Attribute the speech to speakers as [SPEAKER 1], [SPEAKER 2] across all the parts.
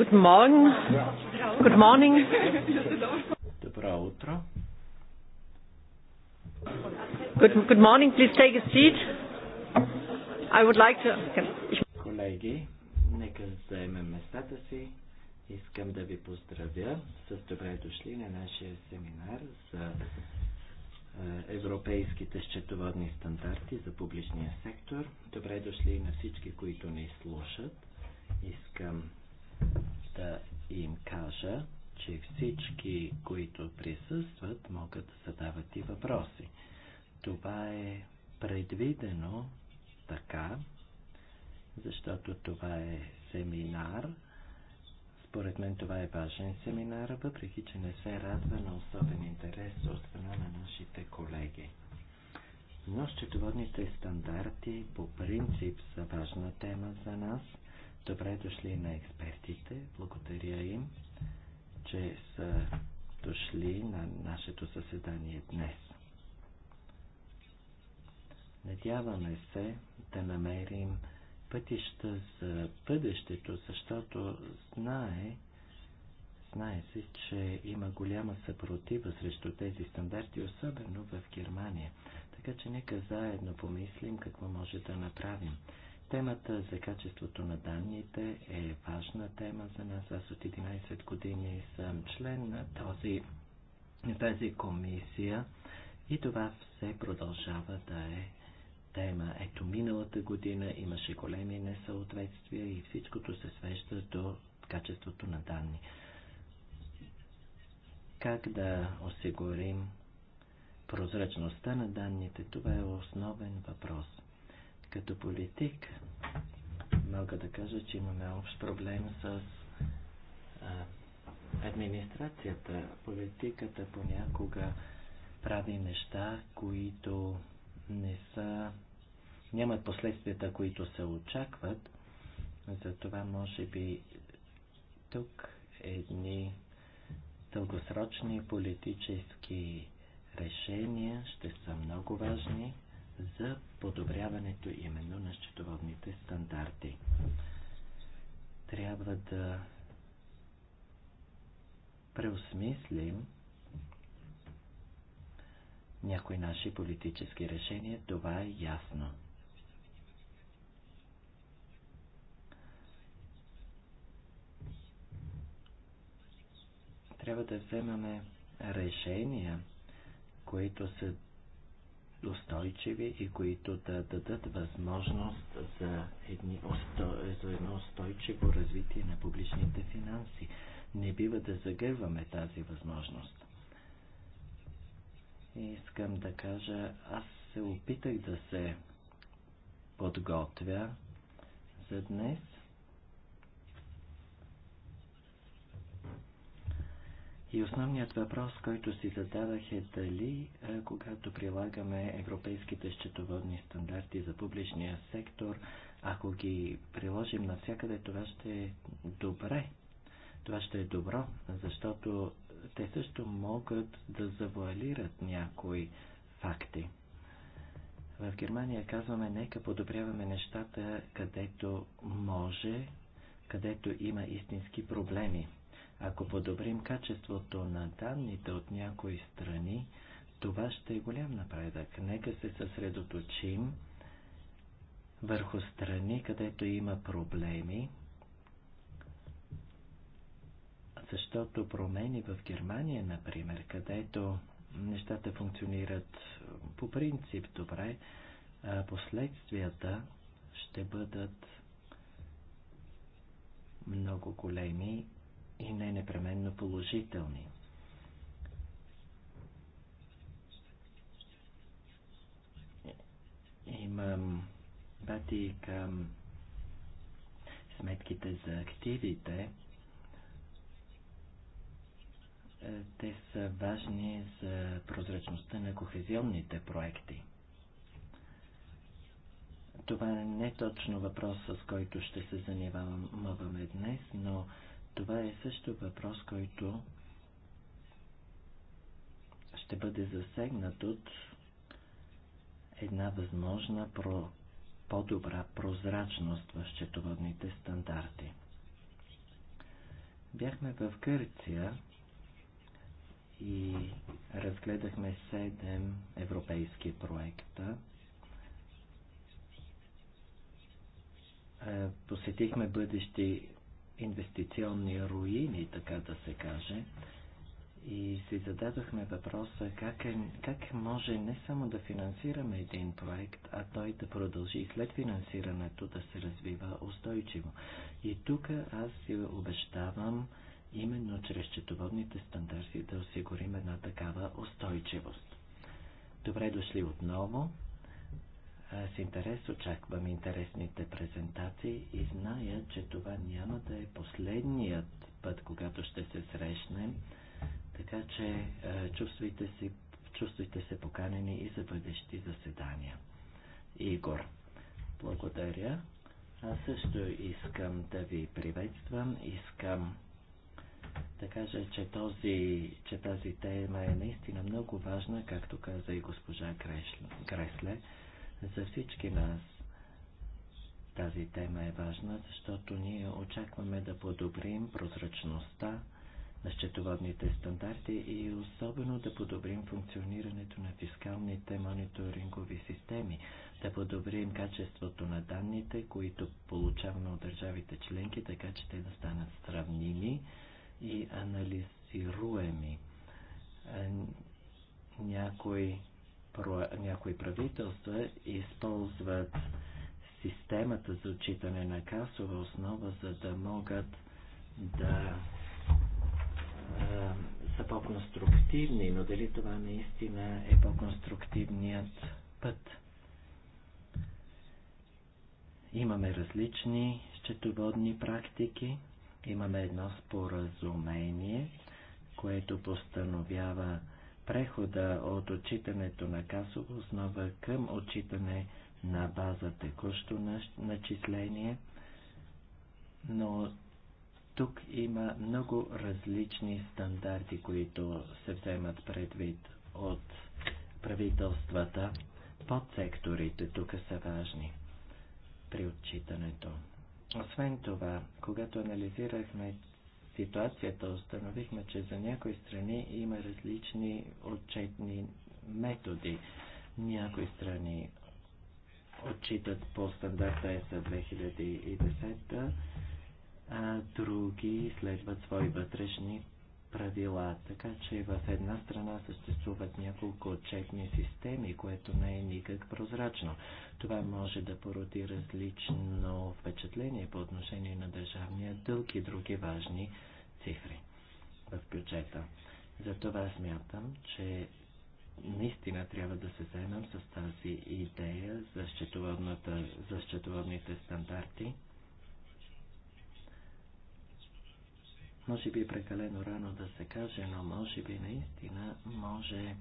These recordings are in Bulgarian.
[SPEAKER 1] Guten Morgen. Good morning.
[SPEAKER 2] Dobro jutro.
[SPEAKER 1] Good, good morning. Please take a seat.
[SPEAKER 2] I would like to... Колеги, нека заемем местата си. Искам да ви поздравя с добре дошли на нашия семинар за е, европейските счетоводни стандарти за публичния сектор. Добре дошли на всички, които ни слушат. Искам да им кажа, че всички, които присъстват, могат да задават и въпроси. Това е предвидено така, защото това е семинар. Според мен това е важен семинар, въпреки че не се радва на особен интерес от страна на нашите колеги. Но счетоводните стандарти по принцип са важна тема за нас – Добре дошли на експертите. Благодаря им, че са дошли на нашето съседание днес. Надяваме се да намерим пътища за бъдещето, защото знае, знае се, че има голяма съпротива срещу тези стандарти, особено в Германия. Така че нека заедно помислим какво може да направим. Темата за качеството на данните е важна тема за нас. Аз от 11 години съм член на този, тази комисия и това все продължава да е тема. Ето миналата година имаше големи несъответствия и всичкото се свежда до качеството на данни. Как да осигурим прозрачността на данните, това е основен въпрос. Като политик мога да кажа, че имаме общ проблем с администрацията. Политиката понякога прави неща, които не са, нямат последствията, които се очакват. Затова може би тук едни дългосрочни политически решения ще са много важни за подобряването именно на счетоводните стандарти. Трябва да преосмислим някои наши политически решения, това е ясно. Трябва да вземаме решения, които са устойчиви и които да дадат възможност за, едни, за едно устойчиво развитие на публичните финанси. Не бива да загърваме тази възможност. И искам да кажа, аз се опитах да се подготвя за днес И основният въпрос, който си задавах е дали, когато прилагаме европейските счетоводни стандарти за публичния сектор, ако ги приложим навсякъде, това ще е добре. Това ще е добро, защото те също могат да завуалират някои факти. В Германия казваме, нека подобряваме нещата, където може, където има истински проблеми. Ако подобрим качеството на данните от някои страни, това ще е голям напредък. Нека се съсредоточим върху страни, където има проблеми, защото промени в Германия, например, където нещата функционират по принцип добре, а последствията ще бъдат много големи и не непременно положителни. Имам бати към сметките за активите. Е, те са важни за прозрачността на кохезионните проекти. Това не е точно въпрос, с който ще се занимаваме днес, но това е също въпрос, който ще бъде засегнат от една възможна про, по-добра прозрачност в счетоводните стандарти. Бяхме в Гърция и разгледахме 7 европейски проекта. Е, посетихме бъдещи инвестиционни руини, така да се каже. И си зададохме въпроса как, е, как може не само да финансираме един проект, а той да продължи и след финансирането да се развива устойчиво. И тук аз си обещавам именно чрез четоводните стандарти да осигурим една такава устойчивост. Добре дошли отново. С интерес очаквам интересните презентации и зная, че това няма да е последният път, когато ще се срещнем, така че е, чувствайте се, чувствайте се поканени и за бъдещи заседания. Игор, благодаря. Аз също искам да ви приветствам, искам да кажа, че, този, че тази тема е наистина много важна, както каза и госпожа Гресле. За всички нас тази тема е важна, защото ние очакваме да подобрим прозрачността на счетоводните стандарти и особено да подобрим функционирането на фискалните мониторингови системи, да подобрим качеството на данните, които получаваме от държавите членки, така че те да станат сравними и анализируеми. Е, някои някои правителства използват системата за отчитане на касова основа, за да могат да са по-конструктивни, но дали това наистина е по-конструктивният път? Имаме различни счетоводни практики, имаме едно споразумение, което постановява прехода от отчитането на касово основа към отчитане на база текущо начисление, но тук има много различни стандарти, които се вземат предвид от правителствата. Подсекторите тук са важни при отчитането. Освен това, когато анализирахме ситуацията установихме, че за някои страни има различни отчетни методи. Някои страни отчитат по стандарта ЕСА 2010, а други следват свои вътрешни правила. Така че в една страна съществуват няколко отчетни системи, което не е никак прозрачно. Това може да породи различно впечатление по отношение на държавния дълг и други важни цифри в бюджета. Затова смятам, че наистина трябва да се заемам с тази идея за, за счетоводните стандарти. Може би е прекалено рано да се каже, но може би наистина може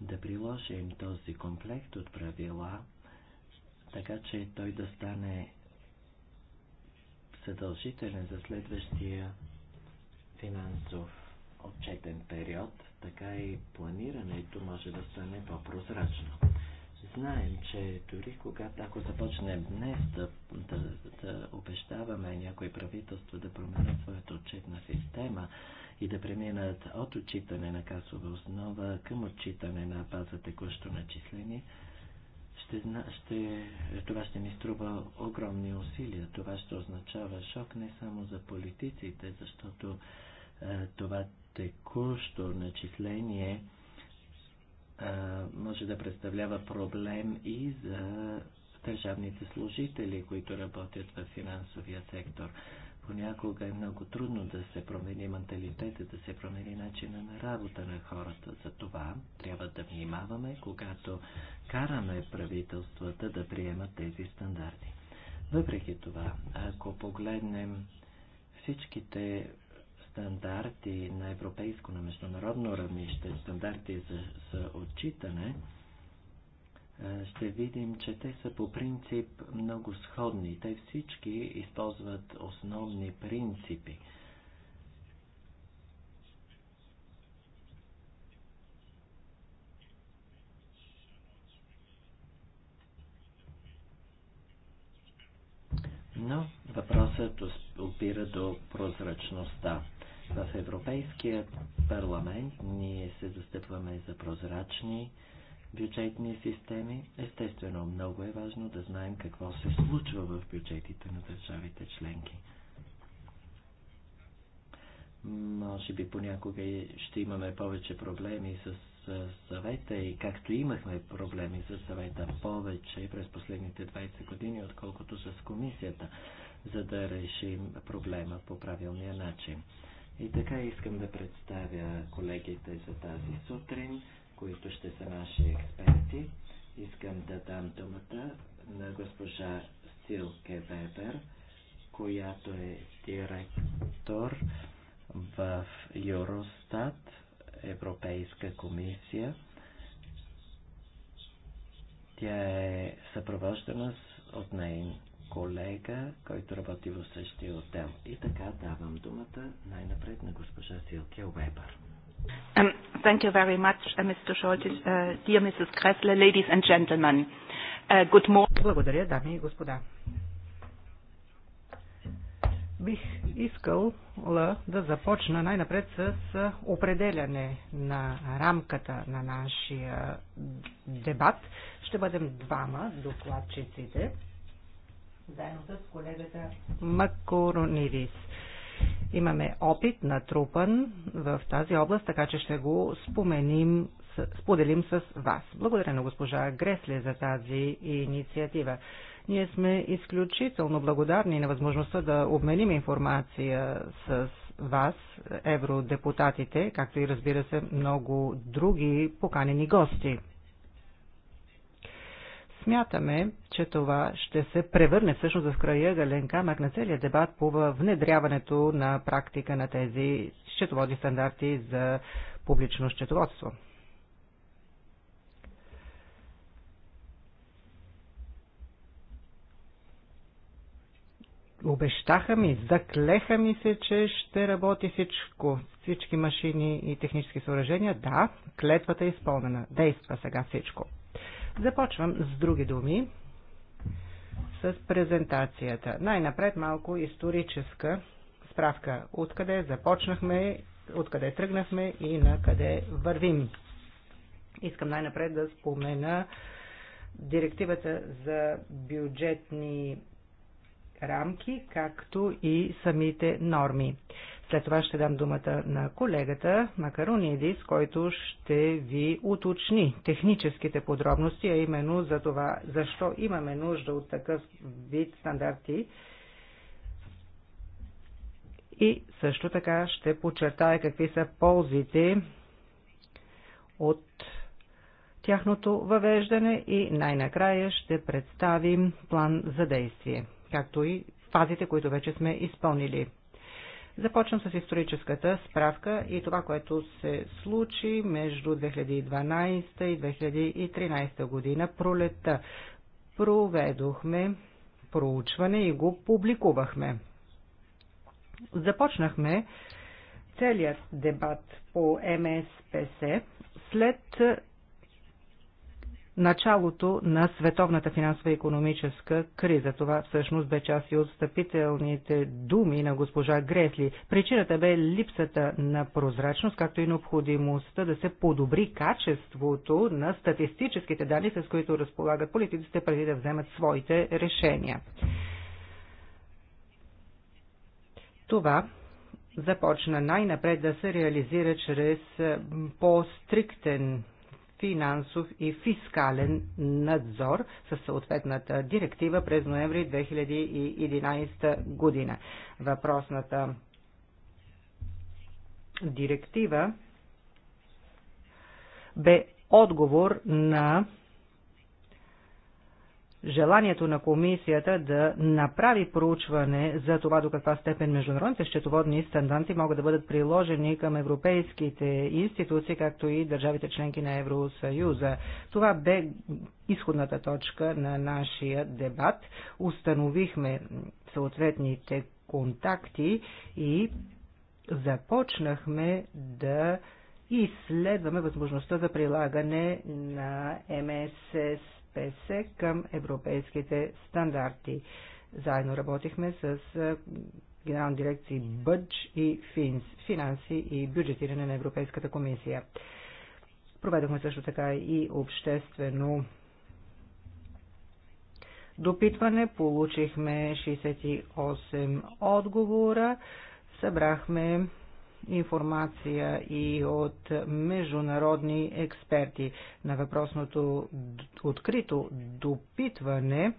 [SPEAKER 2] да приложим този комплект от правила, така че той да стане задължителен за следващия финансов отчетен период, така и планирането може да стане по-прозрачно. Знаем, че дори когато, ако започнем днес да, да, да обещаваме някои правителства да променят своята отчетна система и да преминат от отчитане на касова основа към отчитане на база текущо начислени, ще, ще, това ще ни струва огромни усилия. Това ще означава шок не само за политиците, защото е, това текущо начисление е, може да представлява проблем и за държавните служители, които работят в финансовия сектор. Понякога е много трудно да се промени менталитета, да се промени начина на работа на хората. За това трябва да внимаваме, когато караме правителствата да приемат тези стандарти. Въпреки това, ако погледнем всичките стандарти на европейско, на международно равнище, стандарти за, за отчитане, ще видим, че те са по принцип много сходни. Те всички използват основни принципи. Но въпросът опира до прозрачността. В Европейския парламент ние се застъпваме за прозрачни бюджетни системи. Естествено, много е важно да знаем какво се случва в бюджетите на държавите членки. Може би понякога ще имаме повече проблеми с съвета и както имахме проблеми с съвета повече през последните 20 години, отколкото с комисията, за да решим проблема по правилния начин. И така искам да представя колегите за тази сутрин, които ще са наши експерти. Искам да дам думата на госпожа Силке Вебер, която е директор в Юростат, Европейска комисия. Тя е съпровождана от нейн колега, който работи в същия отдел. И така давам думата най-напред на госпожа Силкия Уебър.
[SPEAKER 3] Um, thank you very much, uh, Mr. Scholtis, uh, dear Mrs. Kressler, ladies and gentlemen. Uh, good morning. Благодаря, дами и господа. Бих искал да започна най-напред с определяне на рамката на нашия дебат. Ще бъдем двама докладчиците заедно с колегата Макоронидис. Имаме опит на трупан в тази област, така че ще го споменим, споделим с вас. Благодаря на госпожа Гресле за тази инициатива. Ние сме изключително благодарни на възможността да обменим информация с вас, евродепутатите, както и разбира се много други поканени гости Смятаме, че това ще се превърне всъщност в края гален камък на целия дебат по внедряването на практика на тези счетоводни стандарти за публично счетоводство. обещаха ми, заклеха ми се, че ще работи всичко, всички машини и технически съоръжения. Да, клетвата е изпълнена. Действа сега всичко. Започвам с други думи, с презентацията. Най-напред малко историческа справка. Откъде започнахме, откъде тръгнахме и на къде вървим. Искам най-напред да спомена директивата за бюджетни рамки, както и самите норми. След това ще дам думата на колегата Макаронидис, който ще ви уточни техническите подробности, а именно за това, защо имаме нужда от такъв вид стандарти. И също така ще подчертая какви са ползите от тяхното въвеждане и най-накрая ще представим план за действие както и фазите, които вече сме изпълнили. Започвам с историческата справка и това, което се случи между 2012 и 2013 година, пролета. Проведохме проучване и го публикувахме. Започнахме целият дебат по МСПС след началото на световната финансова и економическа криза. Това всъщност бе част и от думи на госпожа Гресли. Причината бе липсата на прозрачност, както и необходимостта да се подобри качеството на статистическите данни, с които разполагат политиците преди да вземат своите решения. Това започна най-напред да се реализира чрез по-стриктен финансов и фискален надзор със съответната директива през ноември 2011 година. Въпросната директива бе отговор на желанието на комисията да направи проучване за това до каква степен международните счетоводни стандарти могат да бъдат приложени към европейските институции, както и държавите членки на Евросъюза. Това бе изходната точка на нашия дебат. Установихме съответните контакти и започнахме да изследваме възможността за прилагане на МСС ПЕСЕ към европейските стандарти. Заедно работихме с генерални дирекции БЪДЖ и ФИНС, финанси и бюджетиране на Европейската комисия. Проведохме също така и обществено допитване, получихме 68 отговора, събрахме информация и от международни експерти. На въпросното открито допитване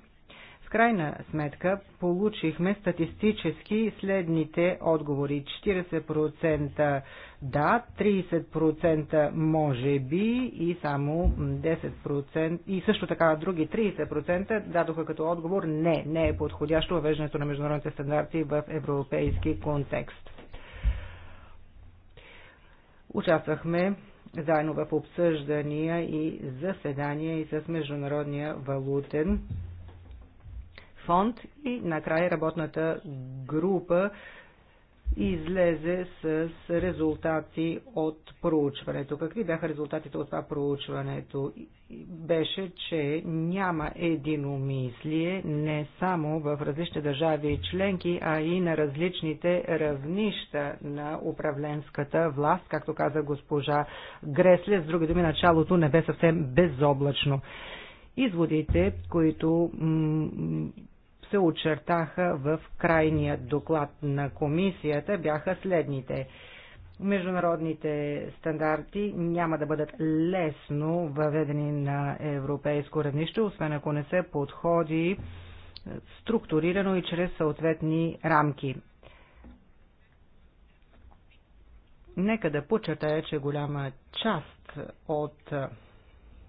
[SPEAKER 3] в крайна сметка получихме статистически следните отговори. 40% да, 30% може би и само 10% и също така други 30% дадоха като отговор не, не е подходящо въвеждането на международните стандарти в европейски контекст. Участвахме заедно в обсъждания и заседания и с Международния валутен фонд и накрая работната група излезе с резултати от проучването. Какви бяха резултатите от това проучването? Беше, че няма единомислие не само в различни държави и членки, а и на различните равнища на управленската власт, както каза госпожа Гресле. С други думи, началото не бе съвсем безоблачно. Изводите, които се очертаха в крайния доклад на комисията, бяха следните. Международните стандарти няма да бъдат лесно въведени на европейско равнище, освен ако не се подходи структурирано и чрез съответни рамки. Нека да почетая, че голяма част от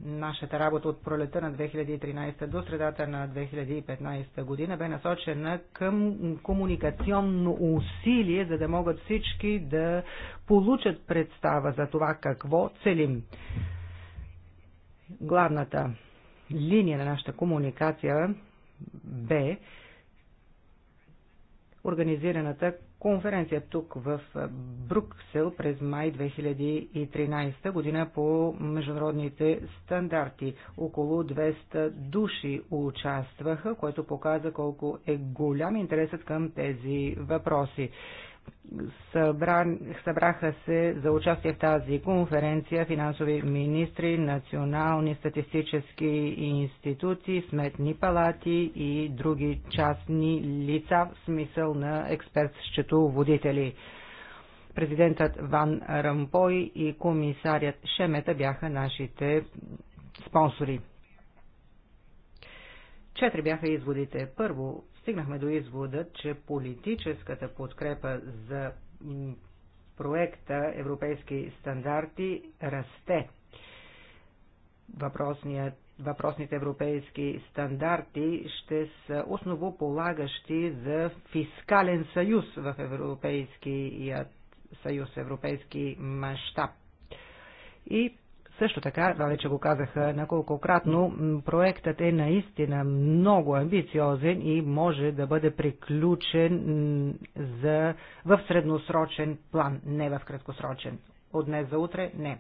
[SPEAKER 3] нашата работа от пролета на 2013 до средата на 2015 година бе насочена към комуникационно усилие, за да могат всички да получат представа за това какво целим. Главната линия на нашата комуникация бе организираната конференция тук в Бруксел през май 2013 година по международните стандарти. Около 200 души участваха, което показа колко е голям интересът към тези въпроси събраха се за участие в тази конференция финансови министри, национални статистически институции, сметни палати и други частни лица в смисъл на експерт-счетоводители. Президентът Ван Рампой и комисарят Шемета бяха нашите спонсори. Четири бяха изводите. Първо, стигнахме до извода, че политическата подкрепа за проекта Европейски стандарти расте. Въпросният въпросните европейски стандарти ще са основополагащи за фискален съюз в Европейския съюз, европейски мащаб. И също така, това вече го казаха наколкократно, проектът е наистина много амбициозен и може да бъде приключен за, в средносрочен план, не в краткосрочен. От днес за утре не.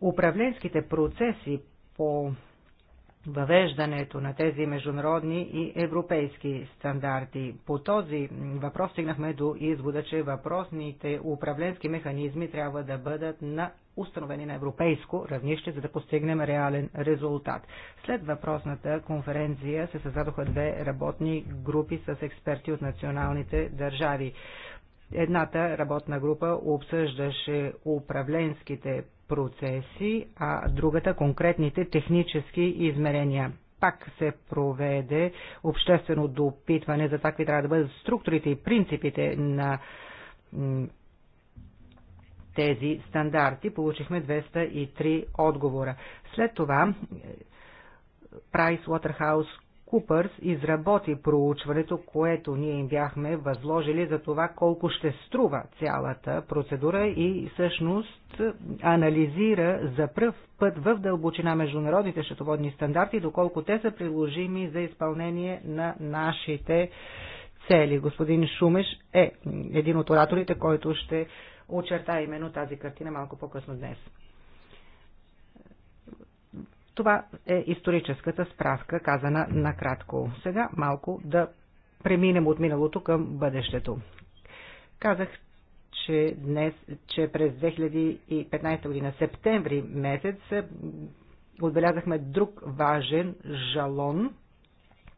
[SPEAKER 3] Управленските процеси по въвеждането на тези международни и европейски стандарти. По този въпрос стигнахме до извода, че въпросните управленски механизми трябва да бъдат на установени на европейско равнище, за да постигнем реален резултат. След въпросната конференция се създадоха две работни групи с експерти от националните държави. Едната работна група обсъждаше управленските процеси, а другата конкретните технически измерения пак се проведе обществено допитване за това какви трябва да бъдат структурите и принципите на тези стандарти. Получихме 203 отговора. След това е, Pricewaterhouse Купърс изработи проучването, което ние им бяхме възложили за това колко ще струва цялата процедура и всъщност анализира за пръв път в дълбочина международните счетоводни стандарти, доколко те са приложими за изпълнение на нашите цели. Господин Шумеш е един от ораторите, който ще очерта именно тази картина малко по-късно днес. Това е историческата справка, казана накратко. Сега малко да преминем от миналото към бъдещето. Казах, че, днес, че през 2015 година, септември месец, отбелязахме друг важен жалон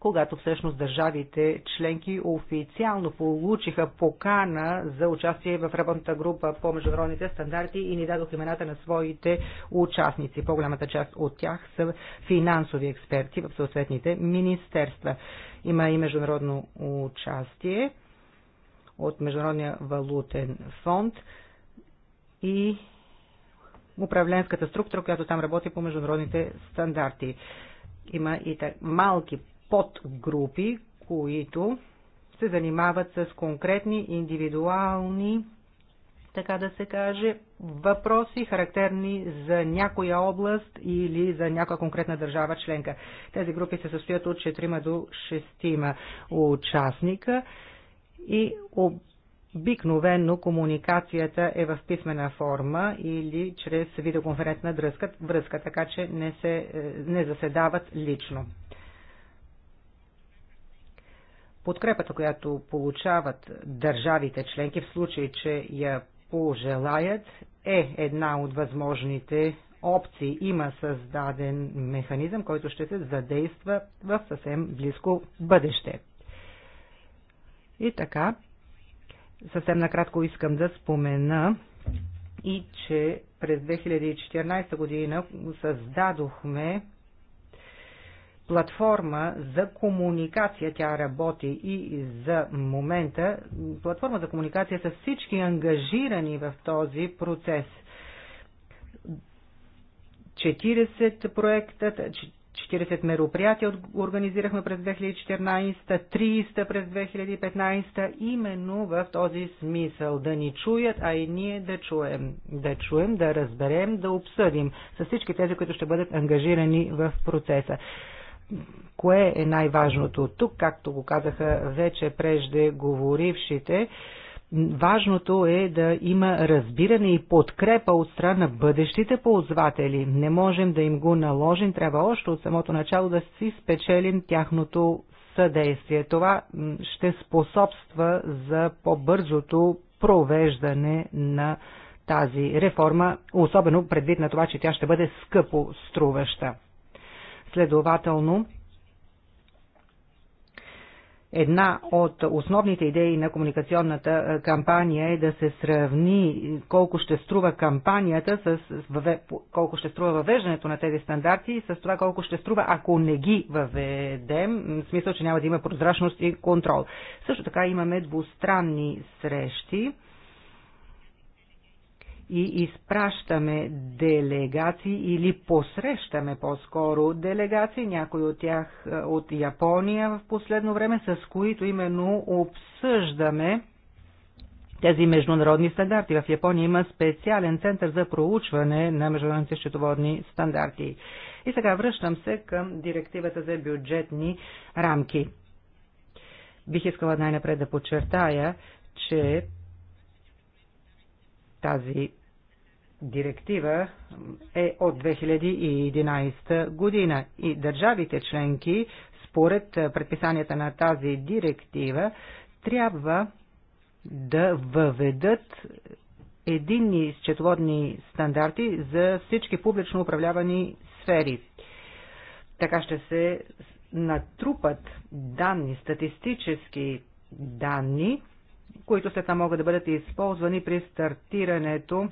[SPEAKER 3] когато всъщност държавите членки официално получиха покана за участие в работната група по международните стандарти и ни дадох имената на своите участници. По-голямата част от тях са финансови експерти в съответните министерства. Има и международно участие от Международния валутен фонд и управленската структура, която там работи по международните стандарти. Има и так, малки подгрупи, които се занимават с конкретни индивидуални, така да се каже, въпроси, характерни за някоя област или за някоя конкретна държава членка. Тези групи се състоят от 4 до 6 участника и обикновено комуникацията е в писмена форма или чрез видеоконферентна връзка, така че не, се, е, не заседават лично. Подкрепата, която получават държавите членки в случай, че я пожелаят, е една от възможните опции. Има създаден механизъм, който ще се задейства в съвсем близко бъдеще. И така, съвсем накратко искам да спомена и че през 2014 година създадохме платформа за комуникация, тя работи и за момента, платформа за комуникация с всички ангажирани в този процес. 40 проекта, 40 мероприятия организирахме през 2014, 300 през 2015, именно в този смисъл да ни чуят, а и ние да чуем, да чуем, да разберем, да обсъдим с всички тези, които ще бъдат ангажирани в процеса кое е най-важното. Тук, както го казаха вече прежде говорившите, Важното е да има разбиране и подкрепа от страна на бъдещите ползватели. Не можем да им го наложим, трябва още от самото начало да си спечелим тяхното съдействие. Това ще способства за по-бързото провеждане на тази реформа, особено предвид на това, че тя ще бъде скъпо струваща. Следователно, една от основните идеи на комуникационната е, кампания е да се сравни колко ще струва кампанията с колко ще струва въвеждането на тези стандарти и с това колко ще струва, ако не ги въведем, в смисъл, че няма да има прозрачност и контрол. Също така имаме двустранни срещи и изпращаме делегации или посрещаме по-скоро делегации, някои от тях е, от Япония в последно време, с които именно обсъждаме тези международни стандарти. В Япония има специален център за проучване на международните счетоводни стандарти. И сега връщам се към директивата за бюджетни рамки. Бих искала най-напред да подчертая, че тази директива е от 2011 година и държавите членки, според предписанията на тази директива, трябва да въведат единни счетоводни стандарти за всички публично управлявани сфери. Така ще се натрупат данни, статистически данни, които след това могат да бъдат използвани при стартирането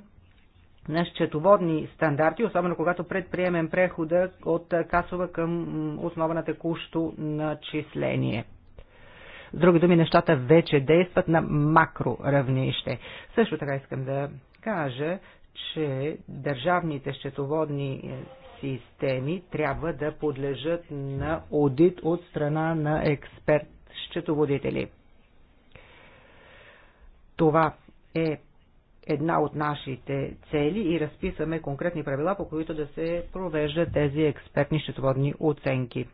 [SPEAKER 3] на счетоводни стандарти, особено когато предприемем прехода от касова към основа на текущо начисление. С други думи, нещата вече действат на макро равнище. Също така искам да кажа, че държавните счетоводни системи трябва да подлежат на аудит от страна на експерт-счетоводители. Това е една от нашите цели и разписваме конкретни правила, по които да се провеждат тези експертни счетоводни оценки.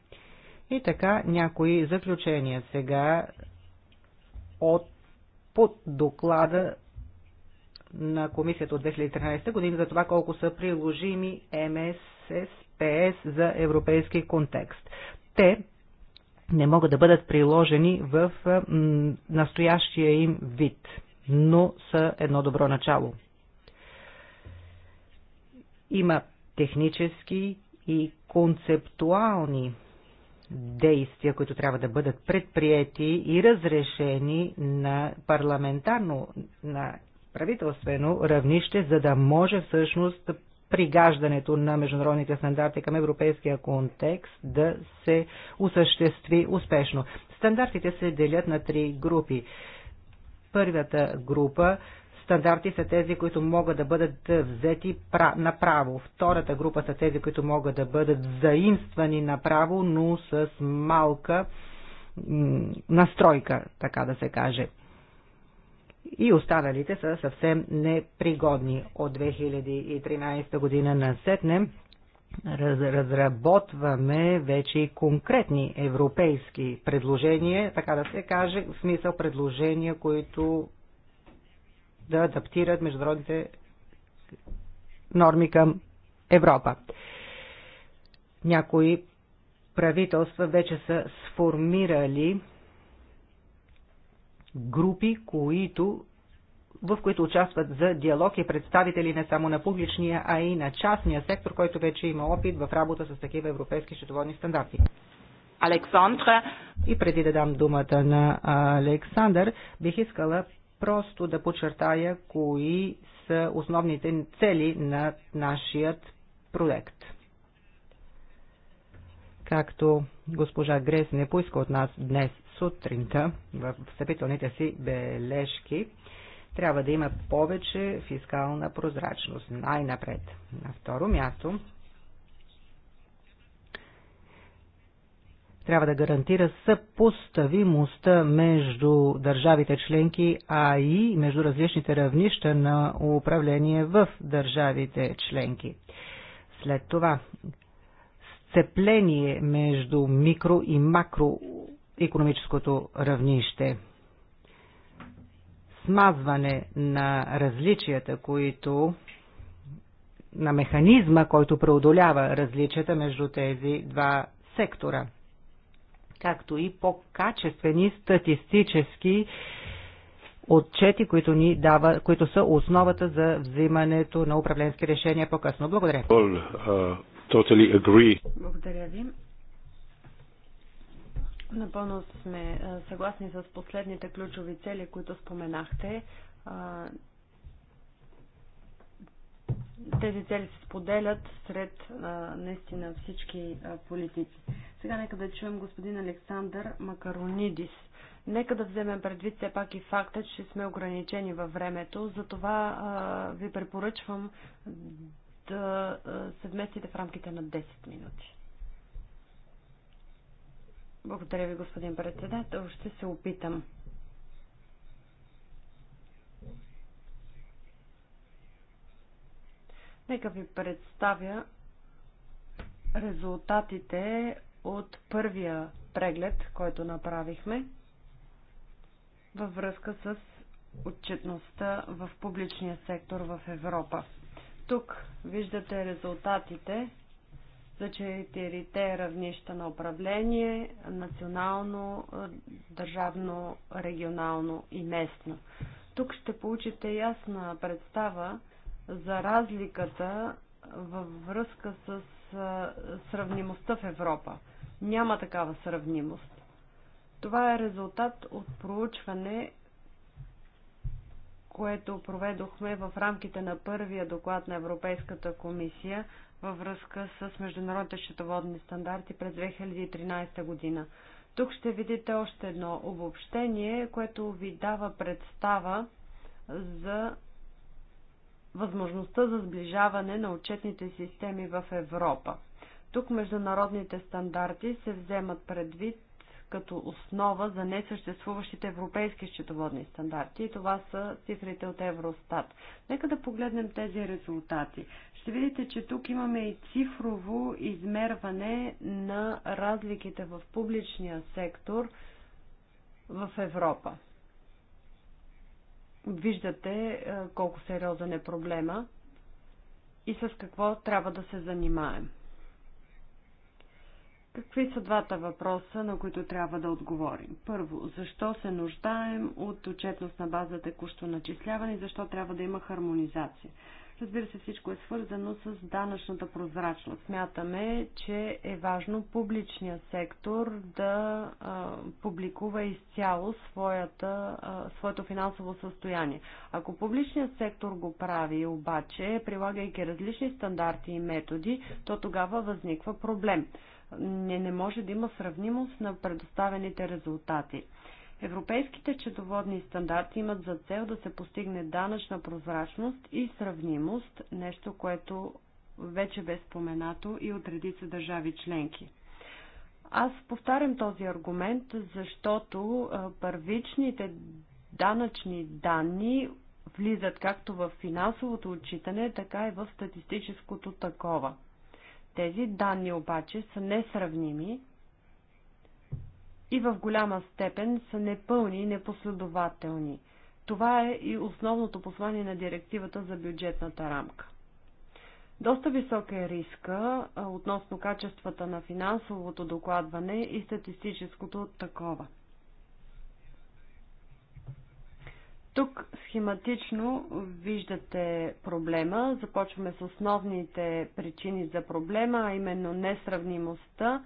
[SPEAKER 3] И така някои заключения сега от под доклада на комисията от 2013 година за това колко са приложими МССПС за европейски контекст. Те не могат да бъдат приложени в настоящия им вид но са едно добро начало. Има технически и концептуални действия, които трябва да бъдат предприяти и разрешени на парламентарно, на правителствено равнище, за да може всъщност пригаждането на международните стандарти към европейския контекст да се осъществи успешно. Стандартите се делят на три групи първата група стандарти са тези, които могат да бъдат взети направо. Втората група са тези, които могат да бъдат заимствани направо, но с малка настройка, така да се каже. И останалите са съвсем непригодни. От 2013 година насетнем разработваме вече и конкретни европейски предложения, така да се каже, в смисъл предложения, които да адаптират международните норми към Европа. Някои правителства вече са сформирали групи, които в които участват за диалог и представители не само на публичния, а и на частния сектор, който вече има опит в работа с такива европейски счетоводни стандарти. Александра. И преди да дам думата на Александър, бих искала просто да подчертая кои са основните цели на нашият проект. Както госпожа Грес не поиска от нас днес сутринта в съпителните си бележки, трябва да има повече фискална прозрачност. Най-напред. На второ място трябва да гарантира съпоставимостта между държавите членки, а и между различните равнища на управление в държавите членки. След това сцепление между микро и макро економическото равнище – смазване на различията, които на механизма, който преодолява различията между тези два сектора, както и по-качествени статистически отчети, които, ни дава, които са основата за взимането на управленски решения по-късно. Благодаря.
[SPEAKER 1] Uh, Благодаря ви. Напълно сме съгласни с последните ключови цели, които споменахте. Тези цели се споделят сред наистина всички политици. Сега нека да чуем господин Александър Макаронидис. Нека да вземем предвид все пак и факта, че сме ограничени във времето. Затова ви препоръчвам да се вместите в рамките на 10 минути. Благодаря ви, господин председател. Ще се опитам. Нека ви представя резултатите от първия преглед, който направихме във връзка с отчетността в публичния сектор в Европа. Тук виждате резултатите за четирите равнища на управление национално, е, държавно, регионално и местно. Тук ще получите ясна представа за разликата във връзка с е, сравнимостта в Европа. Няма такава сравнимост. Това е резултат от проучване, което проведохме в рамките на първия доклад на Европейската комисия във връзка с международните счетоводни стандарти през 2013 година. Тук ще видите още едно обобщение, което ви дава представа за възможността за сближаване на отчетните системи в Европа. Тук международните стандарти се вземат предвид като основа за несъществуващите европейски счетоводни стандарти. И това са цифрите от Евростат. Нека да погледнем тези резултати. Ще видите, че тук имаме и цифрово измерване на разликите в публичния сектор в Европа. Виждате е, колко сериозен е проблема и с какво трябва да се занимаем. Какви са двата въпроса, на които трябва да отговорим? Първо, защо се нуждаем от отчетност на база текущо начисляване и защо трябва да има хармонизация? Разбира се, всичко е свързано с данъчната прозрачност. Смятаме, че е важно публичният сектор да а, публикува изцяло своята, а, своето финансово състояние. Ако публичният сектор го прави, обаче, прилагайки различни стандарти и методи, то тогава възниква проблем не, не може да има сравнимост на предоставените резултати. Европейските четоводни стандарти имат за цел да се постигне данъчна прозрачност и сравнимост, нещо, което вече бе споменато и от редица държави членки. Аз повтарям този аргумент, защото първичните данъчни данни влизат както в финансовото отчитане, така и в статистическото такова. Тези данни обаче са несравними и в голяма степен са непълни и непоследователни. Това е и основното послание на директивата за бюджетната рамка. Доста висока е риска относно качествата на финансовото докладване и статистическото такова. Тук схематично виждате проблема. Започваме с основните причини за проблема, а именно несравнимостта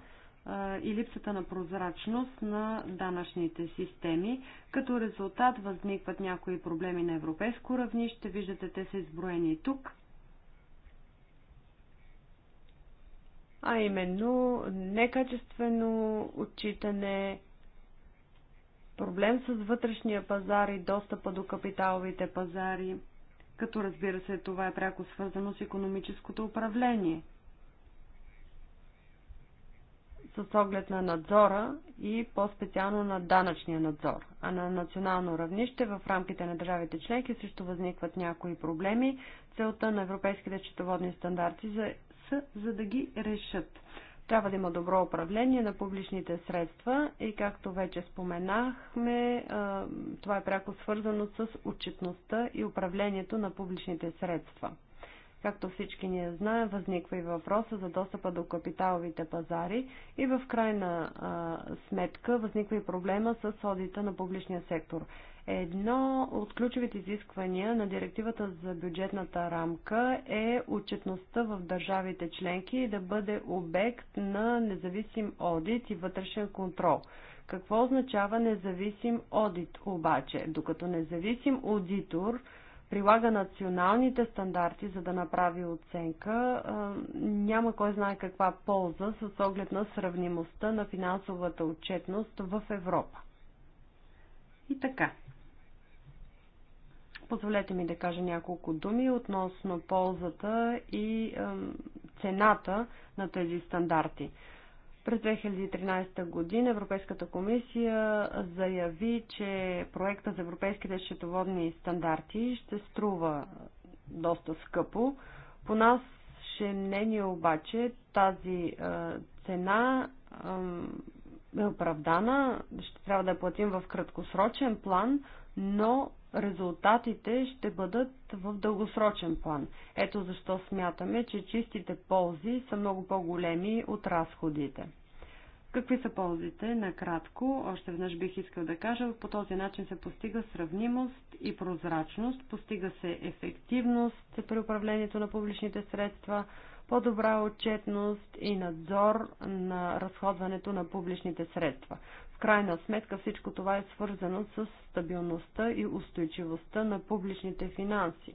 [SPEAKER 1] и липсата на прозрачност на данъчните системи. Като резултат възникват някои проблеми на европейско равнище. Виждате, те са изброени тук. А именно некачествено отчитане, проблем с вътрешния пазар и достъпа до капиталовите пазари, като разбира се това е пряко свързано с економическото управление, с оглед на надзора и по-специално на данъчния надзор. А на национално равнище в рамките на държавите членки също възникват някои проблеми. Целта на европейските счетоводни стандарти за, са за да ги решат. Трябва да има добро управление на публичните средства и, както вече споменахме, това е пряко свързано с отчетността и управлението на публичните средства. Както всички ние знаем, възниква и въпроса за достъпа до капиталовите пазари и в крайна сметка възниква и проблема с одита на публичния сектор. Едно от ключовите изисквания на директивата за бюджетната рамка е отчетността в държавите членки да бъде обект на независим одит и вътрешен контрол. Какво означава независим одит обаче? Докато независим аудитор прилага националните стандарти, за да направи оценка, няма кой знае каква полза с оглед на сравнимостта на финансовата отчетност в Европа. И така позволете ми да кажа няколко думи относно ползата и цената на тези стандарти. През 2013 година Европейската комисия заяви, че проекта за европейските счетоводни стандарти ще струва доста скъпо. По наше мнение обаче тази цена е оправдана, ще трябва да я платим в краткосрочен план, но резултатите ще бъдат в дългосрочен план. Ето защо смятаме, че чистите ползи са много по-големи от разходите. Какви са ползите? Накратко, още веднъж бих искал да кажа, по този начин се постига сравнимост и прозрачност, постига се ефективност при управлението на публичните средства, по-добра отчетност и надзор на разходването на публичните средства. В крайна сметка всичко това е свързано с стабилността и устойчивостта на публичните финанси.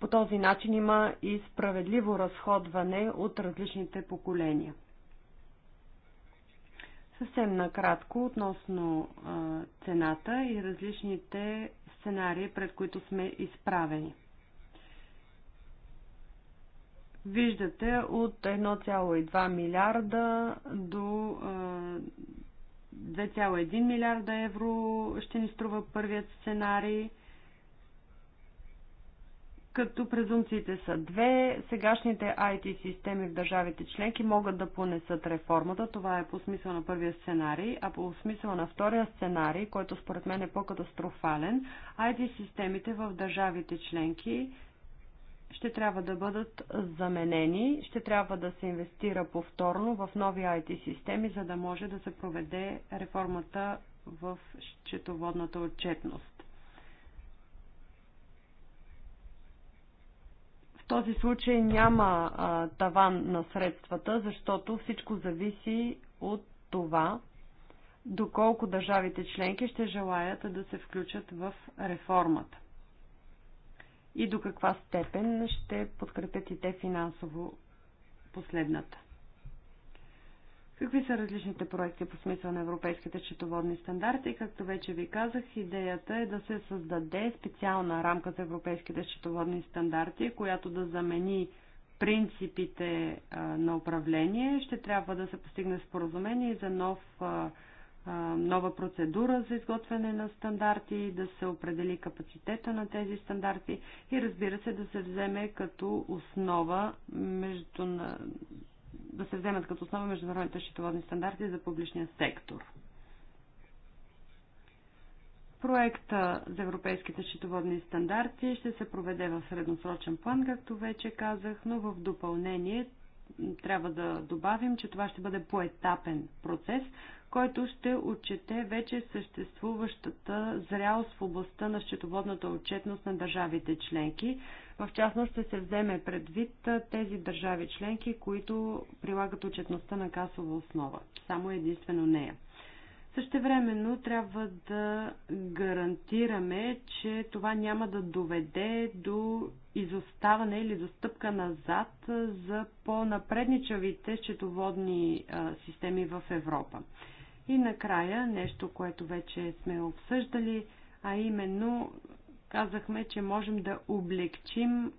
[SPEAKER 1] По този начин има и справедливо разходване от различните поколения. Съвсем накратко относно цената и различните сценарии, пред които сме изправени. Виждате от 1,2 милиарда до 2,1 милиарда евро ще ни струва първият сценарий като презумциите са две. Сегашните IT системи в държавите членки могат да понесат реформата. Това е по смисъл на първия сценарий, а по смисъл на втория сценарий, който според мен е по-катастрофален, IT системите в държавите членки ще трябва да бъдат заменени, ще трябва да се инвестира повторно в нови IT системи, за да може да се проведе реформата в счетоводната отчетност. този случай няма а, таван на средствата, защото всичко зависи от това, доколко държавите членки ще желаят да се включат в реформата и до каква степен ще подкрепят и те финансово последната. Какви са различните проекти по смисъл на европейските счетоводни стандарти? Както вече ви казах, идеята е да се създаде специална рамка за европейските счетоводни стандарти, която да замени принципите на управление. Ще трябва да се постигне споразумение за нов, нова процедура за изготвяне на стандарти, да се определи капацитета на тези стандарти и разбира се да се вземе като основа между да се вземат като основа международните счетоводни стандарти за публичния сектор. Проекта за европейските счетоводни стандарти ще се проведе в средносрочен план, както вече казах, но в допълнение трябва да добавим, че това ще бъде поетапен процес, който ще отчете вече съществуващата зрялост в областта на счетоводната отчетност на държавите членки, в частност ще се вземе предвид тези държави членки, които прилагат отчетността на касова основа. Само единствено нея. Същевременно трябва да гарантираме, че това няма да доведе до изоставане или застъпка назад за по-напредничавите счетоводни системи в Европа. И накрая нещо, което вече сме обсъждали, а именно казахме, че можем да облегчим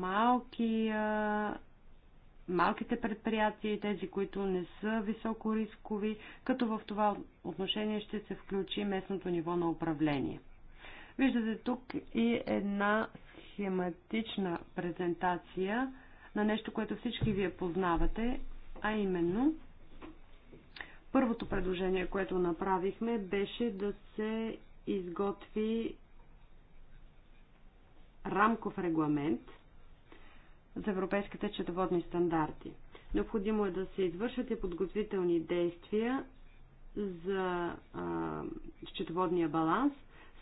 [SPEAKER 1] малки, малките предприятия и тези, които не са високо рискови, като в това отношение ще се включи местното ниво на управление. Виждате тук и една схематична презентация на нещо, което всички вие познавате, а именно първото предложение, което направихме, беше да се изготви рамков регламент за европейските четоводни стандарти. Необходимо е да се извършат и подготвителни действия за а, счетоводния баланс,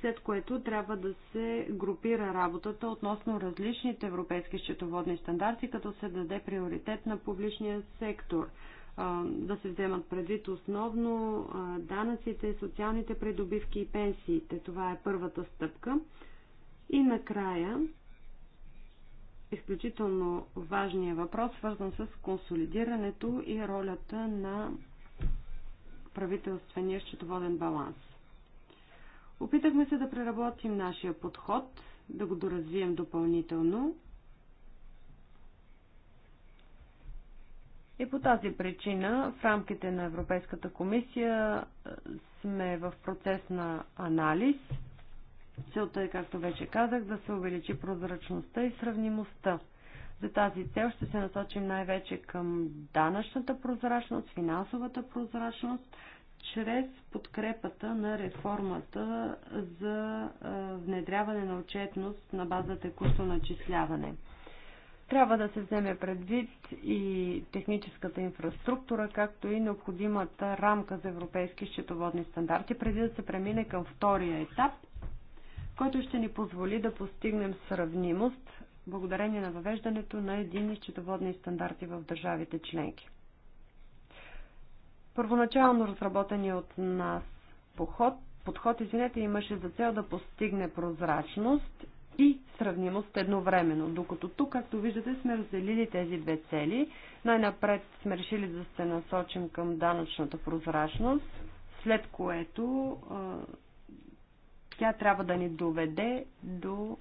[SPEAKER 1] след което трябва да се групира работата относно различните европейски счетоводни стандарти, като се даде приоритет на публичния сектор, а, да се вземат предвид основно а, данъците, социалните придобивки и пенсиите. Това е първата стъпка. И накрая, изключително важният въпрос, свързан с консолидирането и ролята на правителствения счетоводен баланс. Опитахме се да преработим нашия подход, да го доразвием допълнително. И по тази причина в рамките на Европейската комисия сме в процес на анализ – Целта е, както вече казах, да се увеличи прозрачността и сравнимостта. За тази цел ще се насочим най-вече към данъчната прозрачност, финансовата прозрачност, чрез подкрепата на реформата за внедряване на отчетност на база текущо начисляване. Трябва да се вземе предвид и техническата инфраструктура, както и необходимата рамка за европейски счетоводни стандарти, преди да се премине към втория етап – който ще ни позволи да постигнем сравнимост благодарение на въвеждането на единни счетоводни стандарти в държавите членки. Първоначално разработеният от нас подход, подход извинете, имаше за цел да постигне прозрачност и сравнимост едновременно. Докато тук, както виждате, сме разделили тези две цели. Най-напред сме решили да се насочим към данъчната прозрачност, след което тя трябва да ни доведе до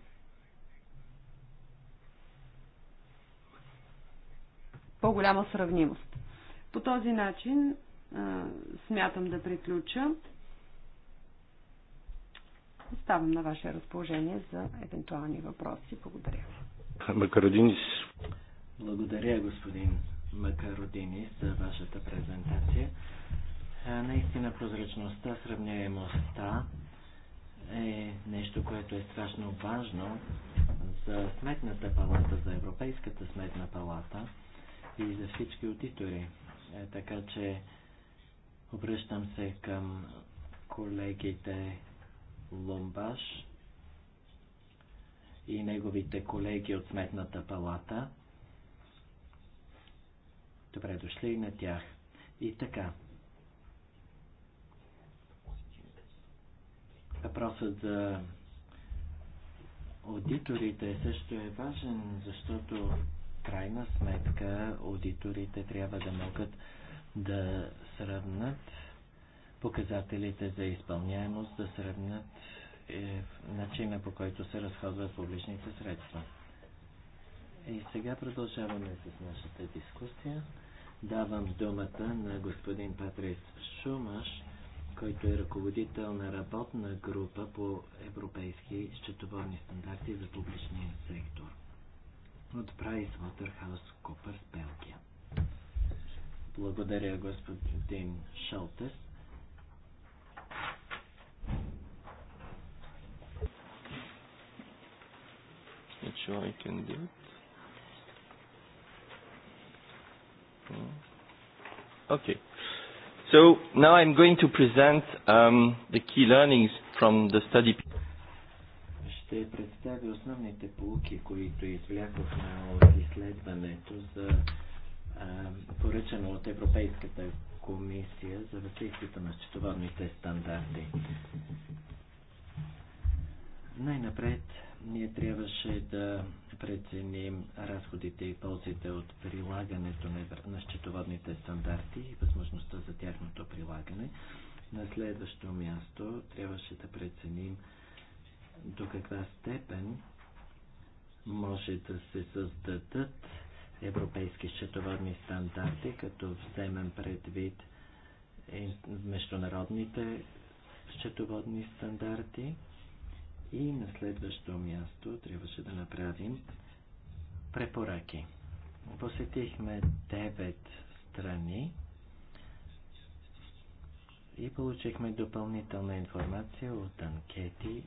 [SPEAKER 1] по-голяма сравнимост. По този начин смятам да приключа. Оставам на ваше разположение за евентуални въпроси. Благодаря. Макародинис.
[SPEAKER 2] Благодаря, господин Макародинис, за вашата презентация. Наистина прозрачността, сравняемостта е нещо, което е страшно важно за Сметната палата, за Европейската Сметна палата и за всички аудитори. Е, така че обръщам се към колегите Ломбаш и неговите колеги от Сметната палата. Добре дошли и на тях. И така, Въпросът за аудиторите също е важен, защото в крайна сметка аудиторите трябва да могат да сравнат показателите за изпълняемост, да сравнат е, начина по който се разходват публичните средства. И сега продължаваме с нашата дискусия. Давам думата на господин Патрис Шумаш, който е ръководител на работна група по европейски счетоводни стандарти за публичния сектор от PricewaterhouseCoopers, Белгия. Благодаря, господин Шалтес. I can do it. Hmm. Okay. So now I'm going to present um, the key learnings from the study. Ще представя основните полуки, които извлякохме от изследването за поръчано от Европейската комисия за въздействието на счетоводните стандарти. Най-напред ние трябваше да преценим разходите и ползите от прилагането на счетоводните стандарти и възможността за тяхното прилагане. На следващо място трябваше да преценим до каква степен може да се създадат европейски счетоводни стандарти, като вземем предвид международните счетоводни стандарти. И на следващо място трябваше да направим препоръки. Посетихме 9 страни и получихме допълнителна информация от анкети.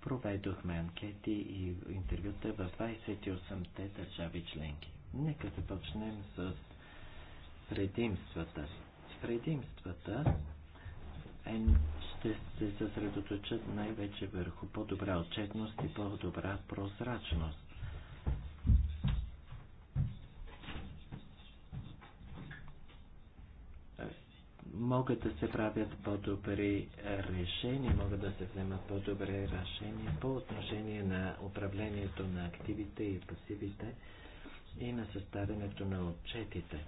[SPEAKER 2] Проведохме анкети и интервюта в 28-те държави членки. Нека започнем с предимствата. Предимствата е те се съсредоточат най-вече върху по-добра отчетност и по-добра прозрачност. Могат да се правят по-добри решения, могат да се вземат по-добри решения по отношение на управлението на активите и пасивите и на съставянето на отчетите.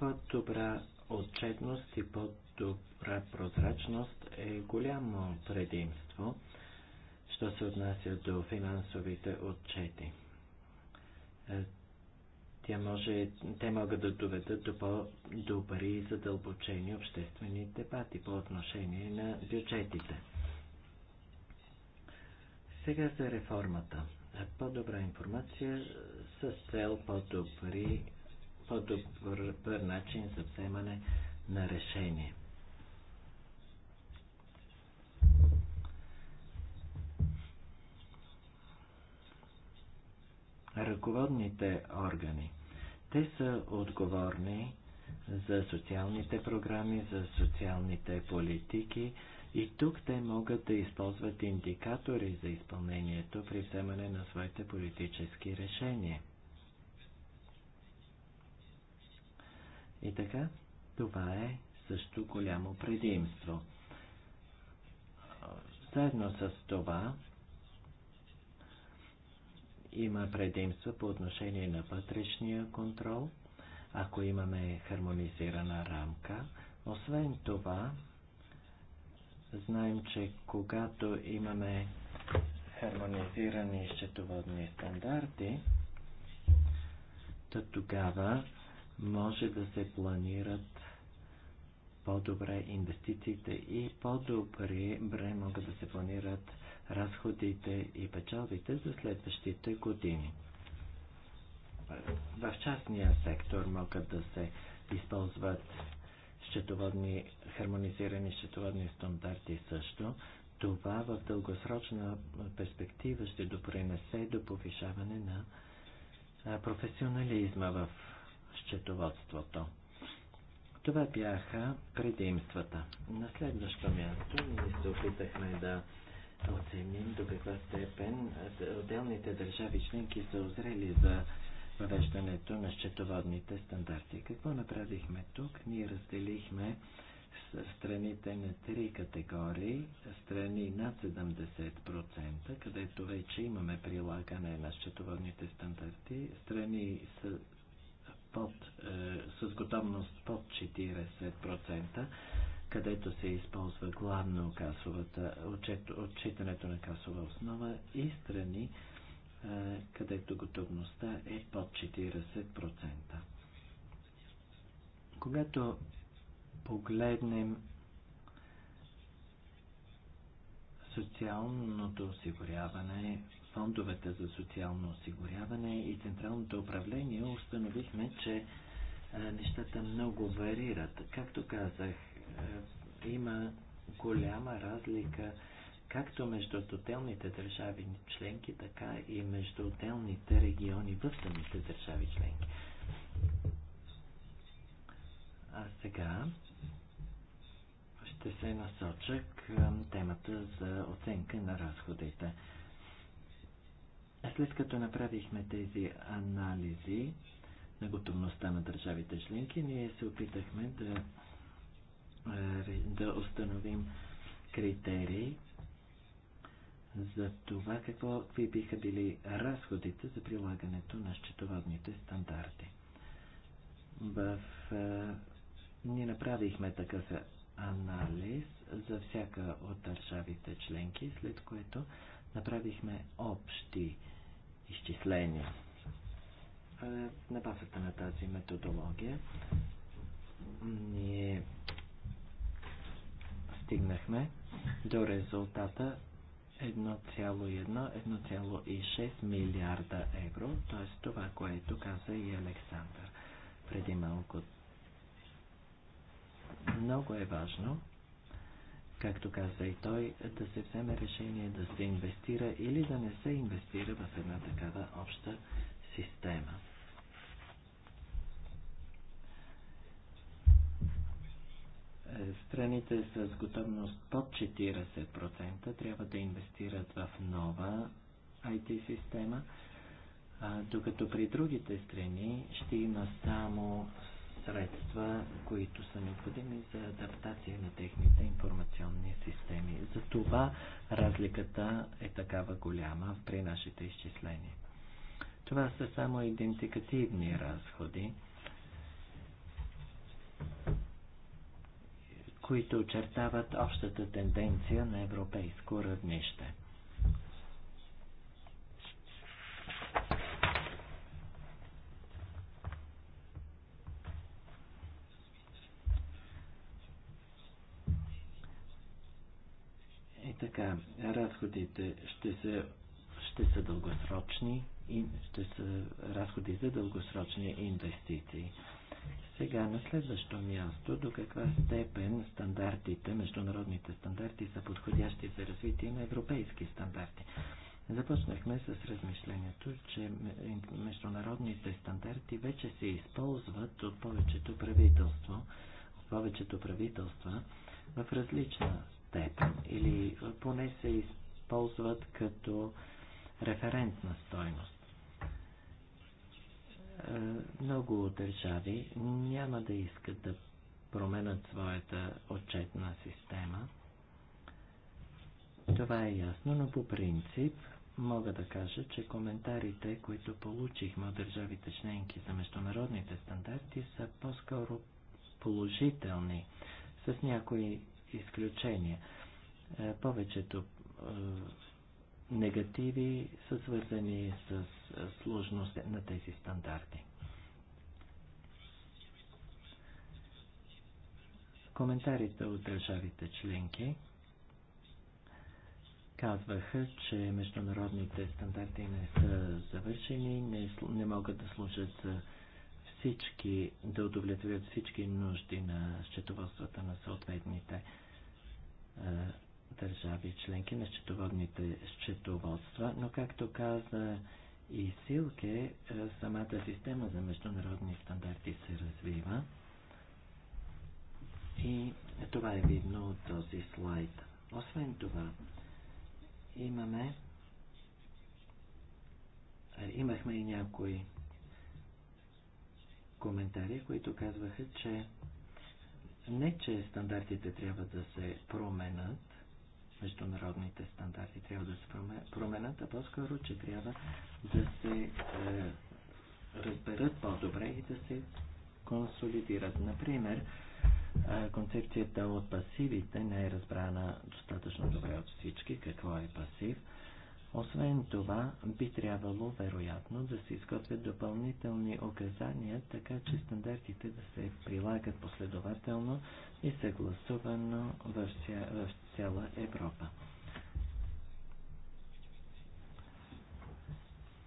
[SPEAKER 2] По-добра отчетност и по-добра прозрачност е голямо предимство, що се отнася до финансовите отчети. Те, може, те могат да доведат до по-добри и задълбочени обществени дебати по отношение на бюджетите. Сега за реформата. По-добра информация с цел по-добри по-добър начин за вземане на решение. Ръководните органи. Те са отговорни за социалните програми, за социалните политики и тук те могат да използват индикатори за изпълнението при вземане на своите политически решения. И така, това е също голямо предимство. Заедно с това има предимства по отношение на вътрешния контрол, ако имаме хармонизирана рамка. Освен това, знаем, че когато имаме хармонизирани счетоводни стандарти, то тогава може да се планират по-добре инвестициите и по-добре могат да се планират разходите и печалбите за следващите години. В частния сектор могат да се използват счетоводни, хармонизирани счетоводни стандарти също. Това в дългосрочна перспектива ще допринесе до повишаване на професионализма в счетоводството. Това бяха предимствата. На следващо място ние се опитахме да оценим до каква степен отделните държави членки са озрели за въвеждането на счетоводните стандарти. Какво направихме тук? Ние разделихме страните на три категории. Страни над 70%, където вече имаме прилагане на счетоводните стандарти. Страни с под, е, с готовност под 40%, където се използва главно касовата, отчет, отчитането на касова основа и страни, е, където готовността е под 40%. Когато погледнем социалното осигуряване, фондовете за социално осигуряване и Централното управление установихме, че е, нещата много варират. Както казах, е, има голяма разлика както между отделните държави членки, така и между отделните региони в самите държави членки. А сега ще се насоча към темата за оценка на разходите. След като направихме тези анализи на готовността на държавите членки, ние се опитахме да, е, да установим критерии за това какво, какви биха били разходите за прилагането на счетоводните стандарти. В, е, ние направихме такъв анализ за всяка от държавите членки, след което направихме общи изчисления. На базата на тази методология ние стигнахме до резултата 1,1-1,6 милиарда евро, т.е. това, което каза и Александър преди малко. Много е важно както каза и той, да се вземе решение да се инвестира или да не се инвестира в една такава обща система. Е, страните с готовност под 40% трябва да инвестират в нова IT система, докато при другите страни ще има само средства, които са необходими за адаптация на техните информационни системи. Затова разликата е такава голяма при нашите изчисления. Това са само идентикативни разходи, които очертават общата тенденция на европейско равнище. Така, разходите ще са, ще са дългосрочни и ще са разходи за дългосрочни инвестиции. Сега на следващо място, до каква степен стандартите, международните стандарти са подходящи за развитие на европейски стандарти. Започнахме с размишлението, че международните стандарти вече се използват от повечето правителство, от повечето правителства в различна степен или поне се използват като референтна стойност. Е, много държави няма да искат да променят своята отчетна система. Това е ясно, но по принцип мога да кажа, че коментарите, които получихме от държавите членки за международните стандарти, са по-скоро положителни. С някои изключения. Е, повечето е, негативи са свързани с е, сложност на тези стандарти. Коментарите от държавите членки казваха, че международните стандарти не са завършени, не, не могат да служат за всички, да удовлетворят всички нужди на счетоводствата на съответните е, държави, членки на счетоводните счетоводства, но както каза и Силке, е, самата система за международни стандарти се развива и това е видно от този слайд. Освен това, имаме е, имахме и някои коментари, които казваха, че не, че стандартите трябва да се променят, международните стандарти трябва да се променят, а по-скоро, че трябва да се е, разберат по-добре и да се консолидират. Например, е, концепцията от пасивите не е разбрана достатъчно добре от всички, какво е пасив. Освен това, би трябвало, вероятно, да се изготвят допълнителни указания, така че стандартите да се прилагат последователно и съгласувано в, в цяла Европа.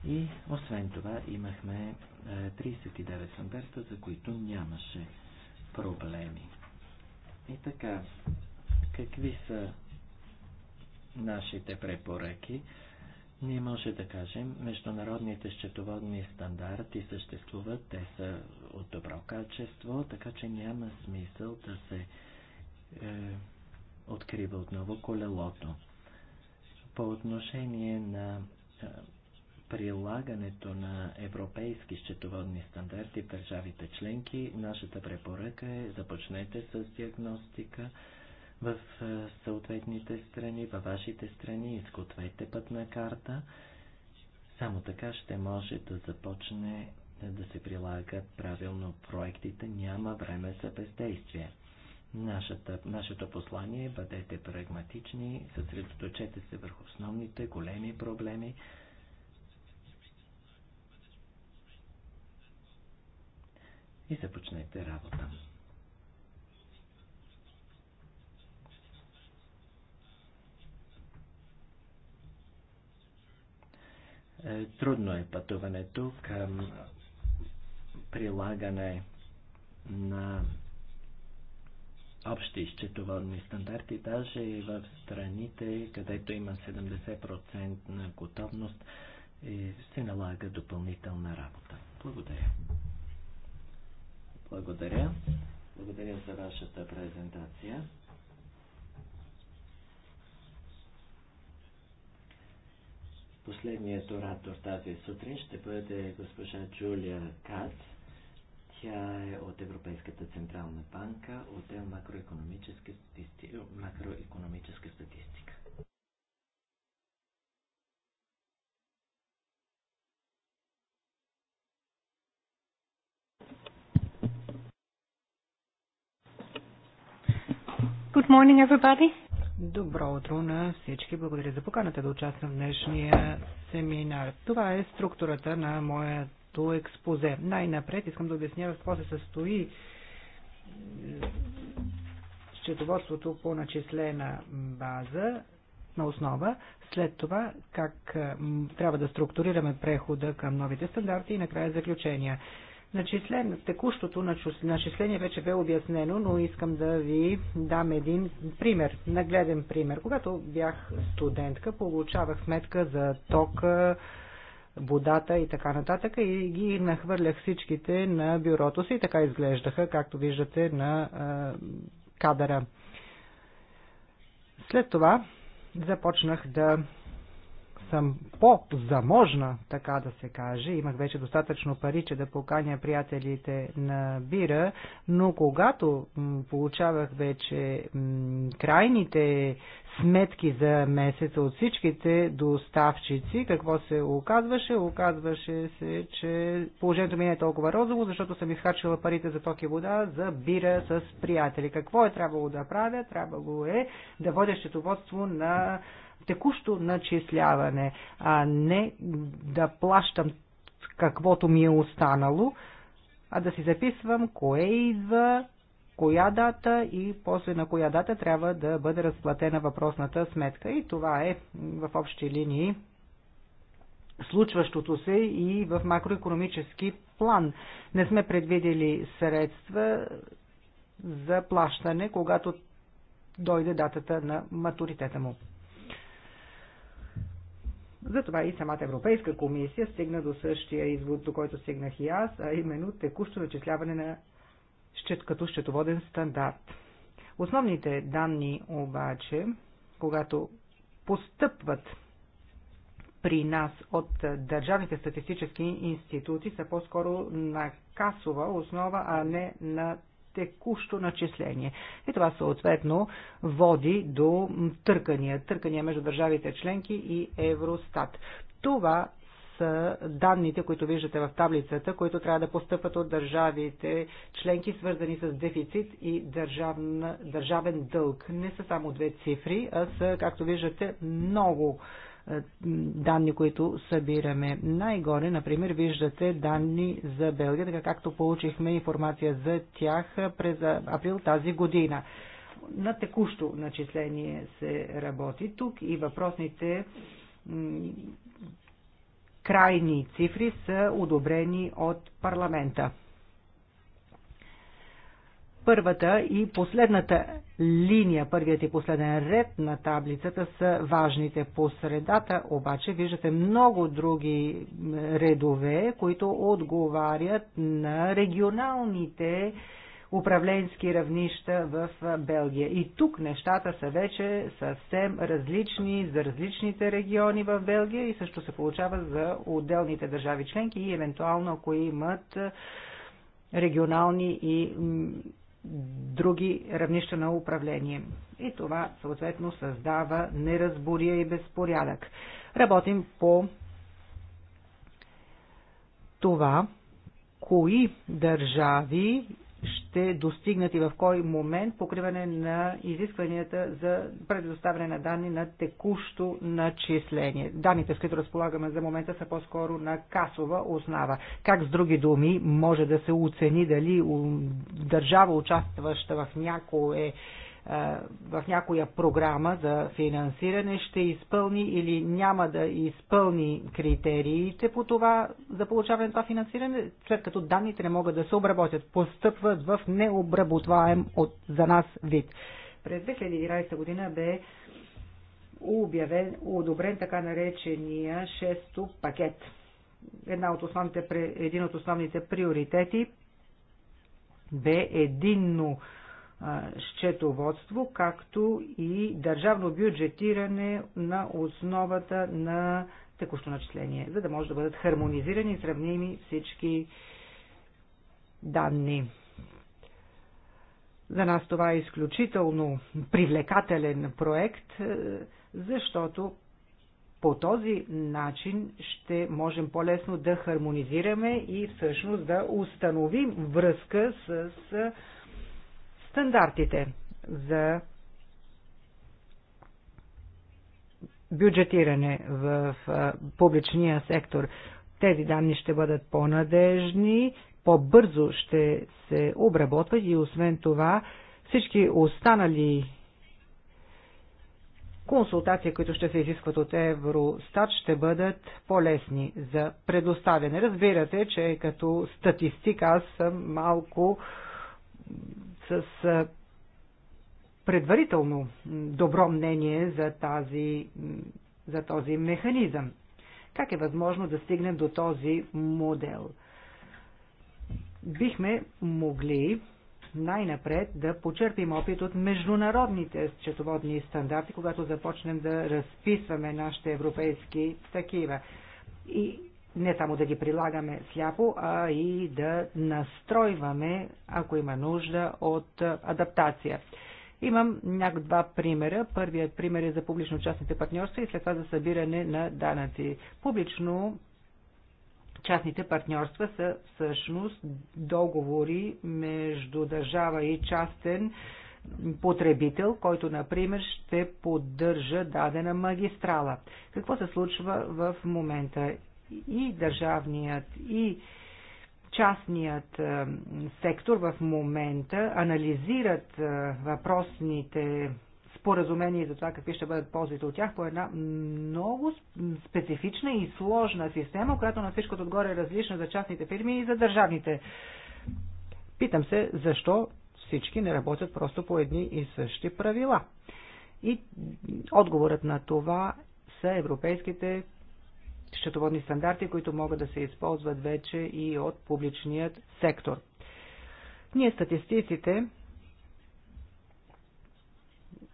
[SPEAKER 2] И освен това имахме 39 е, стандарта, за които нямаше проблеми. И така, какви са нашите препоръки? Ние може да кажем, международните счетоводни стандарти съществуват, те са от добро качество, така че няма смисъл да се е, открива отново колелото. По отношение на е, прилагането на европейски счетоводни стандарти в държавите членки, нашата препоръка е започнете с диагностика, в съответните страни, във вашите страни, изгответе пътна карта. Само така ще може да започне да се прилагат правилно проектите. Няма време за бездействие. Нашата, нашето послание е бъдете прагматични, съсредоточете се върху основните големи проблеми. И започнете работа. Е, трудно е пътуването към прилагане на общи счетоводни стандарти, даже и в страните, където има 70% на готовност, е, се налага допълнителна работа. Благодаря. Благодаря. Благодаря за вашата презентация. Последният оратор тази сутрин ще бъде госпожа Джулия Кац. Тя е от Европейската централна банка, отдел макроекономическа, стати... макроекономическа статистика.
[SPEAKER 3] Good morning, everybody. Добро утро на всички. Благодаря за поканата да участвам в днешния семинар. Това е структурата на моето експозе. Най-напред искам да обясня в какво се състои счетоводството по начислена база на основа, след това как трябва да структурираме прехода към новите стандарти и накрая заключения. Начислен, текущото начисление вече бе обяснено, но искам да ви дам един пример, нагледен пример. Когато бях студентка, получавах сметка за тока, водата и така нататък и ги нахвърлях всичките на бюрото си и така изглеждаха, както виждате на а, кадъра. След това започнах да съм по-заможна, така да се каже. Имах вече достатъчно пари, че да поканя приятелите на бира, но когато получавах вече крайните сметки за месеца от всичките доставчици, какво се оказваше? Оказваше се, че положението ми не е толкова розово, защото съм изхарчила парите за токи вода за бира с приятели. Какво е трябвало да правя? Трябвало е да водя счетоводство на текущо начисляване, а не да плащам каквото ми е останало, а да си записвам кое идва, коя дата и после на коя дата трябва да бъде разплатена въпросната сметка. И това е в общи линии случващото се и в макроекономически план. Не сме предвидели средства за плащане, когато дойде датата на матуритета му. Затова и самата Европейска комисия стигна до същия извод, до който стигнах и аз, а именно текущо начисляване на като счетоводен стандарт. Основните данни обаче, когато постъпват при нас от държавните статистически институти, са по-скоро на касова основа, а не на текущо начисление. И това съответно води до търкания, търкания между държавите членки и Евростат. Това са данните, които виждате в таблицата, които трябва да постъпат от държавите членки, свързани с дефицит и държавен, държавен дълг. Не са само две цифри, а са, както виждате, много е, данни, които събираме. Най-горе, например, виждате данни за Белгия, така както получихме информация за тях през април тази година. На текущо начисление се работи тук и въпросните крайни цифри са одобрени от парламента първата и последната линия, първият и последен ред на таблицата са важните. По средата обаче виждате много други редове, които отговарят на регионалните управленски равнища в Белгия. И тук нещата са вече съвсем различни за различните региони в Белгия и също се получава за отделните държави членки и евентуално ако имат регионални и други равнища на управление. И това съответно създава неразбория и безпорядък. Работим по това, кои държави ще достигнат и в кой момент покриване на изискванията за предоставяне на данни на текущо начисление. Данните, с които разполагаме за момента, са по-скоро на касова основа. Как с други думи може да се оцени дали държава, участваща в някое в някоя програма за финансиране ще изпълни или няма да изпълни критериите по това, за получаване на това финансиране, след като данните не могат да се обработят, постъпват в необработваем от, за нас вид. През 2011 година бе обявен, одобрен така наречения шесто пакет. Една от основните, един от основните приоритети бе единно счетоводство, както и държавно бюджетиране на основата на текущо начисление, за да може да бъдат хармонизирани и сравними всички данни. За нас това е изключително привлекателен проект, е, защото по този начин ще можем по-лесно да хармонизираме и всъщност да установим връзка с стандартите за бюджетиране в публичния сектор. Тези данни ще бъдат по-надежни, по-бързо ще се обработват и освен това всички останали консултации, които ще се изискват от Евростат, ще бъдат по-лесни за предоставяне. Разбирате, че като статистика аз съм малко с предварително добро мнение за, тази, за този механизъм. Как е възможно да стигнем до този модел? Бихме могли най-напред да почерпим опит от международните счетоводни стандарти, когато започнем да разписваме нашите европейски такива. И не само да ги прилагаме сляпо, а и да настройваме, ако има нужда от адаптация. Имам някак два примера. Първият пример е за публично-частните партньорства и след това за събиране на данъци. Публично частните партньорства са всъщност договори между държава и частен потребител, който, например, ще поддържа дадена магистрала. Какво се случва в момента? и държавният, и частният е, сектор в момента анализират е, въпросните споразумение за това какви ще бъдат ползите от тях по една много специфична и сложна система, която на всичкото отгоре е различна за частните фирми и за държавните. Питам се, защо всички не работят просто по едни и същи правила. И отговорът на това са европейските счетоводни стандарти, които могат да се използват вече и от публичният сектор. Ние статистиците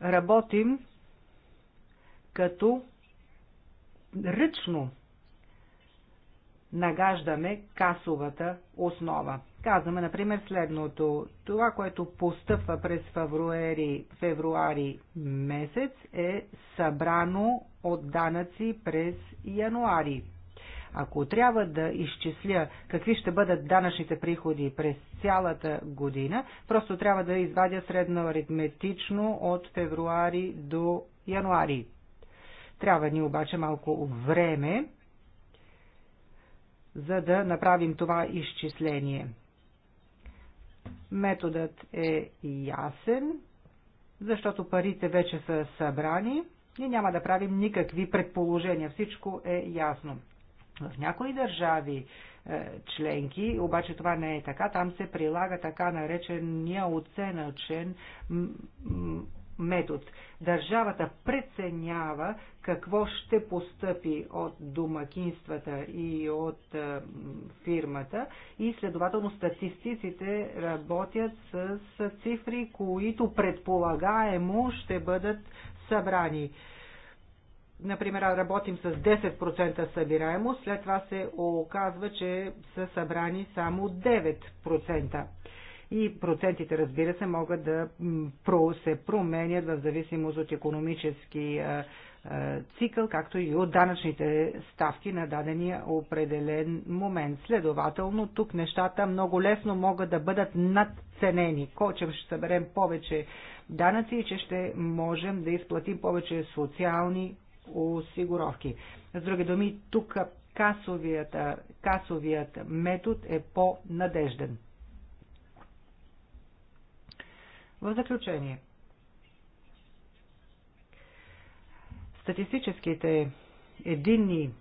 [SPEAKER 3] работим като ръчно нагаждаме касовата основа. Казваме, например, следното. Това, което постъпва през февруари, февруари месец е събрано от данъци през януари. Ако трябва да изчисля какви ще бъдат данъчните приходи през цялата година, просто трябва да извадя средно аритметично от февруари до януари. Трябва ни обаче малко време, за да направим това изчисление. Методът е ясен, защото парите вече са събрани ние няма да правим никакви предположения. Всичко е ясно. В някои държави е, членки, обаче това не е така. Там се прилага така наречения оценъчен метод. Държавата преценява какво ще постъпи от домакинствата и от е, фирмата и следователно статистиците работят с цифри, които предполагаемо ще бъдат събрани. Например, работим с 10% събираемост, след това се оказва, че са събрани само 9%. И процентите, разбира се, могат да се променят в зависимост от економически цикъл, както и от данъчните ставки на дадения определен момент. Следователно, тук нещата много лесно могат да бъдат надценени. Кочем ще съберем повече данъци и че ще можем да изплатим повече социални осигуровки. С други думи, тук касовият, касовият метод е по-надежден. В заключение, статистическите единни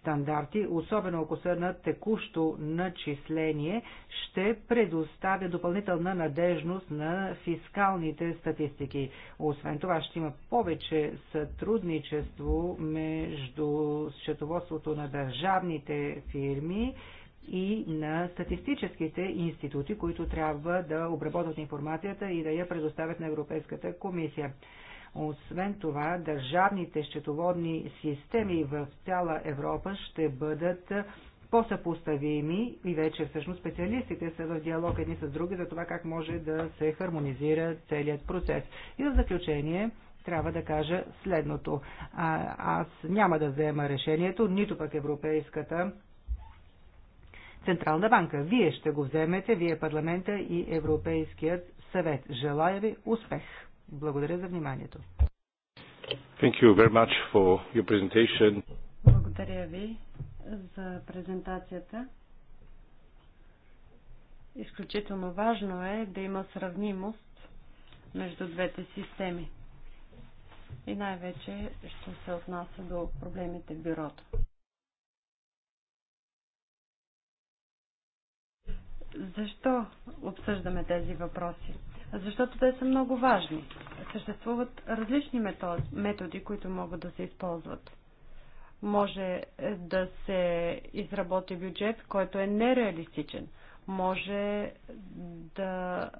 [SPEAKER 3] стандарти, особено ако са на текущо начисление, ще предоставя допълнителна надежност на фискалните статистики. Освен това ще има повече сътрудничество между счетоводството на държавните фирми и на статистическите институти, които трябва да обработват информацията и да я предоставят на Европейската комисия. Освен това, държавните счетоводни системи в цяла Европа ще бъдат по-съпоставими и вече всъщност специалистите са в диалог едни с други за това как може да се хармонизира целият процес. И в заключение трябва да кажа следното. А, аз няма да взема решението, нито пък Европейската Централна банка. Вие ще го вземете, вие парламента и Европейският съвет. Желая ви успех! Благодаря за вниманието.
[SPEAKER 1] Thank you very much for your presentation. Благодаря ви за презентацията. Изключително важно е да има сравнимост между двете системи. И най-вече ще се отнася до проблемите в бюрото. Защо обсъждаме тези въпроси? защото те са много важни. Съществуват различни методи, методи които могат да се използват. Може е, да се изработи бюджет, който е нереалистичен. Може е, да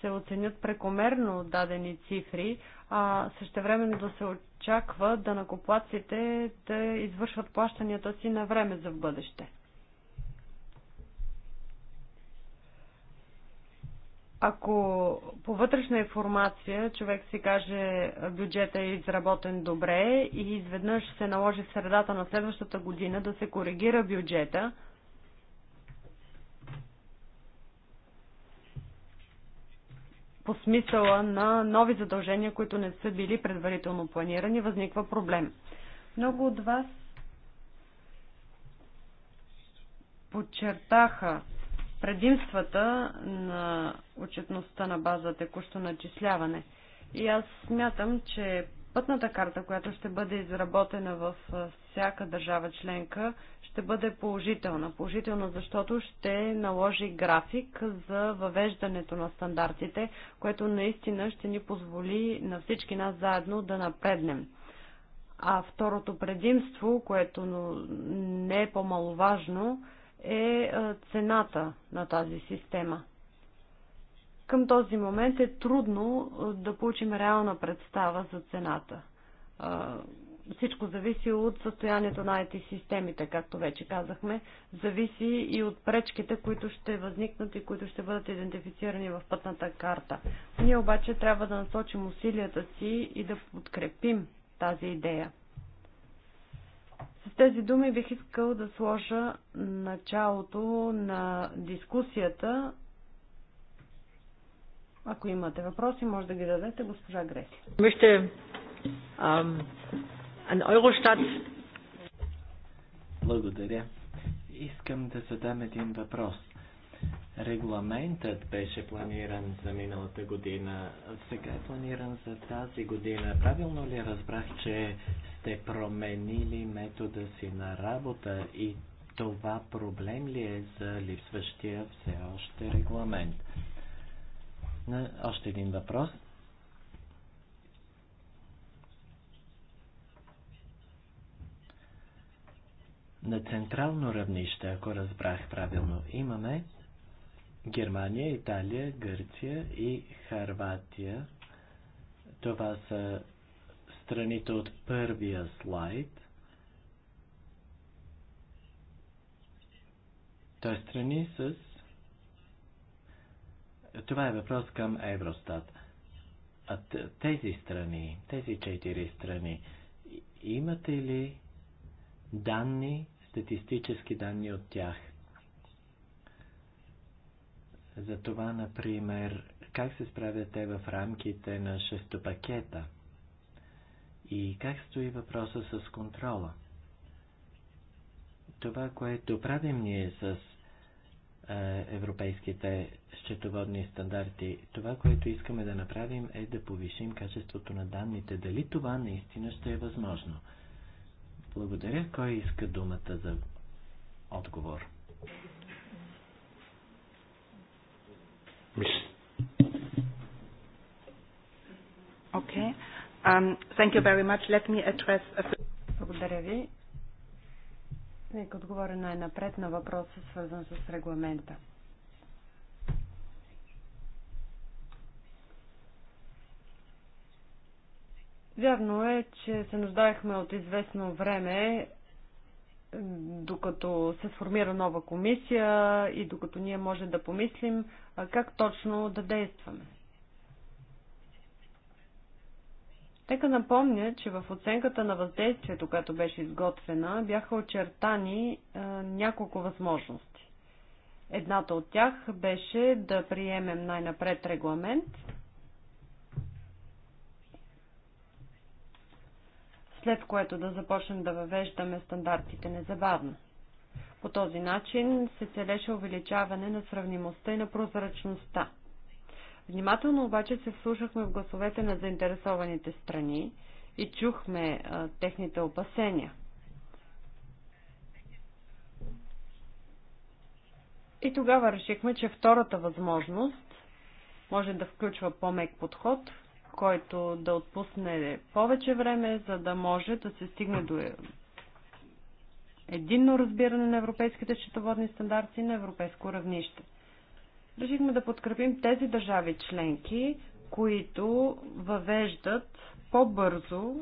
[SPEAKER 1] се оценят прекомерно дадени цифри, а същевременно да се очаква да накоплаците да извършват плащанията си на време за в бъдеще. ако по вътрешна информация човек си каже бюджета е изработен добре и изведнъж се наложи в средата на следващата година да се коригира бюджета, по смисъла на нови задължения, които не са били предварително планирани, възниква проблем. Много от вас подчертаха предимствата на отчетността на база текущо начисляване. И аз смятам, че пътната карта, която ще бъде изработена в всяка държава членка, ще бъде положителна. Положителна, защото ще наложи график за въвеждането на стандартите, което наистина ще ни позволи на всички нас заедно да напреднем. А второто предимство, което не е по-маловажно, е, е цената на тази система. Към този момент е трудно е, да получим реална представа за цената. Е, всичко зависи от състоянието на IT-системите, както вече казахме. Зависи и от пречките, които ще възникнат и които ще бъдат идентифицирани в пътната карта. Ние обаче трябва да насочим усилията си и да подкрепим тази идея тези думи бих искал да сложа началото на дискусията. Ако имате въпроси, може да ги дадете госпожа Греси.
[SPEAKER 2] Мъще an Евростат. Благодаря. Искам да задам един въпрос. Регламентът беше планиран за миналата година, сега е планиран за тази година. Правилно ли разбрах, че сте променили метода си на работа и това проблем ли е за липсващия все още регламент? На още един въпрос. На централно равнище, ако разбрах правилно, имаме Германия, Италия, Гърция и Харватия. Това са страните от първия слайд. Той е страни с... Това е въпрос към Евростат. А тези страни, тези четири страни, имате ли данни, статистически данни от тях? За това, например, как се справят те в рамките на шестопакета – и как стои въпроса с контрола? Това, което правим ние с е, европейските счетоводни стандарти. Това, което искаме да направим е да повишим качеството на данните. Дали това наистина ще е възможно? Благодаря. Кой иска думата за отговор?
[SPEAKER 3] Okay. Um, thank you very much. Let me address a... Благодаря
[SPEAKER 1] ви. Нека отговоря най-напред на въпроса, свързан с регламента. Вярно е, че се нуждаехме от известно време, докато се сформира нова комисия и докато ние може да помислим как точно да действаме. Нека напомня, че в оценката на въздействието, която беше изготвена, бяха очертани а, няколко възможности. Едната от тях беше да приемем най-напред регламент, след което да започнем да въвеждаме стандартите незабавно. По този начин се целеше увеличаване на сравнимостта и на прозрачността. Внимателно обаче се вслушахме в гласовете на заинтересованите страни и чухме а, техните опасения. И тогава решихме, че втората възможност може да включва по-мек подход, който да отпусне повече време, за да може да се стигне до е, единно разбиране на европейските счетоводни стандарти на европейско равнище решихме да подкрепим тези държави членки, които въвеждат по-бързо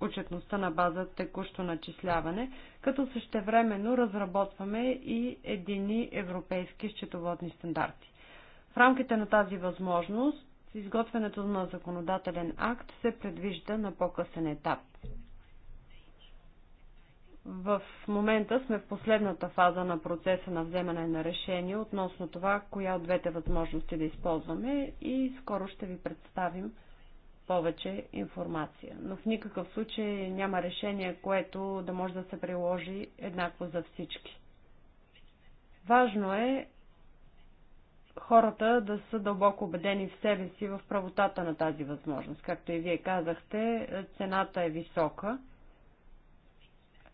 [SPEAKER 1] отчетността на база текущо начисляване, като същевременно разработваме и едини европейски счетоводни стандарти. В рамките на тази възможност изготвянето на законодателен акт се предвижда на по-късен етап. В момента сме в последната фаза на процеса на вземане на решение относно това, коя от двете възможности да използваме и скоро ще ви представим повече информация. Но в никакъв случай няма решение, което да може да се приложи еднакво за всички. Важно е хората да са дълбоко убедени в себе си в правотата на тази възможност. Както и вие казахте, цената е висока –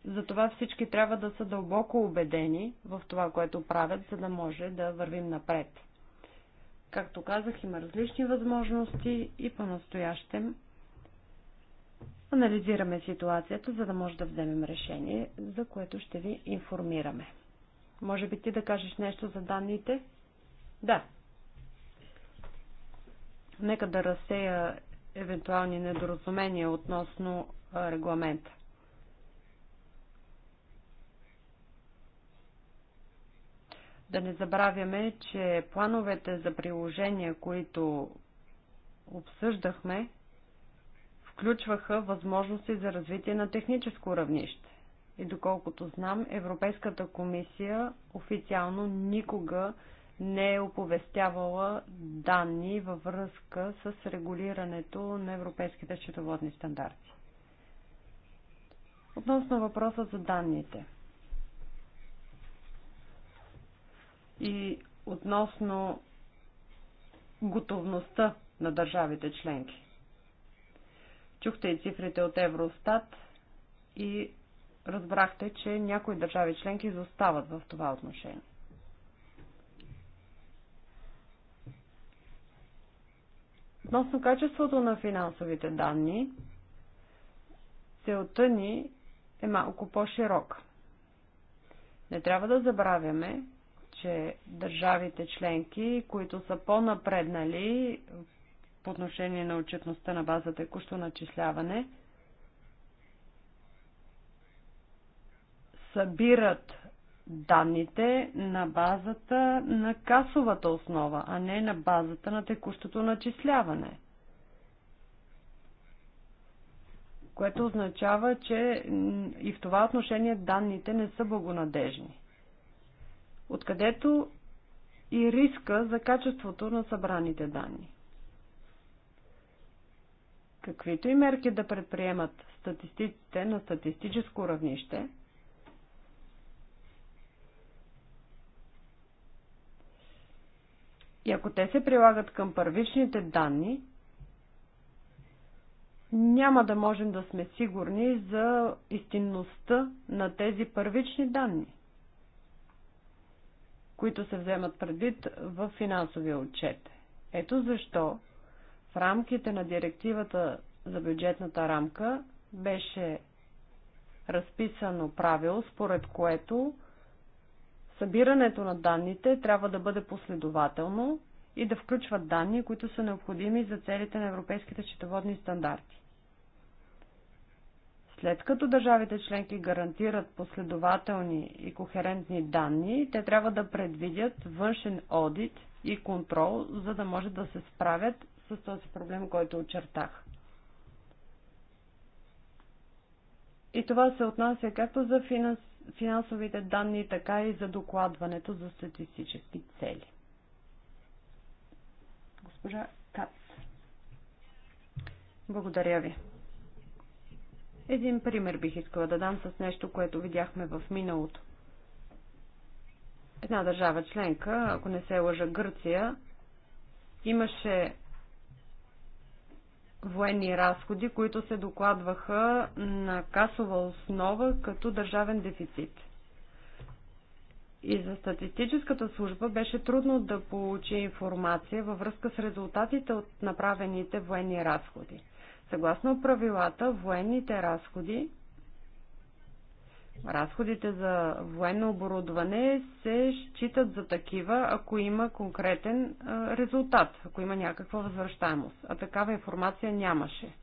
[SPEAKER 1] затова всички трябва да са дълбоко убедени в това, което правят, за да може да вървим напред. Както казах, има различни възможности и по-настоящем анализираме ситуацията, за да може да вземем решение, за което ще ви информираме. Може би ти да кажеш нещо за данните? Да. Нека да разсея евентуални недоразумения относно регламента. Да не забравяме, че плановете за приложения, които обсъждахме, включваха възможности за развитие на техническо равнище. И доколкото знам, Европейската комисия официално никога не е оповестявала данни във връзка с регулирането на европейските счетоводни стандарти. Относно въпроса за данните – и относно готовността на държавите членки. Чухте и цифрите от Евростат и разбрахте, че някои държави членки застават в това отношение. Относно качеството на финансовите данни, целта ни е малко по-широка. Не трябва да забравяме, че държавите членки, които са по-напреднали по отношение на отчетността на база текущо начисляване, събират данните на базата на касовата основа, а не на базата на текущото начисляване. Което означава, че и в това отношение данните не са благонадежни откъдето и риска за качеството на събраните данни. Каквито и мерки да предприемат статистиците на статистическо равнище, И ако те се прилагат към първичните данни, няма да можем да сме сигурни за истинността на тези първични данни които се вземат предвид в финансовия отчет. Ето защо в рамките на директивата за бюджетната рамка беше разписано правило, според което събирането на данните трябва да бъде последователно и да включват данни, които са необходими за целите на европейските счетоводни стандарти. След като държавите членки гарантират последователни и кохерентни данни, те трябва да предвидят външен одит и контрол, за да може да се справят с този проблем, който очертах. И това се отнася както за финансовите данни, така и за докладването за статистически цели. Госпожа Кац. Благодаря ви. Един пример бих искала да дам с нещо, което видяхме в миналото. Една държава членка, ако не се лъжа Гърция, имаше военни разходи, които се докладваха на касова основа като държавен дефицит. И за статистическата служба беше трудно да получи информация във връзка с резултатите от направените военни разходи. Съгласно правилата, военните разходи, разходите за военно оборудване се считат за такива, ако има конкретен резултат, ако има някаква възвръщаемост. А такава информация нямаше.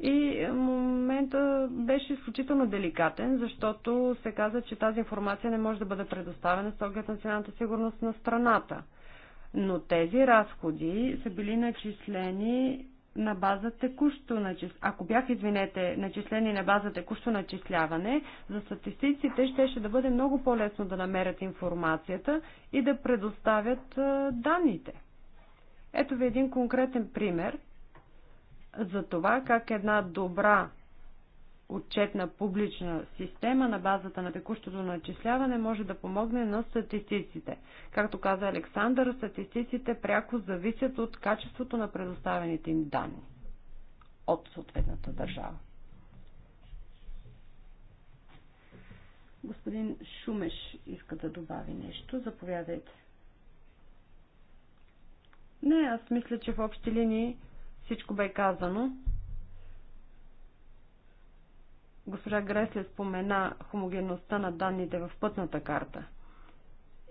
[SPEAKER 1] И е, момента беше изключително деликатен, защото се каза, че тази информация не може да бъде предоставена с оглед националната сигурност на страната. Но тези разходи са били начислени на база текущо начисляване. Ако бях, извинете, начислени на база текущо начисляване, за статистиците ще, ще да бъде много по-лесно да намерят информацията и да предоставят данните. Ето ви един конкретен пример за това как една добра отчетна публична система на базата на текущото начисляване може да помогне на статистиците. Както каза Александър, статистиците пряко зависят от качеството на предоставените им данни от съответната държава. Господин Шумеш иска да добави нещо. Заповядайте. Не, аз мисля, че в общи линии всичко бе казано. Госпожа Гресле спомена хомогенността на данните в пътната карта.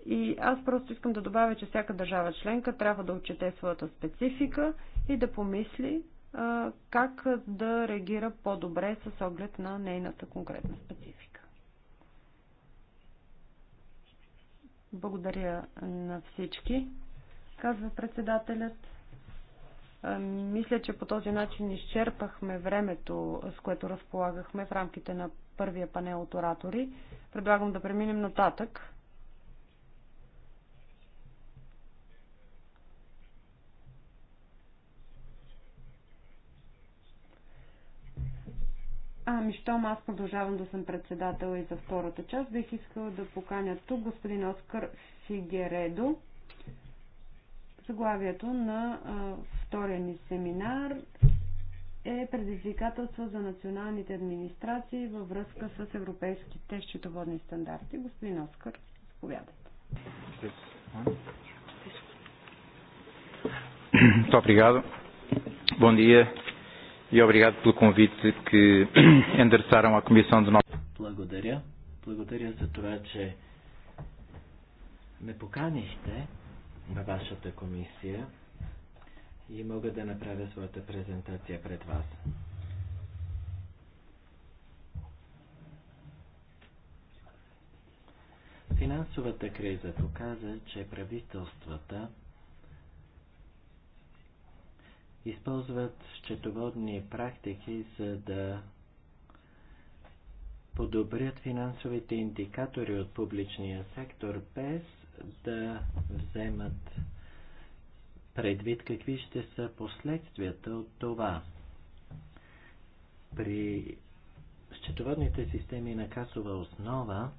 [SPEAKER 1] И аз просто искам да добавя, че всяка държава членка трябва да отчете своята специфика и да помисли а, как да реагира по-добре с оглед на нейната конкретна специфика. Благодаря на всички, казва председателят. Е, мисля, че по този начин изчерпахме времето, с което разполагахме в рамките на първия панел от оратори. Предлагам да преминем нататък. Ами, щом аз продължавам да съм председател и за втората част, бих искала да поканя тук господин Оскар Фигередо, Заглавието на втория ни семинар е предизвикателство за националните администрации във връзка с европейските счетоводни стандарти. Господин Оскар, заповядайте.
[SPEAKER 2] Muito obrigado. Bom dia e obrigado pelo convite que endereçaram à Comissão de Nova. Благодаря. Благодаря за това, че ме поканихте на вашата комисия и мога да направя своята презентация пред вас. Финансовата криза показа, че правителствата използват счетоводни практики, за да подобрят финансовите индикатори от публичния сектор без да вземат предвид какви ще са последствията от това. При счетоводните системи на касова основа,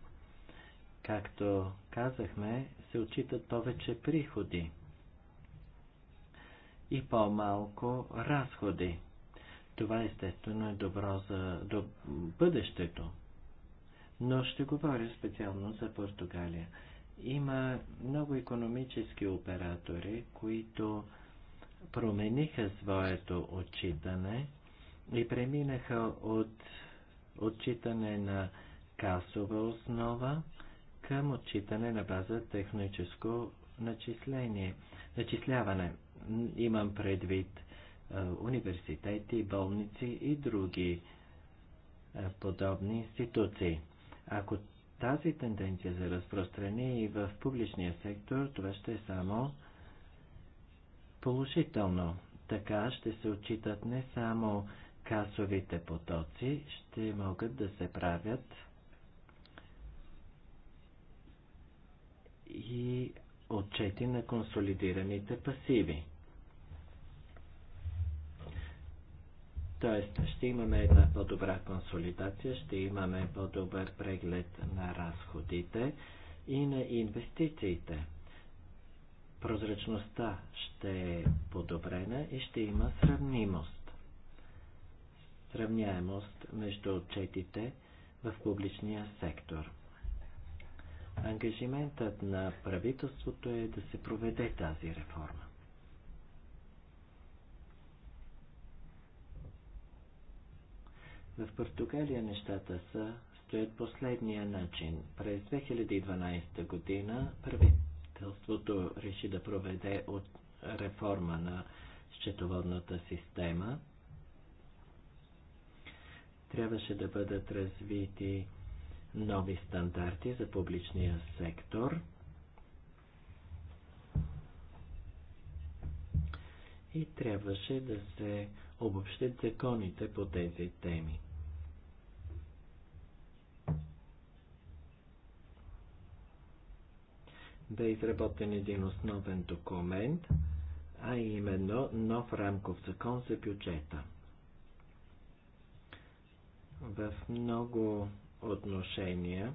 [SPEAKER 2] както казахме, се отчитат повече приходи и по-малко разходи. Това естествено е добро за до бъдещето. Но ще говоря специално за Португалия. Има много економически оператори, които промениха своето отчитане и преминаха от отчитане на касова основа към отчитане на база техническо начисление. начисляване. Имам предвид е, университети, болници и други е, подобни институции. Ако тази тенденция за разпространение и в публичния сектор, това ще е само положително. Така ще се отчитат не само касовите потоци, ще могат да се правят и отчети на консолидираните пасиви. Тоест, ще имаме една по-добра консолидация, ще имаме по-добър преглед на разходите и на инвестициите. Прозрачността ще е подобрена и ще има сравнимост. Сравняемост между отчетите в публичния сектор. Ангажиментът на правителството е да се проведе тази реформа. В Португалия нещата са стоят последния начин. През 2012 година правителството реши да проведе от реформа на счетоводната система. Трябваше да бъдат развити нови стандарти за публичния сектор. И трябваше да се обобщат законите по тези теми. да е изработен един основен документ, а именно нов рамков закон за бюджета. В много отношения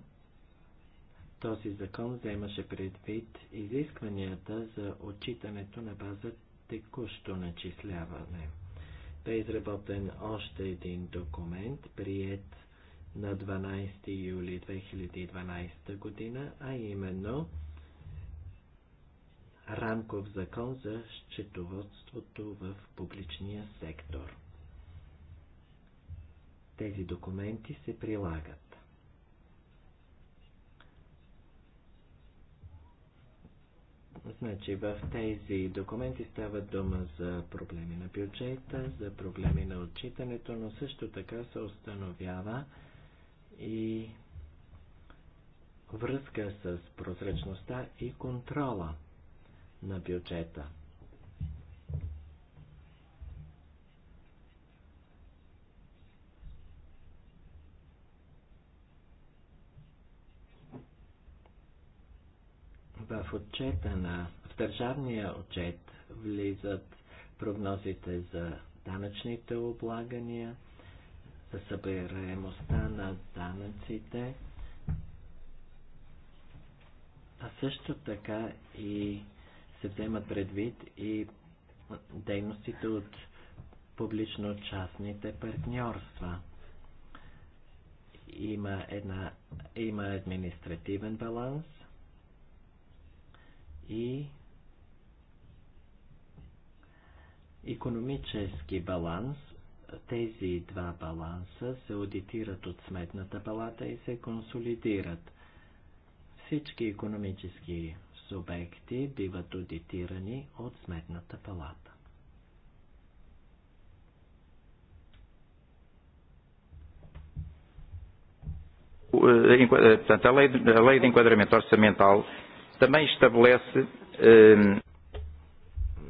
[SPEAKER 2] този закон вземаше предвид изискванията за отчитането на база текущо начисляване. Бе изработен още един документ, прият на 12 юли 2012 година, а именно рамков закон за счетоводството в публичния сектор. Тези документи се прилагат. Значи в тези документи става дума за проблеми на бюджета, за проблеми на отчитането, но също така се установява и връзка с прозрачността и контрола на бюджета. В отчета на в държавния отчет влизат прогнозите за данъчните облагания, за събираемостта на данъците, а също така и се вземат предвид и дейностите от публично-частните партньорства. Има, една, има административен баланс и економически баланс. Тези два баланса се аудитират от Сметната палата и се консолидират. Всички економически субекти биват аудитирани от Сметната палата.
[SPEAKER 3] Portanto, a lei, a lei de enquadramento orçamental também estabelece.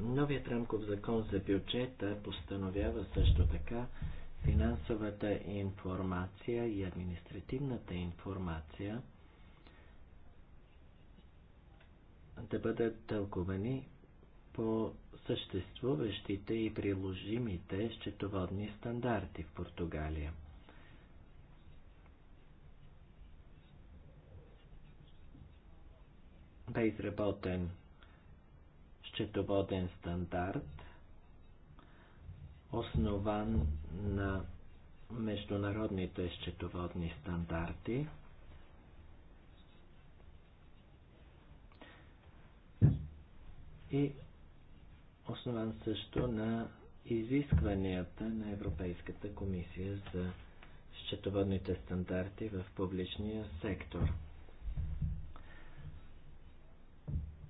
[SPEAKER 2] Новият рамков закон за бюджета постановява също така финансовата информация и административната информация да бъдат тълкувани по съществуващите и приложимите счетоводни стандарти в Португалия. Бе изработен счетоводен стандарт, основан на международните счетоводни стандарти – и основан също на изискванията на Европейската комисия за счетоводните стандарти в публичния сектор.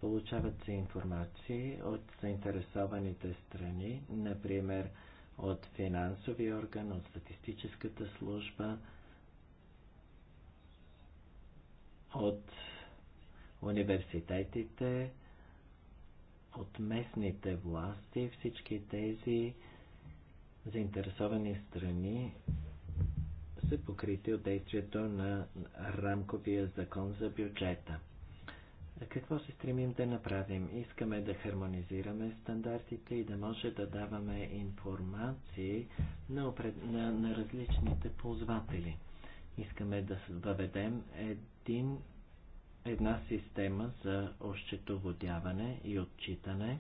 [SPEAKER 2] Получават се информации от заинтересованите страни, например от финансови орган, от статистическата служба, от университетите, от местните власти всички тези заинтересовани страни са покрити от действието на рамковия закон за бюджета. Какво се стремим да направим? Искаме да хармонизираме стандартите и да може да даваме информации на, опред... на, на различните ползватели. Искаме да въведем един една система за ощетоводяване и отчитане,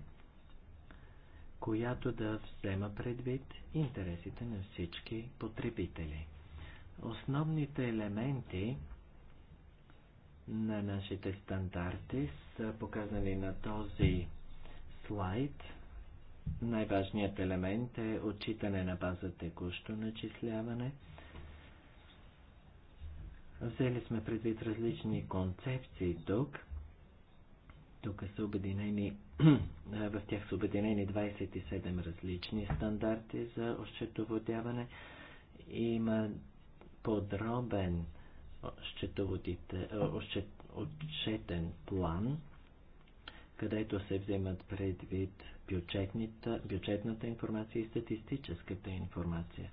[SPEAKER 2] която да взема предвид интересите на всички потребители. Основните елементи на нашите стандарти са показани на този слайд. Най-важният елемент е отчитане на база текущо начисляване – Взели сме предвид различни концепции тук. Тук са обединени, в тях са обединени 27 различни стандарти за осчетоводяване. Има подробен отчетен план, където се вземат предвид бюджетната информация и статистическата информация.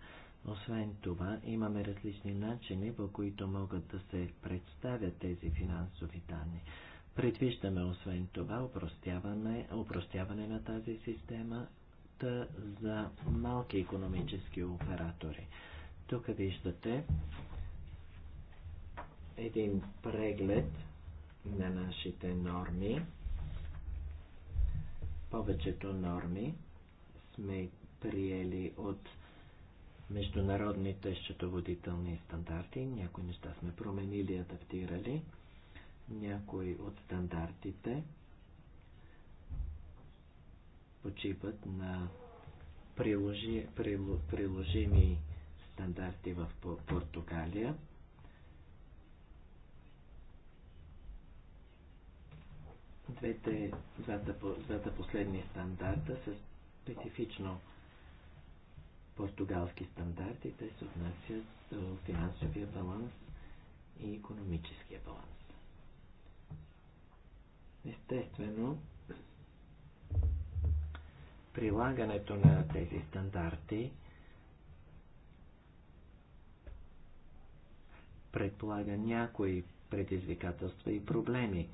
[SPEAKER 2] Освен това, имаме различни начини, по които могат да се представят тези финансови данни. Предвиждаме освен това упростяване, упростяване на тази система за малки економически оператори. Тук виждате един преглед на нашите норми. Повечето норми сме приели от международните счетоводителни стандарти. Някои неща сме променили и адаптирали. Някои от стандартите почиват на приложи, прил, приложими стандарти в Португалия. Двете, двата, двата последни стандарта са специфично португалски стандарти, те се отнасят до финансовия баланс и економическия баланс. Естествено, прилагането на тези стандарти предполага някои предизвикателства и проблеми.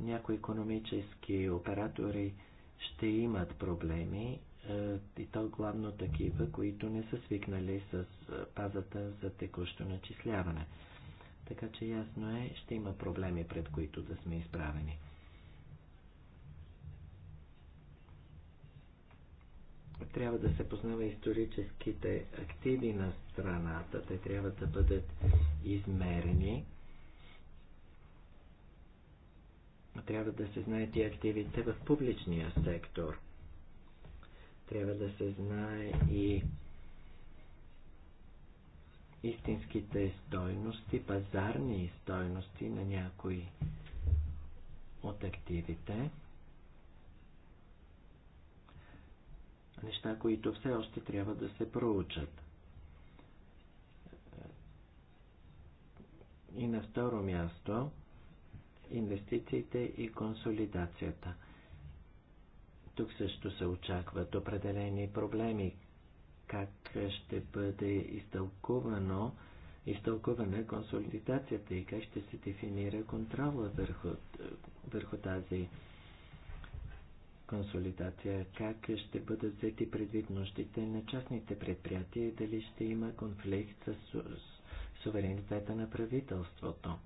[SPEAKER 2] Някои економически оператори ще имат проблеми е, и то главно такива, които не са свикнали с пазата е, за текущо начисляване. Така че ясно е, ще има проблеми, пред които да сме изправени. Трябва да се познава историческите активи на страната. Те трябва да бъдат измерени. Трябва да се знаят и активите в публичния сектор – трябва да се знае и истинските стойности, пазарни стойности на някои от активите. Неща, които все още трябва да се проучат. И на второ място, инвестициите и консолидацията. Тук също се очакват определени проблеми. Как ще бъде изтълкувано, изтълкувана консолидацията и как ще се дефинира контрола върху, върху тази консолидация, как ще бъдат взети предвид нуждите на частните предприятия и дали ще има конфликт с суверенитета на правителството,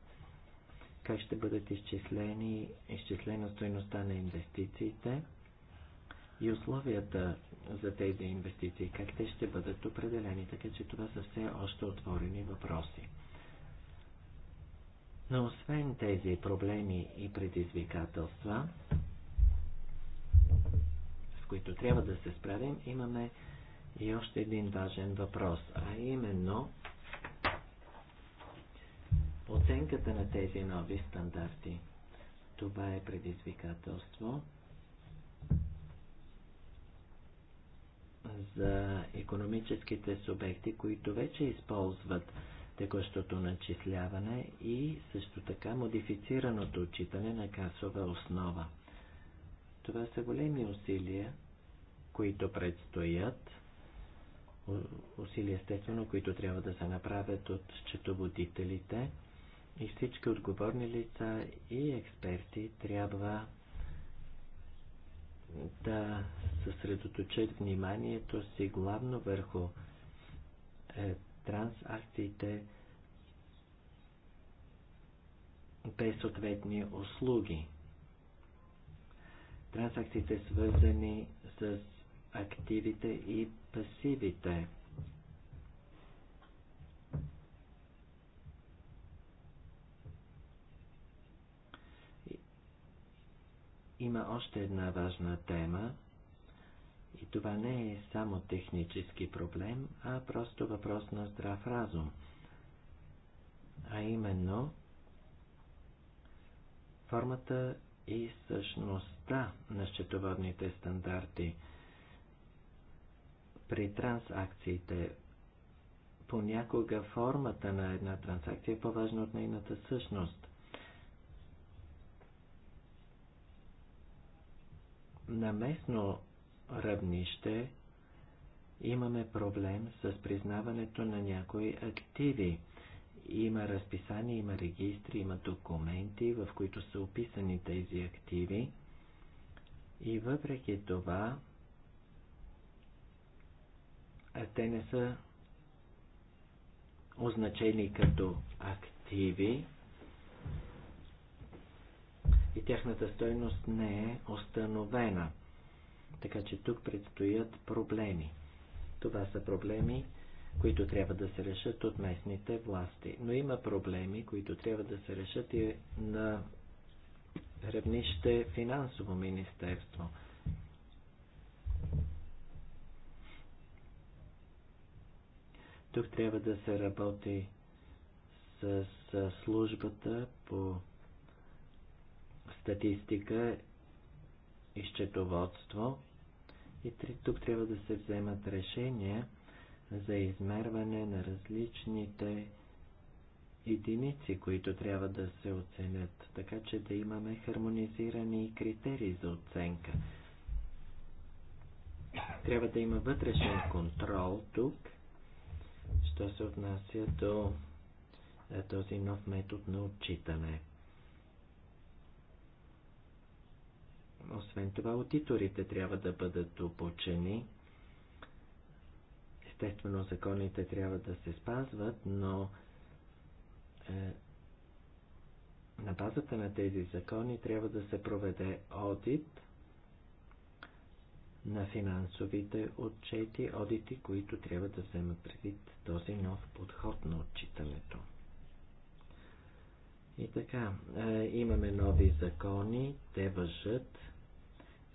[SPEAKER 2] как ще бъдат изчислени, изчислена стоеността на инвестициите, и условията за тези инвестиции, как те ще бъдат определени, така че това са все още отворени въпроси. Но освен тези проблеми и предизвикателства, с които трябва да се справим, имаме и още един важен въпрос, а именно оценката на тези нови стандарти. Това е предизвикателство, за економическите субекти, които вече използват текущото начисляване и също така модифицираното отчитане на касова основа. Това са големи усилия, които предстоят, усилия естествено, които трябва да се направят от счетоводителите и всички отговорни лица и експерти трябва да съсредоточат вниманието си главно върху е, трансакциите без съответни услуги. Трансакциите свързани с активите и пасивите – Има още една важна тема, и това не е само технически проблем, а просто въпрос на здрав разум. А именно, формата и същността на счетоводните стандарти при трансакциите. Понякога формата на една трансакция е по-важна от нейната същност. На местно равнище имаме проблем с признаването на някои активи. Има разписания, има регистри, има документи, в които са описани тези активи. И въпреки това, те не са означени като активи, и тяхната стойност не е установена. Така че тук предстоят проблеми. Това са проблеми, които трябва да се решат от местните власти. Но има проблеми, които трябва да се решат и на равнище финансово министерство. Тук трябва да се работи с службата по статистика и счетоводство. И тук трябва да се вземат решения за измерване на различните единици, които трябва да се оценят, така че да имаме хармонизирани критерии за оценка. Трябва да има вътрешен контрол тук, що се отнася до е, този нов метод на отчитане. Освен това, аудиторите трябва да бъдат обучени. Естествено, законите трябва да се спазват, но е, на базата на тези закони трябва да се проведе одит на финансовите отчети, одити, които трябва да вземат предвид този нов подход на отчитането. И така, е, имаме нови закони, те въжат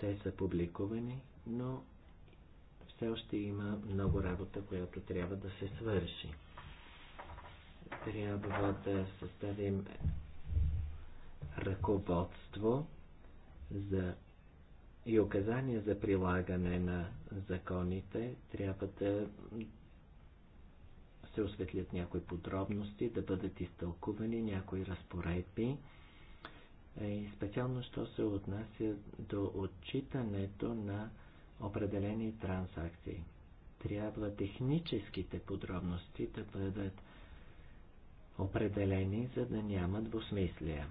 [SPEAKER 2] те са публикувани, но все още има много работа, която трябва да се свърши. Трябва да съставим ръководство за и указания за прилагане на законите. Трябва да се осветлят някои подробности, да бъдат изтълкувани някои разпоредби и е специално, що се отнася до отчитането на определени трансакции. Трябва техническите подробности да бъдат определени, за да няма двусмислия.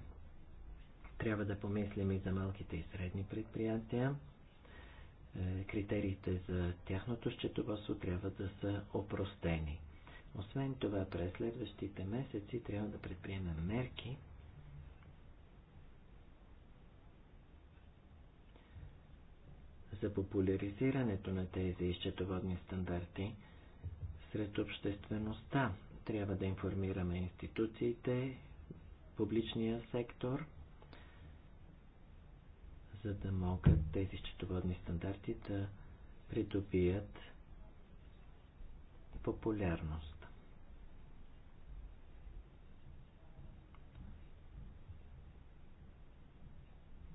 [SPEAKER 2] Трябва да помислим и за малките и средни предприятия. Е, критериите за тяхното счетоводство трябва да са опростени. Освен това, през следващите месеци трябва да предприемем мерки, за популяризирането на тези изчетоводни стандарти сред обществеността. Трябва да информираме институциите, публичния сектор, за да могат тези счетоводни стандарти да придобият популярност.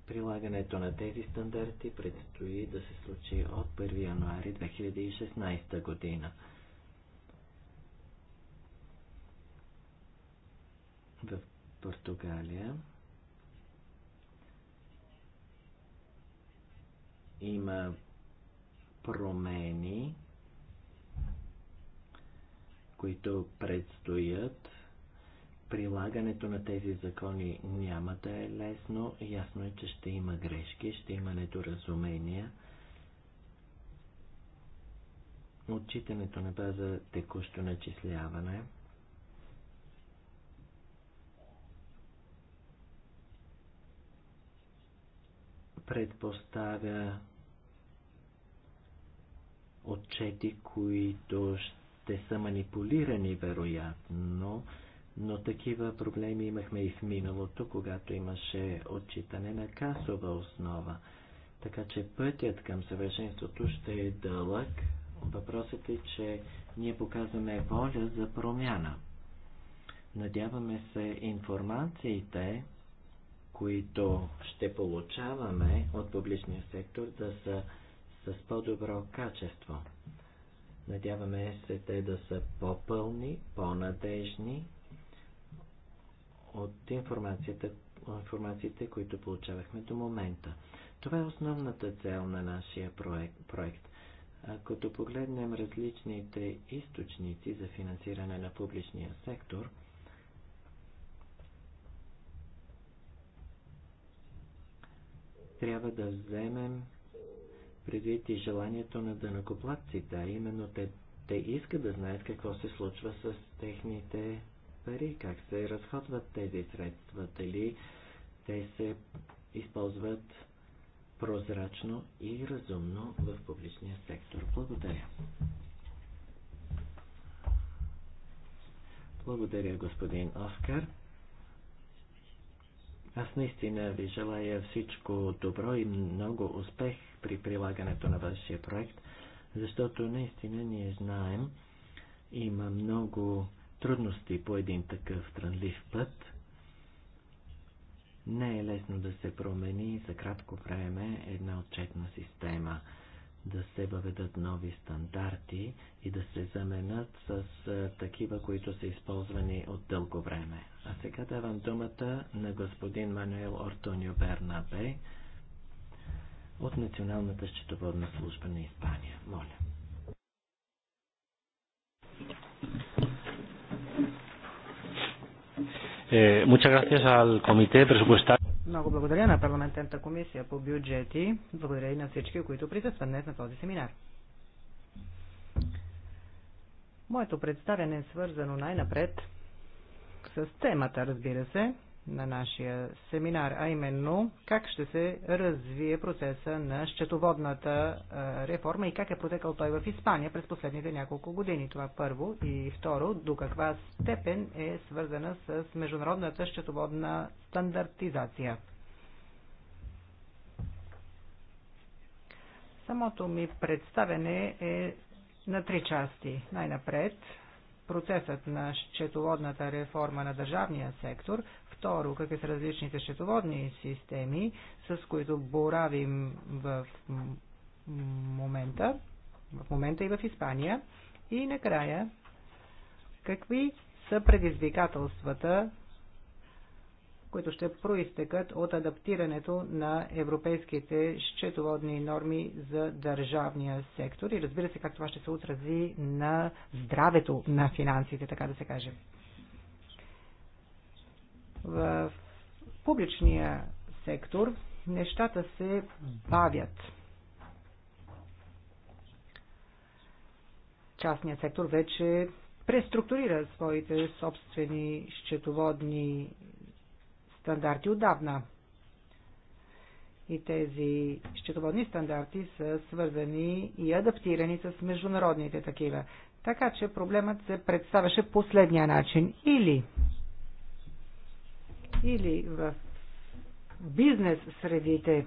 [SPEAKER 2] Прилагането на тези стандарти предстои да се случи от 1 януари 2016 година. В Португалия има промени, които предстоят прилагането на тези закони няма да е лесно. Ясно е, че ще има грешки, ще има недоразумения. Отчитането на база текущо начисляване – предпоставя отчети, които ще са манипулирани, вероятно, но такива проблеми имахме и в миналото, когато имаше отчитане на касова основа. Така че пътят към съвършенството ще е дълъг. Въпросът е, че ние показваме воля за промяна. Надяваме се информациите, които ще получаваме от публичния сектор, да са с по-добро качество. Надяваме се те да са по-пълни, по-надежни от информацията, информациите, които получавахме до момента. Това е основната цел на нашия проект. Като погледнем различните източници за финансиране на публичния сектор, трябва да вземем предвид и желанието на дънакоплатците, а именно те, те искат да знаят какво се случва с техните пари, как се разходват тези средства, дали те се използват прозрачно и разумно в публичния сектор. Благодаря. Благодаря, господин Оскар. Аз наистина ви желая всичко добро и много успех при прилагането на вашия проект, защото наистина ние знаем, има много трудности по един такъв трънлив път. Не е лесно да се промени за кратко време една отчетна система, да се въведат нови стандарти и да се заменят с такива, които са използвани от дълго време. А сега давам думата на господин Мануел Ортонио Бернабе от Националната счетоводна служба на Испания. Моля. Е, muchas gracias al Comité Presupuestario.
[SPEAKER 3] Много благодаря на парламентарната комисия по бюджети. Благодаря и на всички, които присъстват днес на този семинар. Моето представяне е свързано най-напред с темата, разбира се, на нашия семинар, а именно как ще се развие процеса на счетоводната реформа и как е протекал той в Испания през последните няколко години. Това първо. И второ, до каква степен е свързана с международната счетоводна стандартизация. Самото ми представене е на три части. Най-напред процесът на счетоводната реформа на държавния сектор, второ, какви е са различните счетоводни системи, с които боравим в момента, в момента и в Испания, и накрая, какви са предизвикателствата които ще проистекат от адаптирането на европейските счетоводни норми за държавния сектор и разбира се как това ще се отрази на здравето на финансите, така да се каже. В публичния сектор нещата се бавят. Частният сектор вече преструктурира своите собствени счетоводни стандарти отдавна. И тези счетоводни стандарти са свързани и адаптирани с международните такива. Така че проблемът се представяше последния начин. Или, или в бизнес средите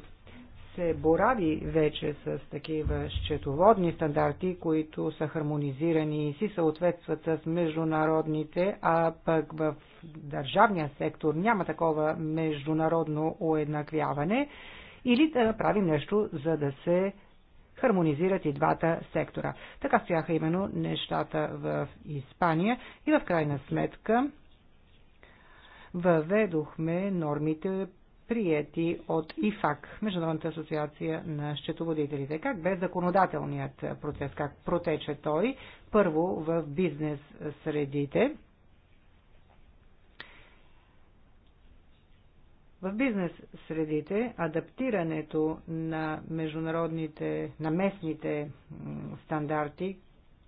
[SPEAKER 3] се борави вече с такива счетоводни стандарти, които са хармонизирани и си съответстват с международните, а пък в държавния сектор няма такова международно уеднаквяване, или да направим нещо, за да се хармонизират и двата сектора. Така стояха именно нещата в Испания и в крайна сметка въведохме нормите приети от ИФАК, Международната асоциация на счетоводителите. Как бе законодателният процес, как протече той? Първо в бизнес средите, В бизнес средите адаптирането на международните, на местните стандарти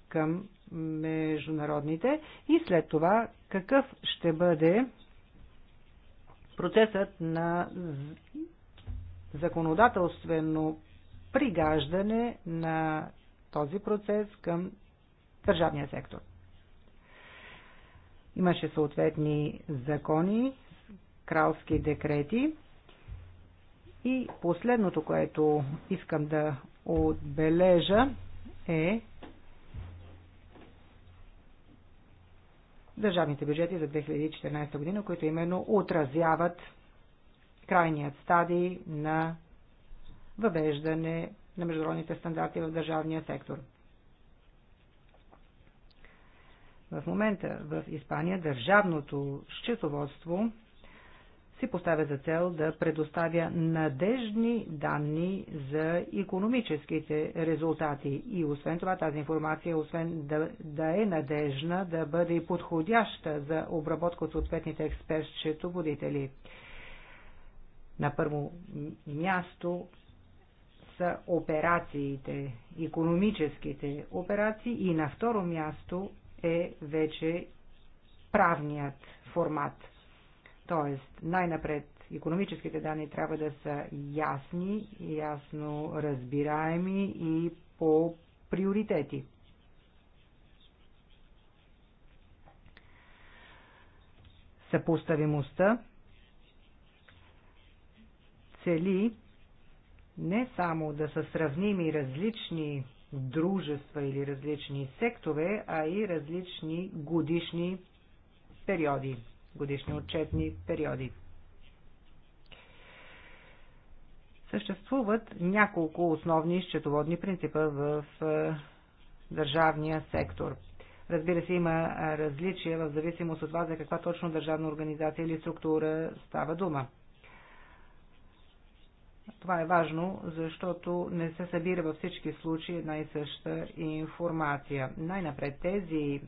[SPEAKER 3] към международните и след това какъв ще бъде процесът на законодателствено пригаждане на този процес към държавния сектор. Имаше съответни закони, кралски декрети. И последното, което искам да отбележа е държавните бюджети за 2014 година, които именно отразяват крайният стадий на въвеждане на международните стандарти в държавния сектор. В момента в Испания държавното счетоводство си поставя за цел да предоставя надежни данни за економическите резултати и освен това тази информация, освен да, да е надежна, да бъде и подходяща за обработка от съответните експерт-счетоводители. На първо място са операциите, економическите операции и на второ място е вече правният формат – т.е. най-напред економическите данни трябва да са ясни, ясно разбираеми и по приоритети. Съпоставимостта цели не само да са сравними различни дружества или различни сектове, а и различни годишни периоди годишни отчетни периоди. Съществуват няколко основни счетоводни принципа в е, държавния сектор. Разбира се, има различия в зависимост от това за каква точно държавна организация или структура става дума. Това е важно, защото не се събира във всички случаи една и съща информация. Най-напред тези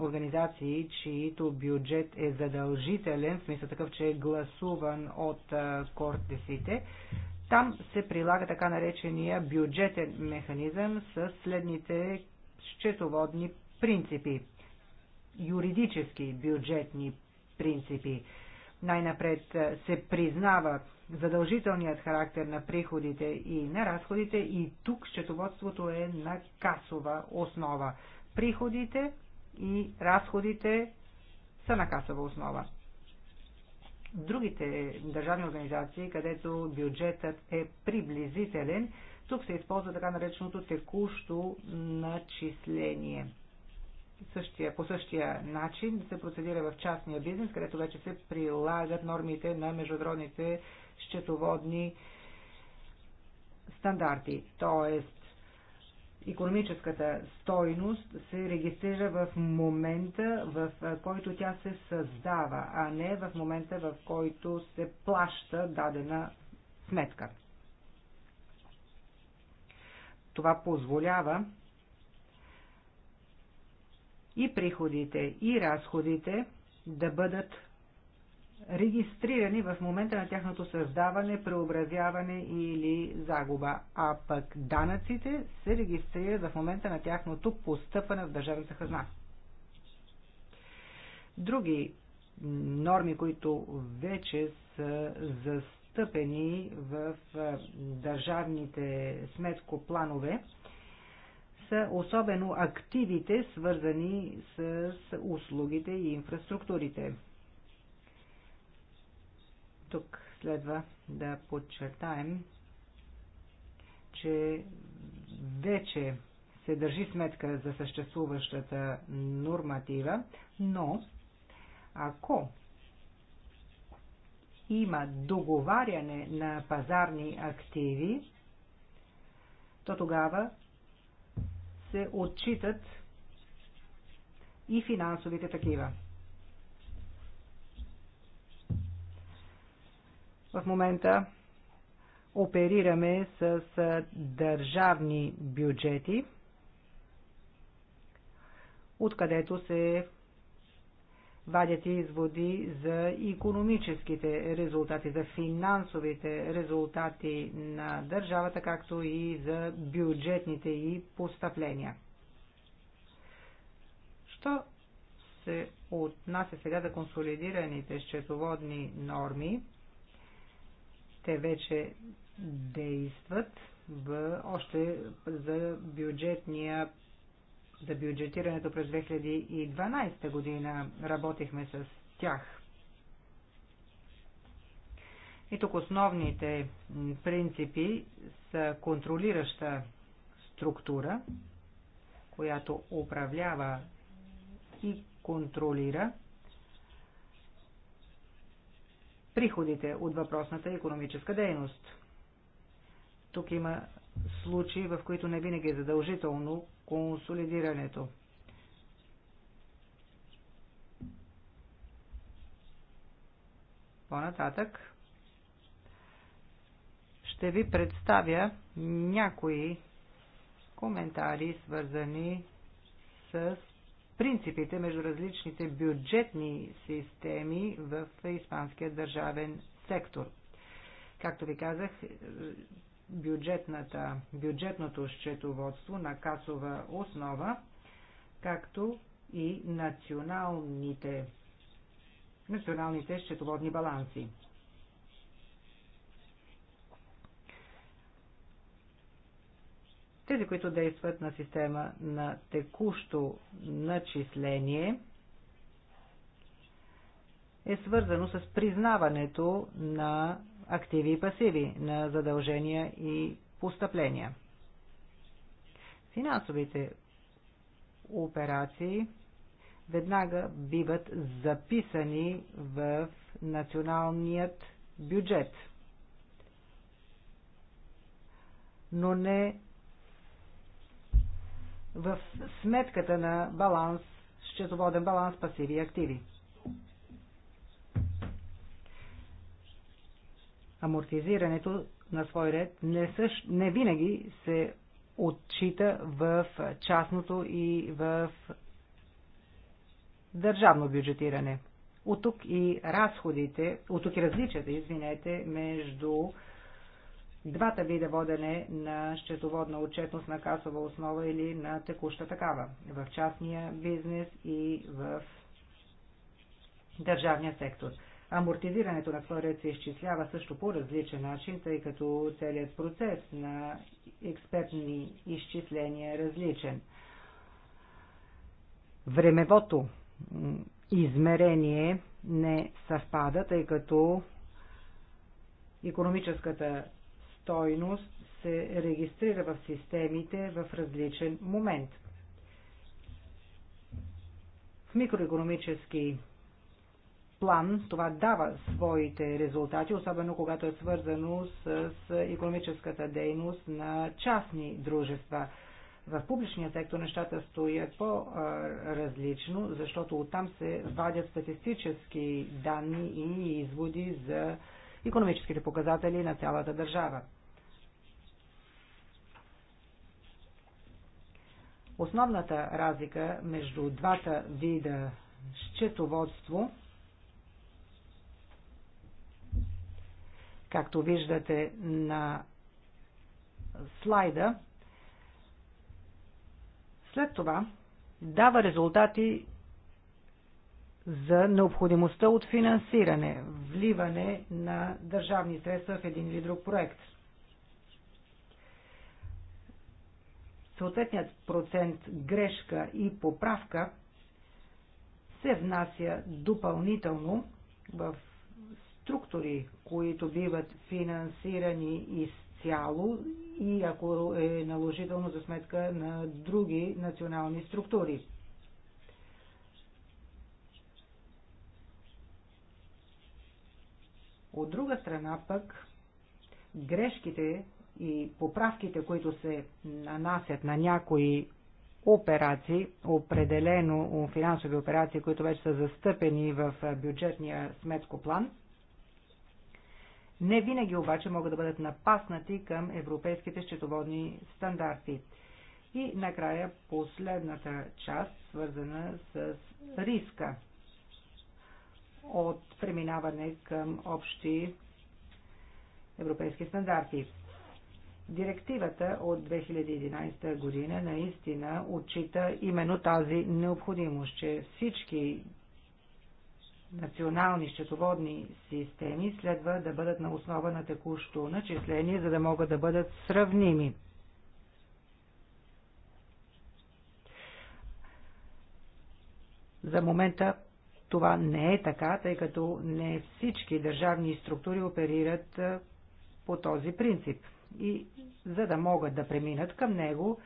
[SPEAKER 3] организации, чието бюджет е задължителен, в смисъл такъв, че е гласуван от кортесите, там се прилага така наречения бюджетен механизъм с следните счетоводни принципи. Юридически бюджетни принципи. Най-напред се признават задължителният характер на приходите и на разходите и тук счетоводството е на касова основа. Приходите и разходите са на касова основа. Другите държавни организации, където бюджетът е приблизителен, тук се използва така нареченото текущо начисление. Същия, по същия начин се процедира в частния бизнес, където вече се прилагат нормите на международните счетоводни стандарти. Тоест, економическата стойност се регистрира в момента, в който тя се създава, а не в момента, в който се плаща дадена сметка. Това позволява и приходите, и разходите да бъдат регистрирани в момента на тяхното създаване, преобразяване или загуба, а пък данъците се регистрират в момента на тяхното постъпване в държавната хазна. Други норми, които вече са застъпени в държавните сметкопланове, са особено активите, свързани с услугите и инфраструктурите. Тук следва да подчертаем, че вече се държи сметка за съществуващата норматива, но ако има договаряне на пазарни активи, то тогава се отчитат и финансовите такива. В момента оперираме с държавни бюджети, откъдето се вадят изводи за економическите резултати, за финансовите резултати на държавата, както и за бюджетните и постъпления. Що се отнася сега за консолидираните счетоводни норми, те вече действат в, още за бюджетния за бюджетирането през 2012 година работихме с тях. И тук основните принципи са контролираща структура, която управлява и контролира приходите от въпросната економическа дейност. Тук има случаи, в които не винаги е задължително консолидирането. По-нататък ще ви представя някои коментари, свързани с принципите между различните бюджетни системи в испанския държавен сектор. Както ви казах, бюджетната, бюджетното счетоводство на касова основа, както и националните, националните счетоводни баланси. Тези, които действат на система на текущо начисление, е свързано с признаването на активи и пасиви, на задължения и постъпления. Финансовите операции веднага биват записани в националният бюджет, но не в сметката на баланс, счетоводен баланс пасиви и активи. Амортизирането на свой ред не, същ, не винаги се отчита в частното и в държавно бюджетиране. От тук и разходите, от тук и различията, извинете, между двата вида водене на счетоводна отчетност на касова основа или на текуща такава в частния бизнес и в държавния сектор. Амортизирането на хвърлят се изчислява също по различен начин, тъй като целият процес на експертни изчисления е различен. Времевото измерение не съвпада, тъй като економическата стойност се регистрира в системите в различен момент. В микроекономически план това дава своите резултати, особено когато е свързано с економическата дейност на частни дружества. В публичния сектор нещата стоят по-различно, защото оттам се вадят статистически данни и изводи за економическите показатели на цялата държава. Основната разлика между двата вида счетоводство, както виждате на слайда, след това дава резултати за необходимостта от финансиране, вливане на държавни средства в един или друг проект – съответният процент грешка и поправка се внася допълнително в структури, които биват финансирани изцяло и ако е наложително за сметка на други национални структури. От друга страна пък, грешките и поправките, които се нанасят на някои операции, определено финансови операции, които вече са застъпени в бюджетния сметко план, не винаги обаче могат да бъдат напаснати към европейските счетоводни стандарти. И накрая последната част, свързана с риска от преминаване към общи европейски стандарти. Директивата от 2011 година наистина отчита именно тази необходимост, че всички национални счетоводни системи следва да бъдат на основа на текущо начисление, за да могат да бъдат сравними. За момента това не е така, тъй като не всички държавни структури оперират по този принцип и за да могат да преминат към него,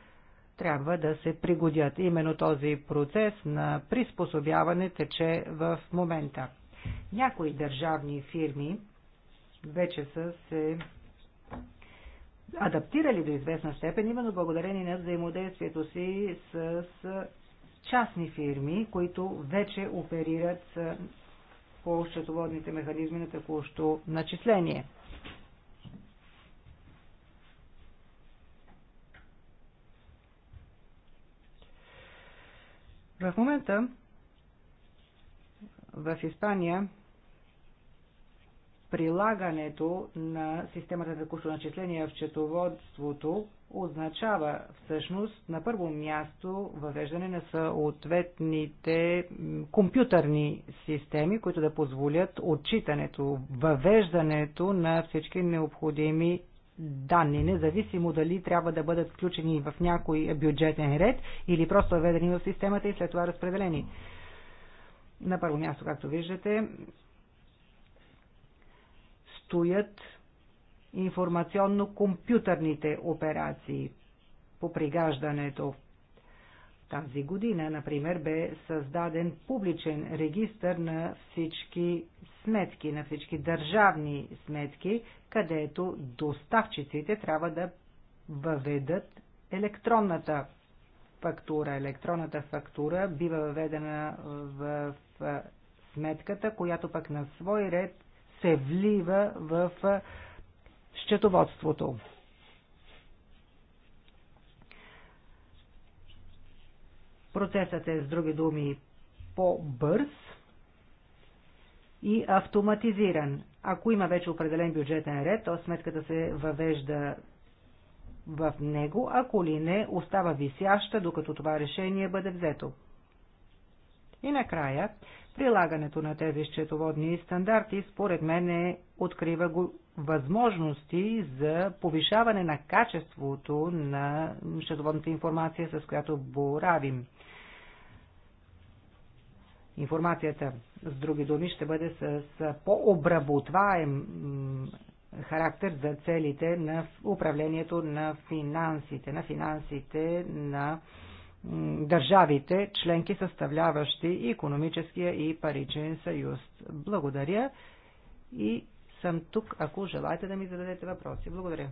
[SPEAKER 3] трябва да се пригодят. Именно този процес на приспособяване тече в момента. Някои държавни фирми вече са се адаптирали до известна степен, именно благодарение на взаимодействието си с частни фирми, които вече оперират по счетоводните механизми на текущо начисление. В момента в Испания прилагането на системата за курсово начисление в четоводството означава всъщност на първо място въвеждане на съответните компютърни системи, които да позволят отчитането, въвеждането на всички необходими данни, независимо дали трябва да бъдат включени в някой бюджетен ред или просто е введени в системата и след това разпределени. На първо място, както виждате, стоят информационно-компютърните операции по пригаждането. Тази година, например, бе създаден публичен регистр на всички сметки, на всички държавни сметки, където доставчиците трябва да въведат електронната фактура. Електронната фактура бива въведена в сметката, която пък на свой ред се влива в счетоводството. Процесът е, с други думи, по-бърз и автоматизиран. Ако има вече определен бюджетен ред, то сметката се въвежда в него, ако ли не остава висяща, докато това решение бъде взето. И накрая, прилагането на тези счетоводни стандарти, според мен, е, открива го възможности за повишаване на качеството на счетоводната информация, с която боравим информацията, с други думи, ще бъде с, с по-обработваем характер за целите на управлението на финансите, на финансите на държавите, членки съставляващи и економическия и паричен съюз. Благодаря и съм тук, ако желаете да ми зададете въпроси. Благодаря.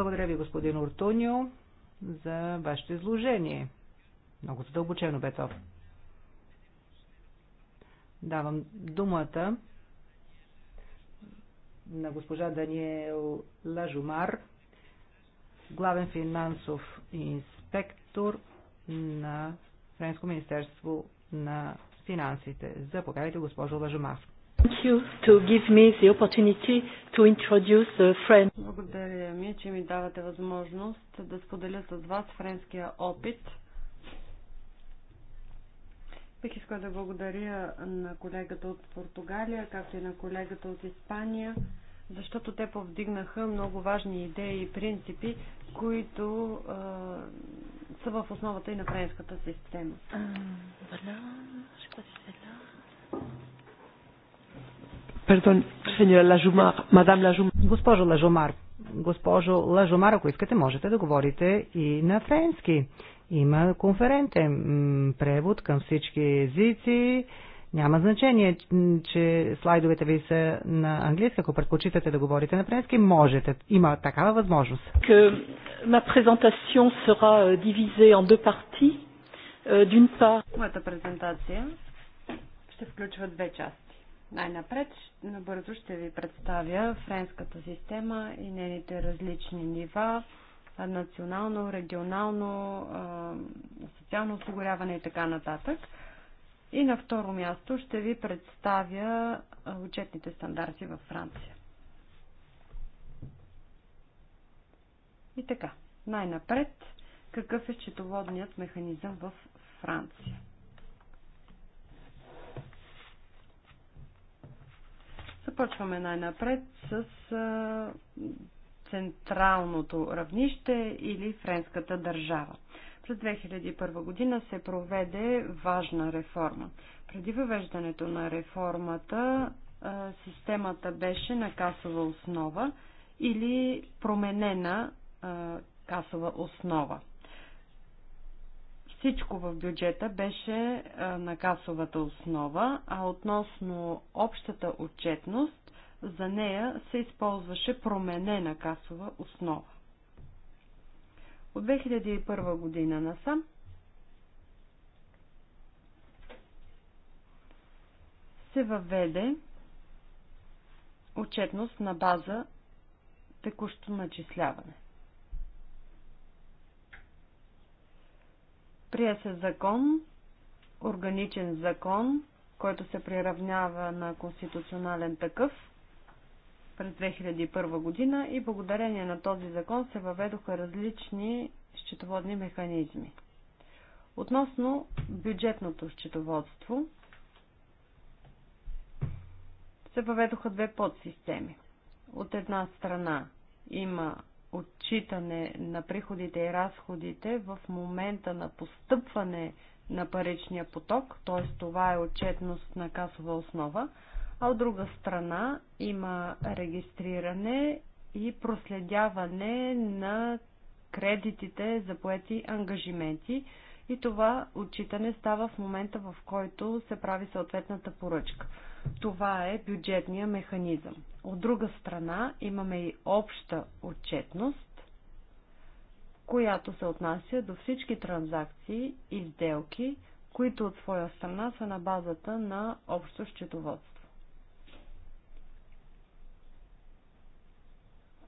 [SPEAKER 3] Благодаря ви, господин Ортуньо за вашето изложение. Много задълбочено бе Давам думата на госпожа Даниел Лажумар, главен финансов инспектор на Френско министерство на финансите. Заповядайте, госпожо Лажумар.
[SPEAKER 1] Благодаря ми, че ми давате възможност да споделя с вас френския опит. Бих искал да благодаря на колегата от Португалия, както и на колегата от Испания, защото те повдигнаха много важни идеи и принципи, които а, са в основата и на френската система.
[SPEAKER 3] Perdón, señora Лажумар, мадам Лажумар. Госпожо Лажумар, госпожо Лажумар, ако искате, можете да говорите и на френски. Има конферентен превод към всички езици. Няма значение, че слайдовете ви са на английски. Ако предпочитате да говорите на френски, можете. Има такава възможност. Ма презентация
[SPEAKER 1] sera divisée en deux parties. D'une part... Моята презентация ще включва две части. Най-напред, набързо ще ви представя френската система и нейните различни нива национално, регионално, социално осигуряване и така нататък. И на второ място ще ви представя учетните стандарти във Франция. И така, най-напред, какъв е счетоводният механизъм в Франция? Започваме най-напред с централното равнище или френската държава. През 2001 година се проведе важна реформа. Преди въвеждането на реформата системата беше на касова основа или променена касова основа. Всичко в бюджета беше на касовата основа, а относно общата отчетност, за нея се използваше променена касова основа. От 2001 година насам се въведе отчетност на база текущо начисляване. Прия се закон, органичен закон, който се приравнява на конституционален такъв през 2001 година и благодарение на този закон се въведоха различни счетоводни механизми. Относно бюджетното счетоводство се въведоха две подсистеми. От една страна има отчитане на приходите и разходите в момента на постъпване на паричния поток, т.е. това е отчетност на касова основа, а от друга страна има регистриране и проследяване на кредитите за поети ангажименти и това отчитане става в момента, в който се прави съответната поръчка. Това е бюджетния механизъм. От друга страна имаме и обща отчетност, която се отнася до всички транзакции и сделки, които от своя страна са на базата на общо счетоводство.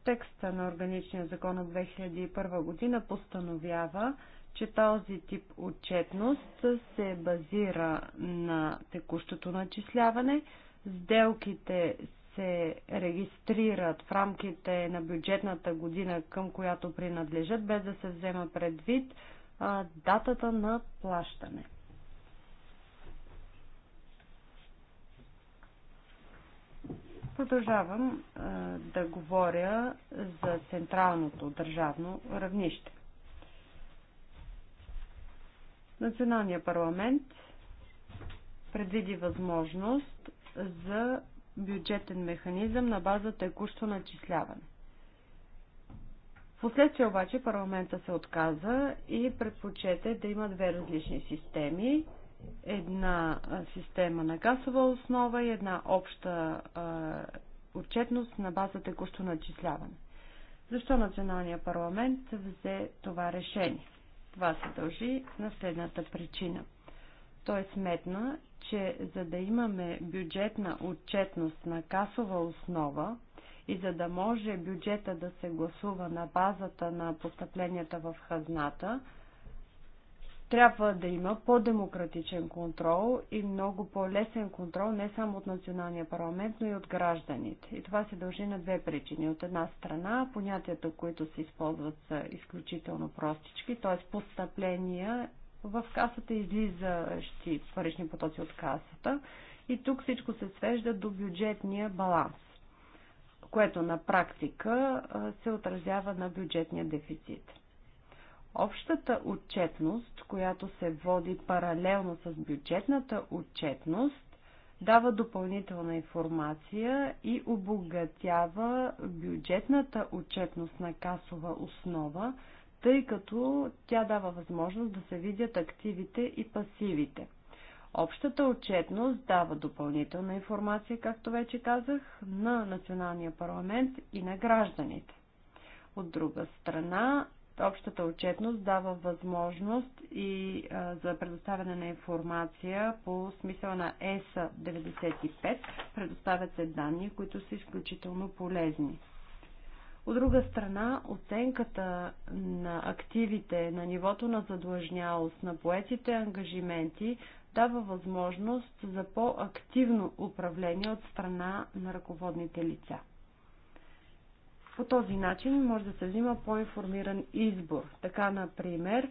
[SPEAKER 1] текста на органичния закон от 2001 година постановява, че този тип отчетност се базира на текущото начисляване, сделките се регистрират в рамките на бюджетната година, към която принадлежат, без да се взема предвид датата на плащане. Продължавам а, да говоря за централното държавно равнище. Националния парламент предвиди възможност за бюджетен механизъм на база текущо начисляване. Впоследствие обаче парламента се отказа и предпочете да има две различни системи една система на касова основа и една обща отчетност на база текущо начисляване. Защо Националния парламент взе това решение? Това се дължи на следната причина. Той е сметна, че за да имаме бюджетна отчетност на касова основа и за да може бюджета да се гласува на базата на постъпленията в хазната, трябва да има по-демократичен контрол и много по-лесен контрол не само от националния парламент, но и от гражданите. И това се дължи на две причини. От една страна, понятията, които се използват, са изключително простички, т.е. постъпления в касата, излизащи парични потоци от касата. И тук всичко се свежда до бюджетния баланс, което на практика се отразява на бюджетния дефицит. Общата отчетност, която се води паралелно с бюджетната отчетност, дава допълнителна информация и обогатява бюджетната отчетност на касова основа, тъй като тя дава възможност да се видят активите и пасивите. Общата отчетност дава допълнителна информация, както вече казах, на Националния парламент и на гражданите. От друга страна, Общата отчетност дава възможност и за предоставяне на информация по смисъла на ЕСА 95. Предоставят се данни, които са изключително полезни. От друга страна, оценката на активите, на нивото на задлъжнялост, на поетите ангажименти дава възможност за по-активно управление от страна на ръководните лица. По този начин може да се взима по-информиран избор. Така, например,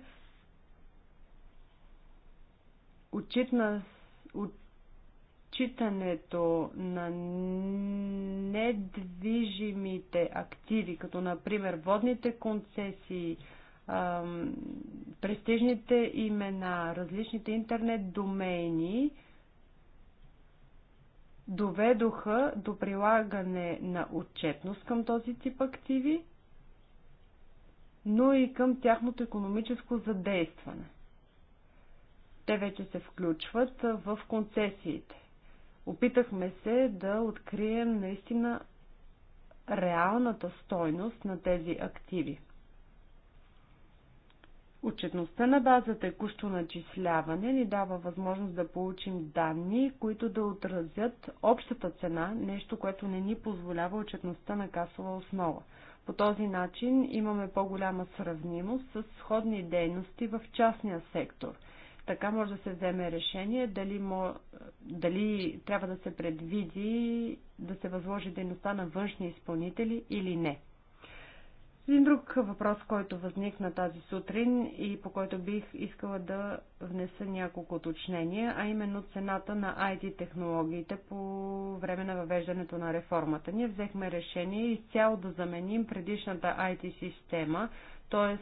[SPEAKER 1] отчитна, отчитането на недвижимите активи, като например водните концесии, престижните имена, различните интернет домейни, доведоха до прилагане на отчетност към този тип активи, но и към тяхното економическо задействане. Те вече се включват в концесиите. Опитахме се да открием наистина реалната стойност на тези активи. Отчетността на база текущо начисляване ни дава възможност да получим данни, които да отразят общата цена, нещо, което не ни позволява отчетността на касова основа. По този начин имаме по-голяма сравнимост с сходни дейности в частния сектор. Така може да се вземе решение дали, мо... дали трябва да се предвиди да се възложи дейността на външни изпълнители или не. Един друг въпрос, който възникна тази сутрин и по който бих искала да внеса няколко уточнения, а именно цената на IT технологиите по време на въвеждането на реформата. Ние взехме решение изцяло да заменим предишната IT система, т.е.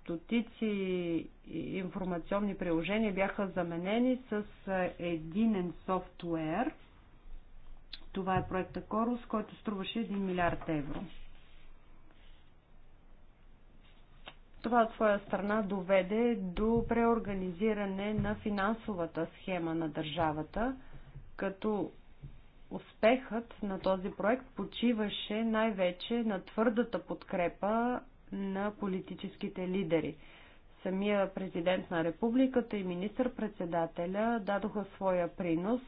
[SPEAKER 1] стотици информационни приложения бяха заменени с единен софтуер. Това е проекта Корус, който струваше 1 милиард евро. Това от своя страна доведе до преорганизиране на финансовата схема на държавата, като успехът на този проект почиваше най-вече на твърдата подкрепа на политическите лидери. Самия президент на републиката и министър-председателя дадоха своя принос,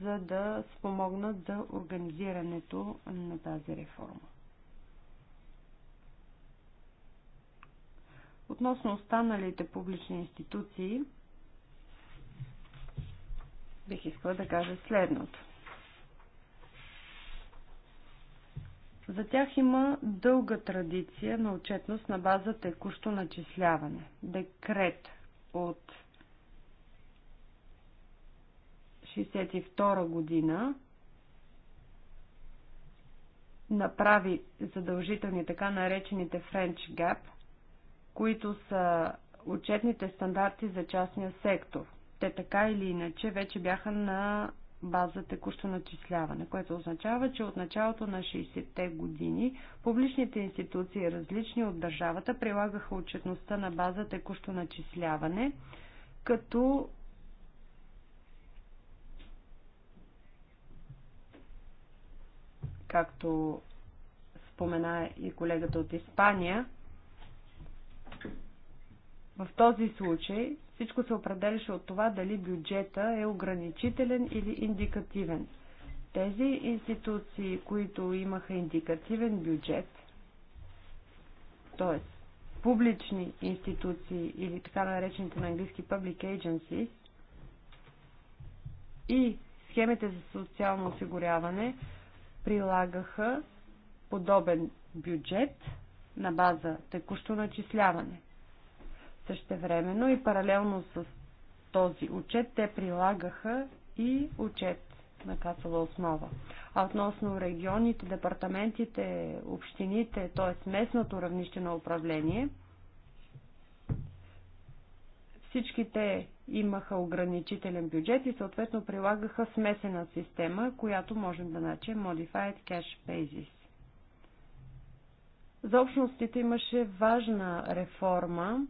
[SPEAKER 1] за да спомогнат за организирането на тази реформа. Относно останалите публични институции, бих искала да кажа следното. За тях има дълга традиция на отчетност на база текущо начисляване. Декрет от 1962 година направи задължителни така наречените French Gap които са отчетните стандарти за частния сектор. Те така или иначе вече бяха на база текущо начисляване, което означава, че от началото на 60-те години публичните институции, различни от държавата, прилагаха отчетността на база текущо начисляване, като както спомена и колегата от Испания, в този случай всичко се определяше от това дали бюджета е ограничителен или индикативен. Тези институции, които имаха индикативен бюджет, т.е. публични институции или така наречените на английски public agencies и схемите за социално осигуряване прилагаха подобен бюджет на база текущо начисляване. Същевременно и паралелно с този отчет те прилагаха и отчет на касова основа. А относно регионите, департаментите, общините, т.е. местното равнище на управление, всички те имаха ограничителен бюджет и съответно прилагаха смесена система, която можем да начем Modified Cash Basis. За общностите имаше важна реформа,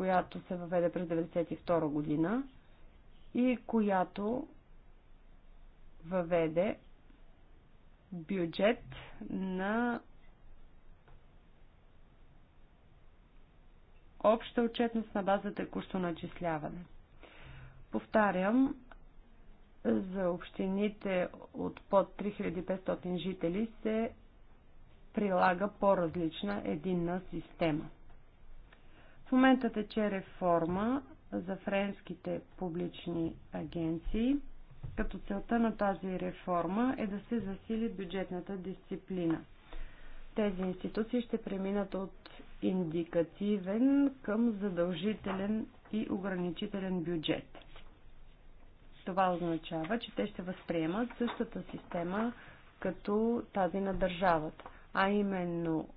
[SPEAKER 1] която се въведе през 1992 година и която въведе бюджет на обща отчетност на база текущо начисляване. Повтарям, за общините от под 3500 жители се прилага по-различна единна система. В момента тече реформа за френските публични агенции, като целта на тази реформа е да се засили бюджетната дисциплина. Тези институции ще преминат от индикативен към задължителен и ограничителен бюджет. Това означава, че те ще възприемат същата система като тази на държавата, а именно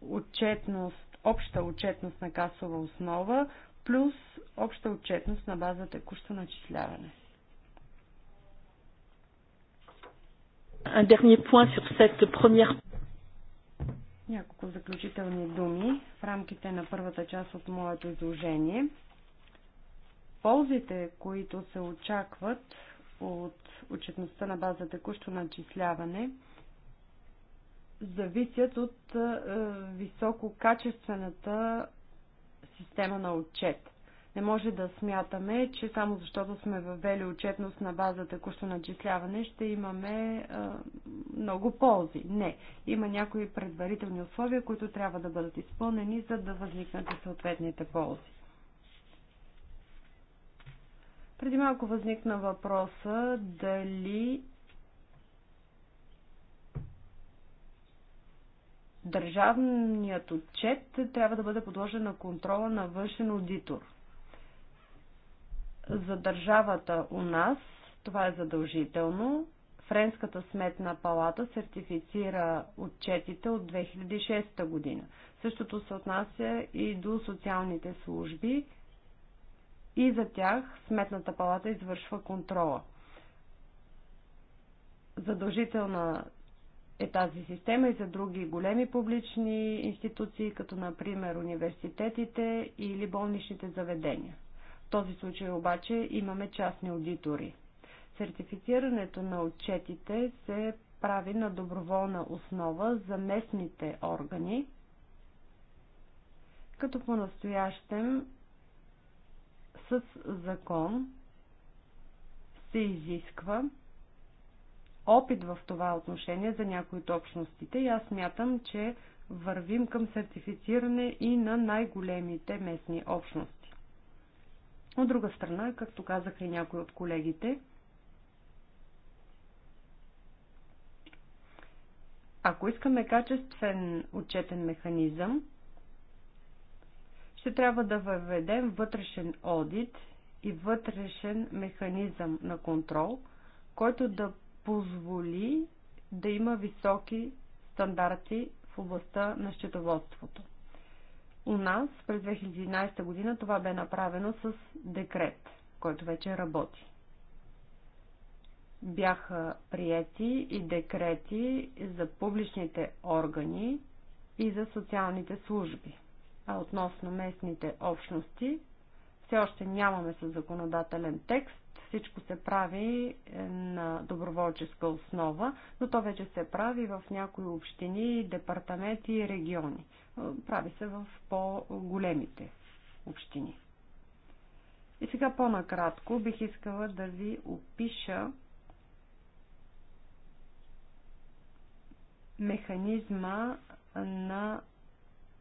[SPEAKER 1] отчетност обща отчетност на касова основа плюс обща отчетност на база текущо начисляване.
[SPEAKER 2] Un dernier point sur cette première...
[SPEAKER 1] Няколко заключителни думи в рамките на първата част от моето изложение. Ползите, които се очакват от отчетността на база текущо начисляване, зависят от е, е, висококачествената система на отчет. Не може да смятаме, че само защото сме въвели отчетност на база текущо начисляване, ще имаме е, много ползи. Не. Има някои предварителни условия, които трябва да бъдат изпълнени, за да възникнат и съответните ползи. Преди малко възникна въпроса дали държавният отчет трябва да бъде подложен на контрола на външен аудитор. За държавата у нас това е задължително. Френската сметна палата сертифицира отчетите от 2006 година. Същото се отнася и до социалните служби и за тях сметната палата извършва контрола. Задължителна е тази система и за други големи публични институции, като например университетите или болничните заведения. В този случай обаче имаме частни аудитори. Сертифицирането на отчетите се прави на доброволна основа за местните органи, като по-настоящем с закон се изисква опит в това отношение за някои от общностите и аз мятам, че вървим към сертифициране и на най-големите местни общности. От друга страна, както казаха и някои от колегите, ако искаме качествен отчетен механизъм, ще трябва да въведем вътрешен одит и вътрешен механизъм на контрол, който да позволи да има високи стандарти в областта на счетоводството. У нас през 2011 година това бе направено с декрет, който вече работи. Бяха приети и декрети за публичните органи и за социалните служби. А относно местните общности, все още нямаме със законодателен текст, всичко се прави е, на доброволческа основа, но то вече се прави в някои общини, департаменти и региони. Е, прави се в по-големите общини. И сега по-накратко бих искала да ви опиша механизма на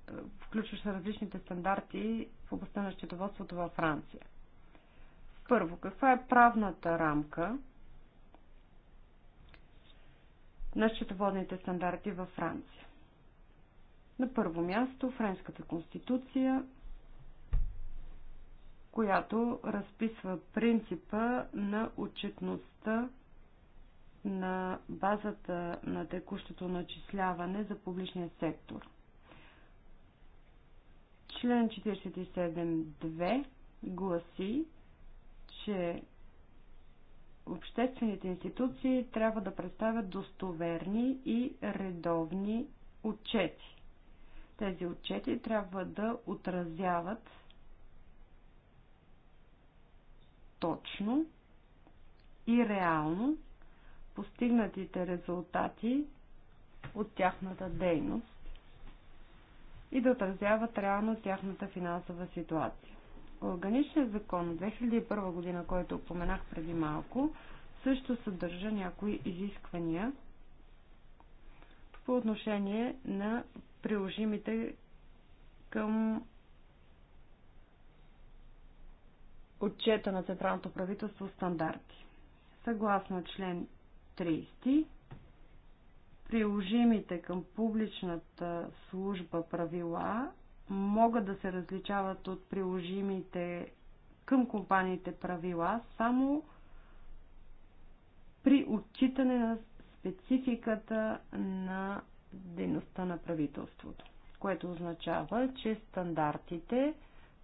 [SPEAKER 1] е, включващ различните стандарти в областта на счетоводството във Франция. Първо, каква е правната рамка на счетоводните стандарти във Франция? На първо място, Френската конституция, която разписва принципа на отчетността на базата на текущото начисляване за публичния сектор. Член 47.2 гласи, че обществените институции трябва да представят достоверни и редовни отчети. Тези отчети трябва да отразяват точно и реално постигнатите резултати от тяхната дейност и да отразяват реално тяхната финансова ситуация. Органичният закон от 2001 година, който упоменах преди малко, също съдържа някои изисквания по отношение на приложимите към отчета на Централното правителство стандарти. Съгласно член 30, приложимите към публичната служба правила могат да се различават от приложимите към компаниите правила само при отчитане на спецификата на дейността на правителството, което означава, че стандартите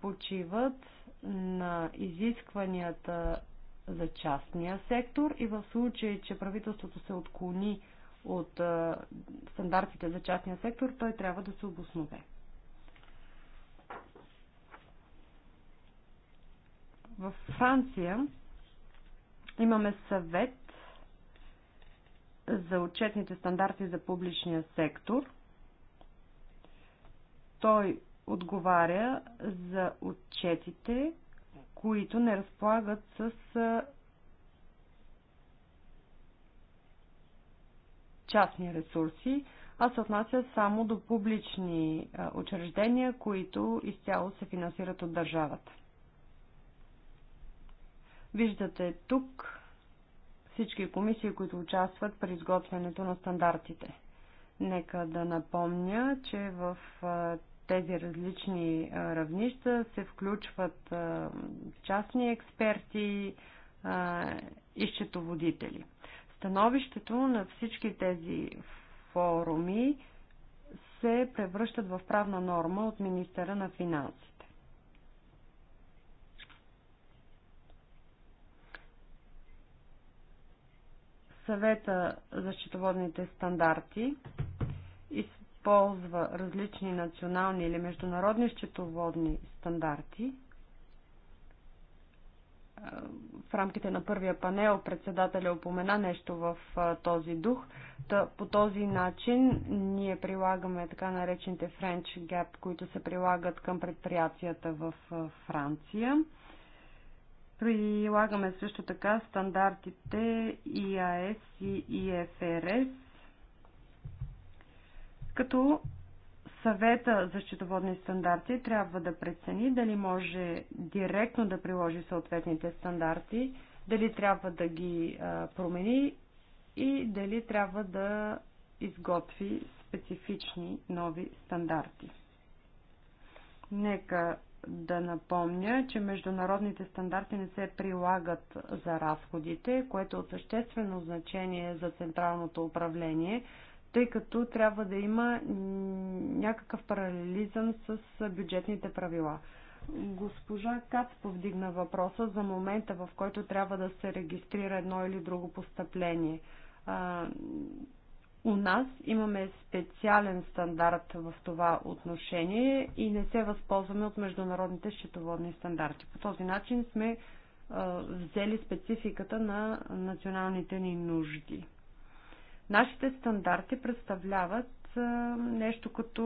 [SPEAKER 1] почиват на изискванията за частния сектор и в случай, че правителството се отклони от стандартите за частния сектор, той трябва да се обоснове. В Франция имаме съвет за отчетните стандарти за публичния сектор. Той отговаря за отчетите, които не разполагат с частни ресурси, а се отнася само до публични учреждения, които изцяло се финансират от държавата. Виждате тук всички комисии, които участват при изготвянето на стандартите. Нека да напомня, че в тези различни равнища се включват частни експерти и счетоводители. Становището на всички тези форуми се превръщат в правна норма от министъра на финанси. съвета за счетоводните стандарти използва различни национални или международни счетоводни стандарти. В рамките на първия панел председателя опомена нещо в този дух. Та, по този начин ние прилагаме така наречените French Gap, които се прилагат към предприятията в Франция. Прилагаме също така стандартите ИАС и ИФРС, като съвета за счетоводни стандарти трябва да прецени дали може директно да приложи съответните стандарти, дали трябва да ги промени и дали трябва да изготви специфични нови стандарти. Нека да напомня, че международните стандарти не се прилагат за разходите, което е от съществено значение за централното управление, тъй като трябва да има някакъв паралелизъм с бюджетните правила. Госпожа Кац повдигна въпроса за момента, в който трябва да се регистрира едно или друго постъпление у нас имаме специален стандарт в това отношение и не се възползваме от международните счетоводни стандарти. По този начин сме взели спецификата на националните ни нужди. Нашите стандарти представляват нещо като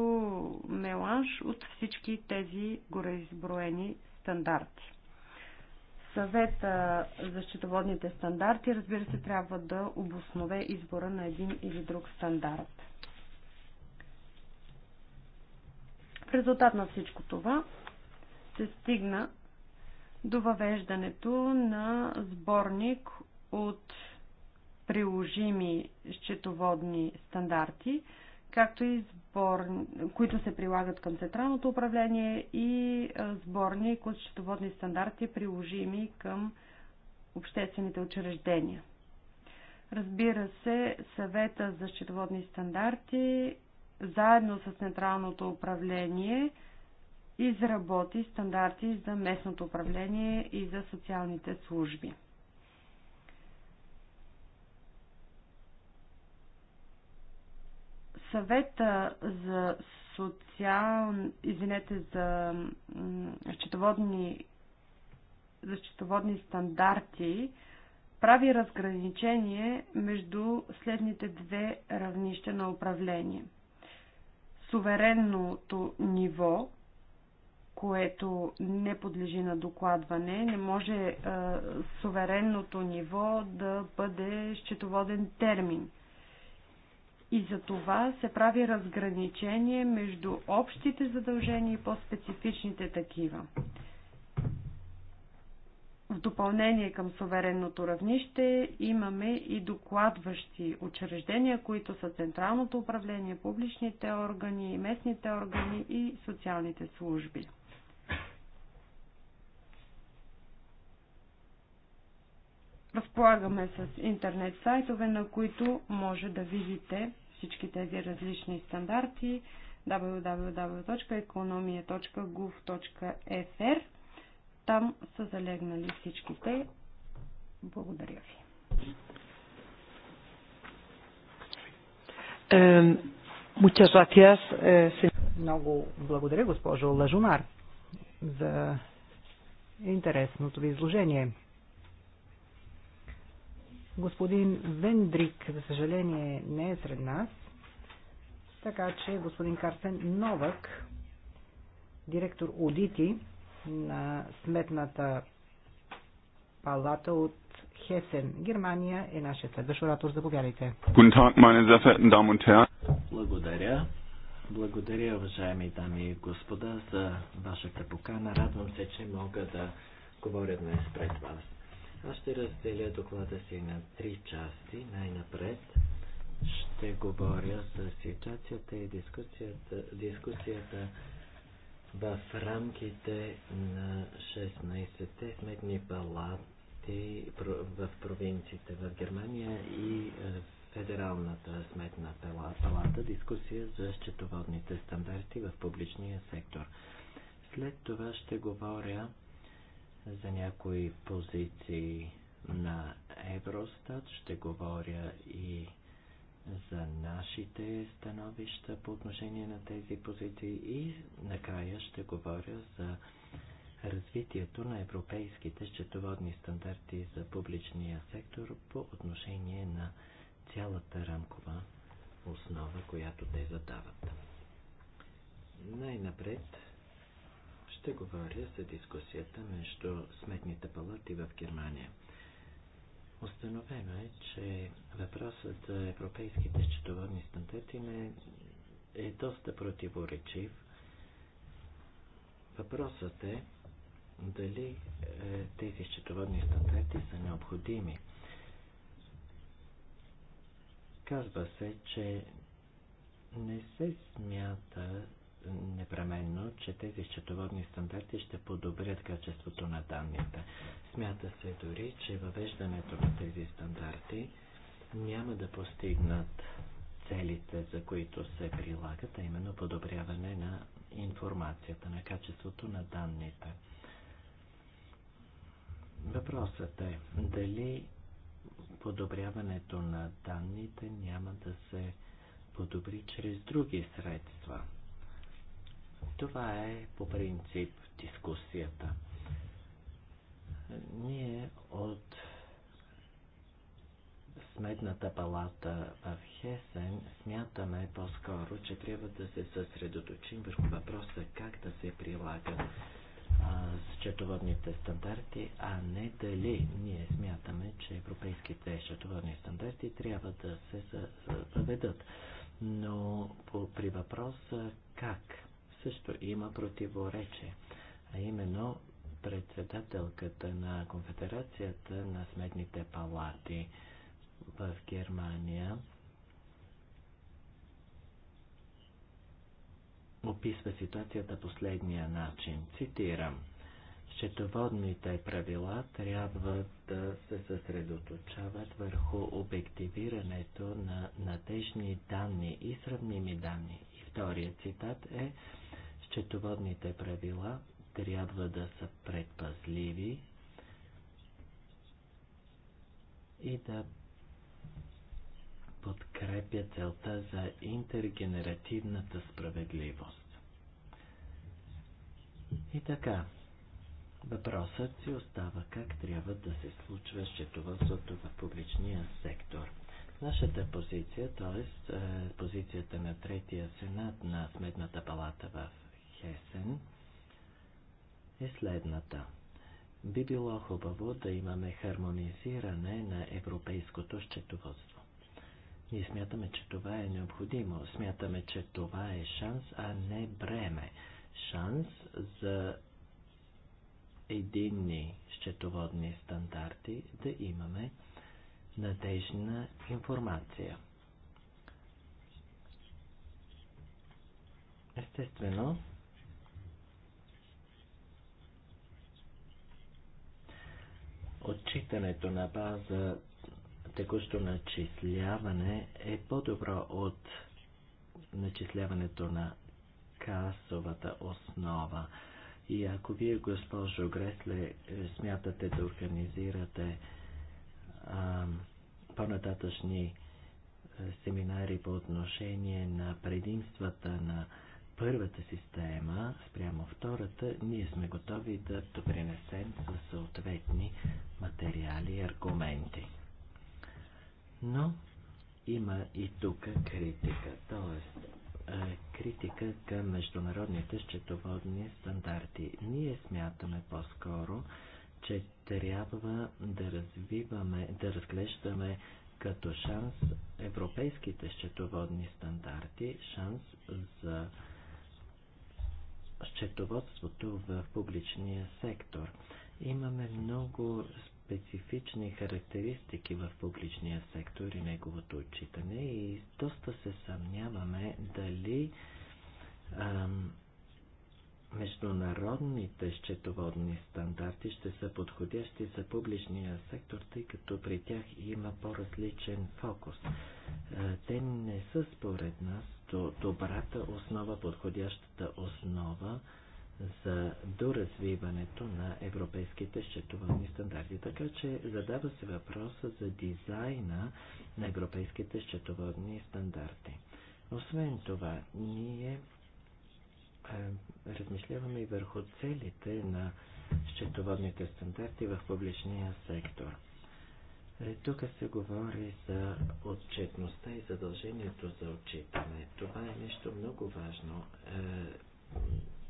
[SPEAKER 1] меланж от всички тези гореизброени стандарти съвета за счетоводните стандарти, разбира се, трябва да обоснове избора на един или друг стандарт. В резултат на всичко това се стигна до въвеждането на сборник от приложими счетоводни стандарти, както и сбор, които се прилагат към Централното управление и сборник от счетоводни стандарти, приложими към обществените учреждения. Разбира се, съвета за счетоводни стандарти заедно с Централното управление изработи стандарти за местното управление и за социалните служби. Съвета за социал... извинете, за счетоводни, за счетоводни стандарти прави разграничение между следните две равнища на управление. Суверенното ниво, което не подлежи на докладване, не може суверенното ниво да бъде счетоводен термин и за това се прави разграничение между общите задължения и по-специфичните такива. В допълнение към суверенното равнище имаме и докладващи учреждения, които са Централното управление, публичните органи, местните органи и социалните служби. Разполагаме с интернет сайтове, на които може да видите всички тези различни стандарти www.economia.gov.fr. Там са залегнали всичките. Благодаря ви.
[SPEAKER 3] Е, Много благодаря, госпожо Лажунар, за интересното ви изложение. Господин Вендрик, за съжаление, не е сред нас, така че господин Карсен Новак, директор Одити на Сметната палата от
[SPEAKER 2] Хесен, Германия, е нашия следващ оратор. Заповядайте. Благодаря. Благодаря, уважаеми дами и господа, за вашата покана. Радвам се, че мога да говоря днес пред вас. Аз ще разделя доклада си на три части. Най-напред ще говоря за ситуацията и дискусията, дискусията в рамките на 16-те сметни палати в провинциите в Германия и е, Федералната сметна палата дискусия за счетоводните стандарти в публичния сектор. След това ще говоря за някои позиции на Евростат, ще говоря и за нашите становища по отношение на тези позиции и накрая ще говоря за развитието на европейските счетоводни стандарти за публичния сектор по отношение на цялата рамкова основа, която те задават. Най-напред ще говоря за дискусията между сметните палати в Германия. Остановено е, че въпросът за европейските счетоводни стандарти не е доста противоречив. Въпросът е дали е, тези счетоводни стандарти са необходими. Казва се, че не се смята, непременно, че тези счетоводни стандарти ще подобрят качеството на данните. Смята се дори, че въвеждането на тези стандарти няма да постигнат целите, за които се прилагат, а именно подобряване на информацията, на качеството на данните. Въпросът е дали подобряването на данните няма да се подобри чрез други средства – това е по принцип дискусията. Ние от Сметната палата в Хесен смятаме по-скоро, че трябва да се съсредоточим върху въпроса как да се прилагат счетоводните стандарти, а не дали ние смятаме, че европейските счетоводни стандарти трябва да се въведат. Но по, при въпроса как също има противоречие, а именно председателката на Конфедерацията на сметните палати в Германия описва ситуацията последния начин. Цитирам. Счетоводните правила трябва да се съсредоточават върху обективирането на надежни данни и сравними данни. И вторият цитат е Четоводните правила трябва да са предпазливи и да подкрепя целта за интергенеративната справедливост. И така, въпросът си остава как трябва да се случва счетоводството в публичния сектор. Нашата позиция, т.е. Е, позицията на Третия сенат на Сметната палата в есен е следната. Би било хубаво да имаме хармонизиране на европейското счетоводство. Ние смятаме, че това е необходимо. Смятаме, че това е шанс, а не бреме. Шанс за единни счетоводни стандарти да имаме надежна информация. Естествено, Отчитането на база текущо начисляване е по-добро от начисляването на касовата основа. И ако вие, госпожо Гресле, е, смятате да организирате по-нататъчни е, семинари по отношение на предимствата на първата система спрямо втората, ние сме готови да допринесем със съответни материали и аргументи. Но има и тук критика, т.е. критика към международните счетоводни стандарти. Ние смятаме по-скоро, че трябва да развиваме, да разглеждаме като шанс европейските счетоводни стандарти, шанс за счетоводството в публичния сектор. Имаме много специфични характеристики в публичния сектор и неговото отчитане и доста се съмняваме дали ам, международните счетоводни стандарти ще са подходящи за публичния сектор, тъй като при тях има по-различен фокус. Е, те не са според нас като добрата основа, подходящата основа за доразвиването на европейските счетоводни стандарти. Така че задава се въпроса за дизайна на европейските счетоводни стандарти. Освен това, ние е, размишляваме и върху целите на счетоводните стандарти в публичния сектор. Е, тук се говори за отчетността и задължението за отчитане. Това е нещо много важно. Е,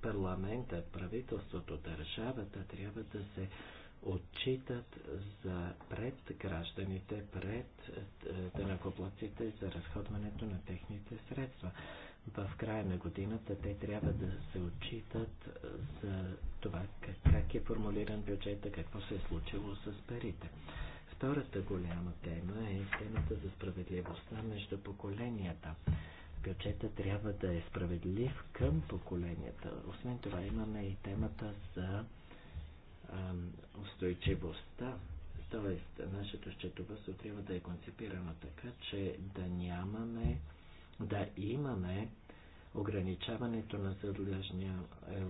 [SPEAKER 2] парламентът, правителството, държавата трябва да се отчитат за пред гражданите, пред е, дънакоплаците за разходването на техните средства. В края на годината те трябва да се отчитат за това как е формулиран бюджета, какво се е случило с парите. Втората голяма тема е темата за справедливостта между поколенията. Бюджета трябва да е справедлив към поколенията. Освен това имаме и темата за ам, устойчивостта. Тоест, нашето счетоводство трябва да е концепирано така, че да нямаме, да имаме ограничаването на е,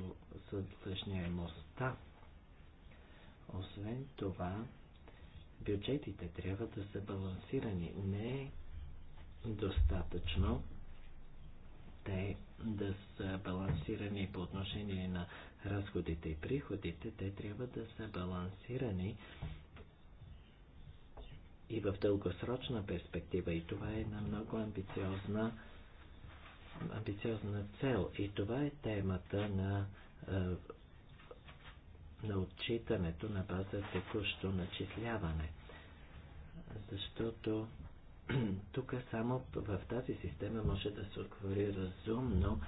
[SPEAKER 2] съдлъжняемостта. Освен това, бюджетите трябва да са балансирани. Не е достатъчно те да са балансирани по отношение на разходите и приходите, те трябва да са балансирани и в дългосрочна перспектива. И това е една много амбициозна, амбициозна цел. И това е темата на е, на отчитането на база текущо начисляване. Защото тук само в тази система може да се отговори разумно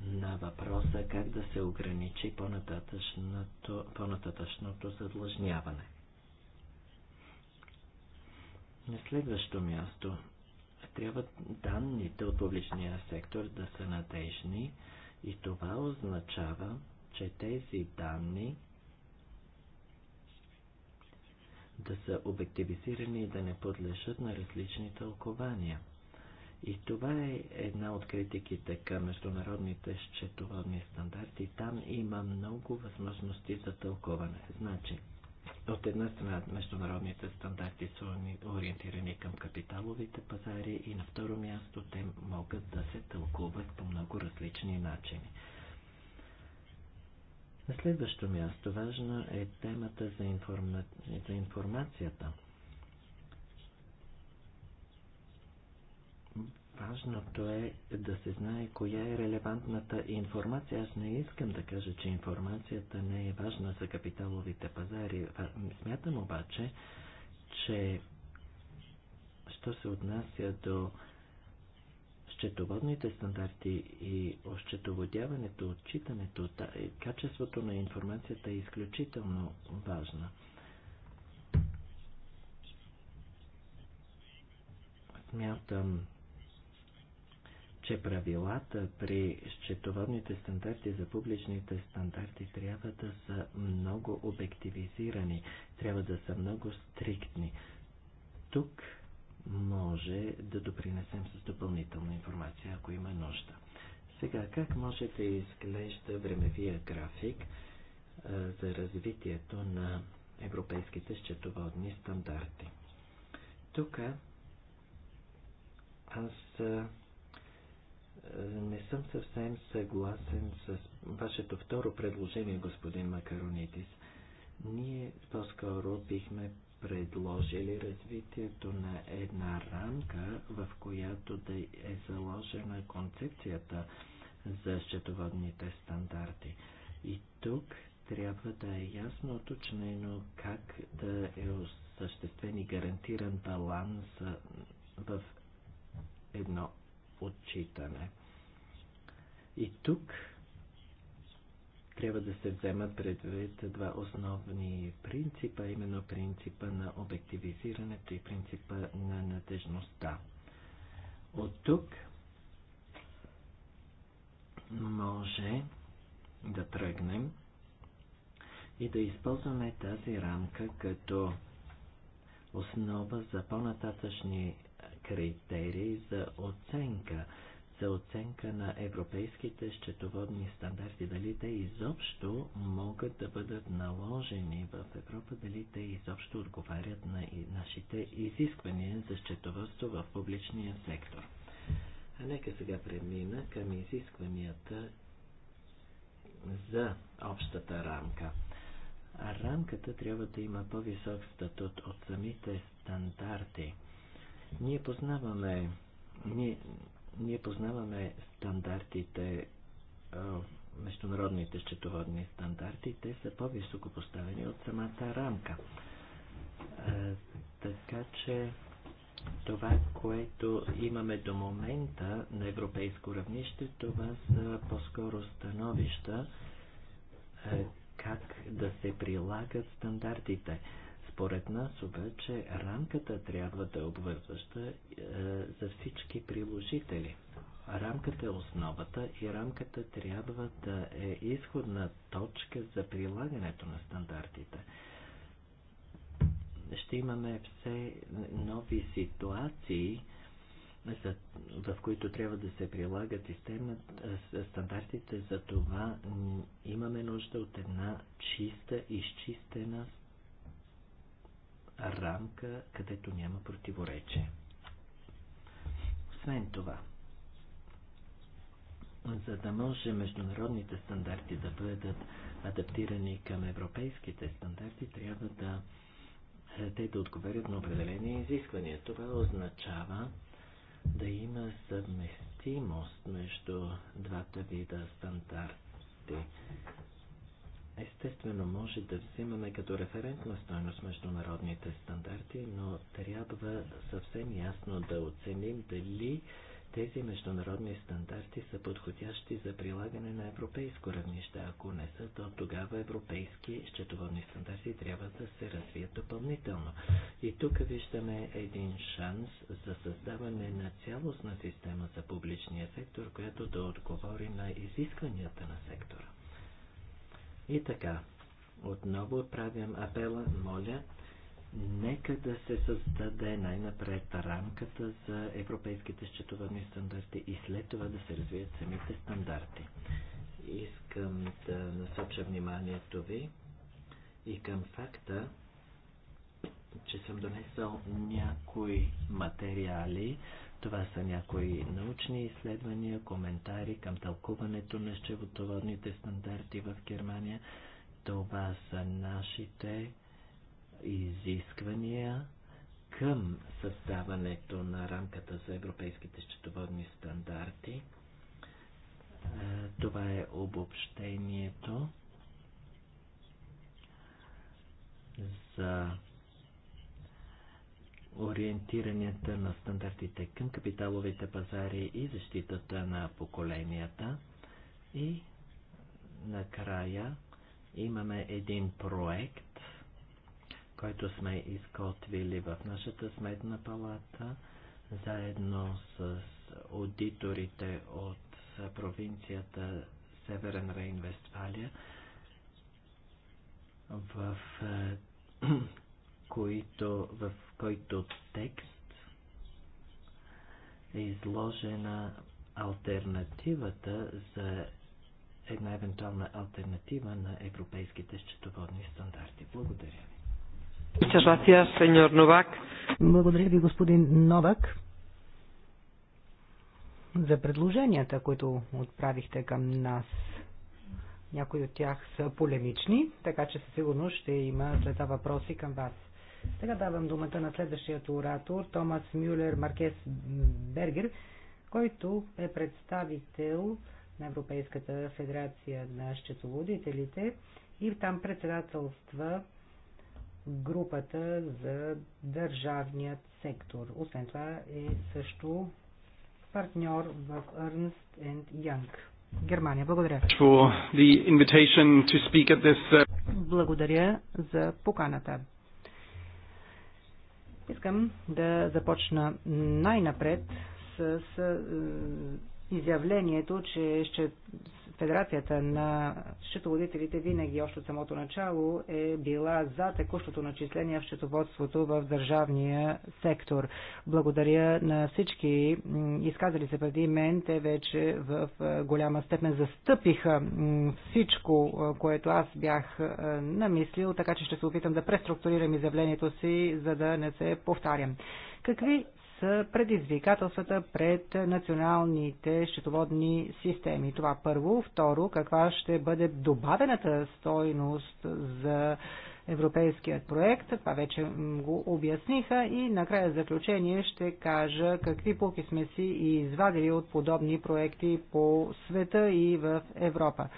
[SPEAKER 2] на въпроса как да се ограничи по-нататъчното, по-нататъчното задлъжняване. На следващо място трябва данните от публичния сектор да са надежни и това означава, че тези данни да са обективизирани и да не подлежат на различни тълкования. И това е една от критиките към международните счетоводни стандарти. Там има много възможности за тълковане. Значи, от една страна международните стандарти са ориентирани към капиталовите пазари и на второ място те могат да се тълкуват по много различни начини. На следващо място важна е темата за, информа... за информацията. Важното е да се знае коя е релевантната информация. Аз не искам да кажа, че информацията не е важна за капиталовите пазари. Смятам обаче, че що се отнася до счетоводните стандарти и осчетоводяването, отчитането, е, качеството на информацията е изключително важна. Смятам, че правилата при счетоводните стандарти за публичните стандарти трябва да са много обективизирани, трябва да са много стриктни. Тук може да допринесем с допълнителна информация, ако има нужда. Сега, как може да изглежда времевия график за развитието на европейските счетоводни стандарти? Тук аз не съм съвсем съгласен с вашето второ предложение, господин Макаронитис. Ние по-скоро бихме предложили развитието на една рамка, в която да е заложена концепцията за счетоводните стандарти. И тук трябва да е ясно уточнено как да е осъществен и гарантиран баланс в едно отчитане. И тук трябва да се вземат предвид два основни принципа, именно принципа на обективизирането и принципа на надежността. От тук може да тръгнем и да използваме тази рамка като основа за по-нататъчни критерии за оценка – за оценка на европейските счетоводни стандарти, дали те изобщо могат да бъдат наложени в Европа, дали те изобщо отговарят на нашите изисквания за счетоводство в публичния сектор. А нека сега премина към изискванията за общата рамка. А рамката трябва да има по-висок статут от самите стандарти. Ние познаваме, ние, ние познаваме стандартите, международните счетоводни стандарти, те са по-високо поставени от самата рамка. Така че това, което имаме до момента на европейско равнище, това са по-скоро становища как да се прилагат стандартите. Според нас обаче рамката трябва да е обвързваща е, за всички приложители. Рамката е основата и рамката трябва да е изходна точка за прилагането на стандартите. Ще имаме все нови ситуации, в които трябва да се прилагат и е, стандартите, за това имаме нужда от една чиста, изчистена рамка, където няма противоречие. Освен това, за да може международните стандарти да бъдат адаптирани към европейските стандарти, трябва да е, те да отговарят на определени изисквания. Това означава да има съвместимост между двата вида стандарти. Естествено, може да взимаме като референтна стойност международните стандарти, но трябва съвсем ясно да оценим дали тези международни стандарти са подходящи за прилагане на европейско равнище. Ако не са, то тогава европейски счетоводни стандарти трябва да се развият допълнително. И тук виждаме един шанс за създаване на цялостна система за публичния сектор, която да отговори на изискванията на сектора. И така, отново правям апела, моля, нека да се създаде най-напред рамката за европейските счетоводни стандарти и след това да се развият самите стандарти. Искам да насоча вниманието ви и към факта, че съм донесъл някои материали, това са някои научни изследвания, коментари към тълкуването на щевотоводните стандарти в Германия. Това са нашите изисквания към създаването на рамката за европейските счетоводни стандарти. Е, това е обобщението за ориентиранията на стандартите към капиталовите пазари и защитата на поколенията. И накрая имаме един проект, който сме изготвили в нашата сметна палата, заедно с аудиторите от провинцията Северен Рейн-Вестфалия в които, в който текст е изложена альтернативата за една евентуална альтернатива на европейските счетоводни стандарти. Благодаря ви.
[SPEAKER 3] Благодаря ви, господин Новак, за предложенията, които отправихте към нас. Някои от тях са полемични, така че със сигурност ще има след това въпроси към вас. Сега давам думата на следващия оратор, Томас Мюлер Маркес Бергер, който е представител на Европейската федерация на счетоводителите и там председателства групата за държавният сектор. Освен това е също партньор в Ernst Young. Германия. Благодаря. Uh, Благодаря за поканата. Искам да започна най-напред с изявлението, че ще Федерацията на счетоводителите винаги още от самото начало е била за текущото начисление в счетоводството в държавния сектор. Благодаря на всички изказали се преди мен. Те вече в е, голяма степен застъпиха всичко, е, което аз бях е, намислил, така че ще се опитам да преструктурирам изявлението си, за да не се повтарям. Какви са предизвикателствата пред националните счетоводни системи. Това първо. Второ, каква ще бъде добавената стойност за европейският проект. Това вече го обясниха и накрая заключение ще кажа какви пуки сме си извадили от подобни проекти по света и в Европа.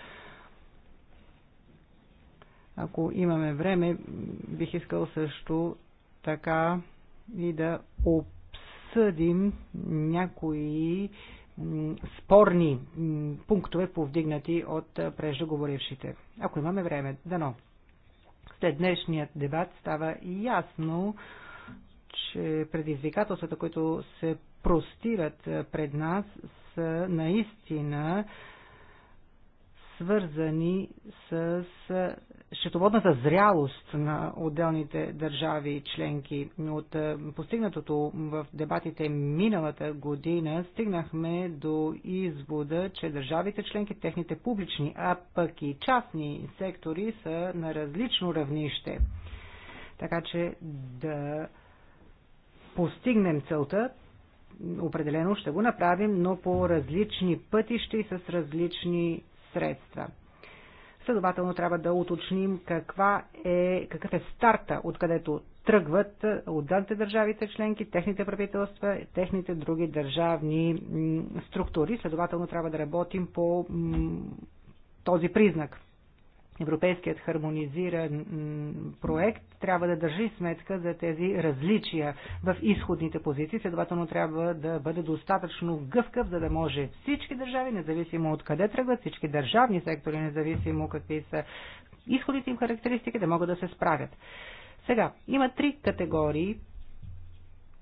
[SPEAKER 3] Ако имаме време, бих искал също така и да опитам обсъдим някои спорни пунктове, повдигнати от преждоговорившите. Ако имаме време, дано. След днешният дебат става ясно, че предизвикателствата, които се простират пред нас, са наистина свързани с счетоводната зрялост на отделните държави и членки. От е, постигнатото в дебатите миналата година стигнахме до извода, че държавите членки, техните публични, а пък и частни сектори са на различно равнище. Така че да постигнем целта, определено ще го направим, но по различни пътища и с различни средства. Следователно трябва да уточним каква е, какъв е старта, откъдето тръгват е, отделните държавите членки, техните правителства, техните други държавни структури. Следователно трябва да работим по този признак европейският хармонизиран проект трябва да държи сметка за тези различия в изходните позиции. Следователно трябва да бъде достатъчно гъвкав, за да може всички държави, независимо от къде тръгват, всички държавни сектори, независимо какви са изходите им характеристики, да могат да се справят. Сега, има три категории,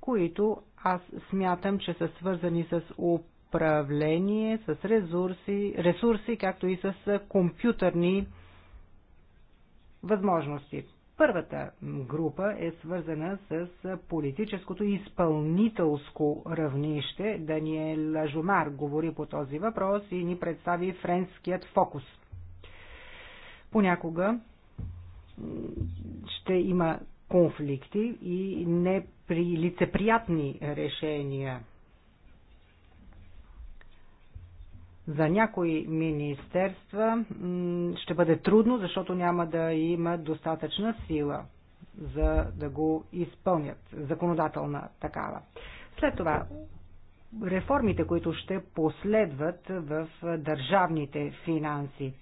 [SPEAKER 3] които аз смятам, че са свързани с управление, с ресурси, ресурси както и с компютърни възможности. Първата група е свързана с политическото изпълнителско равнище. Даниел Жумар говори по този въпрос и ни представи френският фокус. Понякога ще има конфликти и лицеприятни решения за някои министерства ще бъде трудно, защото няма да има достатъчна сила за да го изпълнят, законодателна такава. След това, реформите, които ще последват в държавните финанси.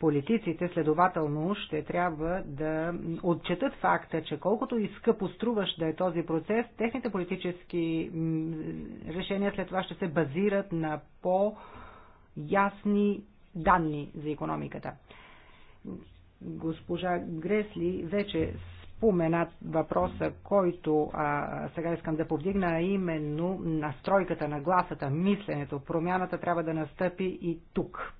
[SPEAKER 3] Политиците следователно ще трябва да отчетат факта, че колкото и скъпо струващ да е този процес, техните политически решения след това ще се базират на по- ясни данни за економиката. Госпожа Гресли вече споменат въпроса, който а, сега искам да повдигна, а именно настройката на гласата, мисленето. Промяната трябва да настъпи и тук.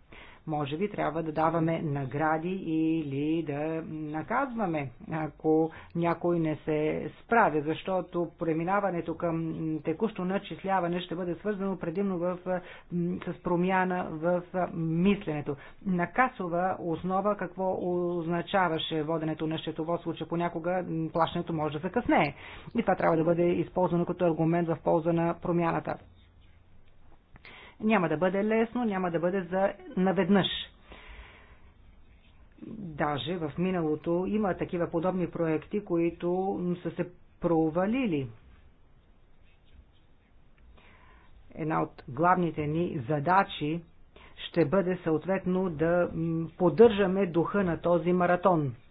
[SPEAKER 3] Може би трябва да даваме награди или да наказваме, ако някой не се справя, защото преминаването към текущо начисляване ще бъде свързано предимно в, с промяна в мисленето. На касова основа какво означаваше воденето на счетоводство, че понякога плащането може да закъснее. И това трябва да бъде използвано като аргумент в полза на промяната. Няма да бъде лесно, няма да бъде за наведнъж. Даже в миналото има такива подобни проекти, които са се провалили. Една от главните ни задачи ще бъде съответно да поддържаме духа на този маратон –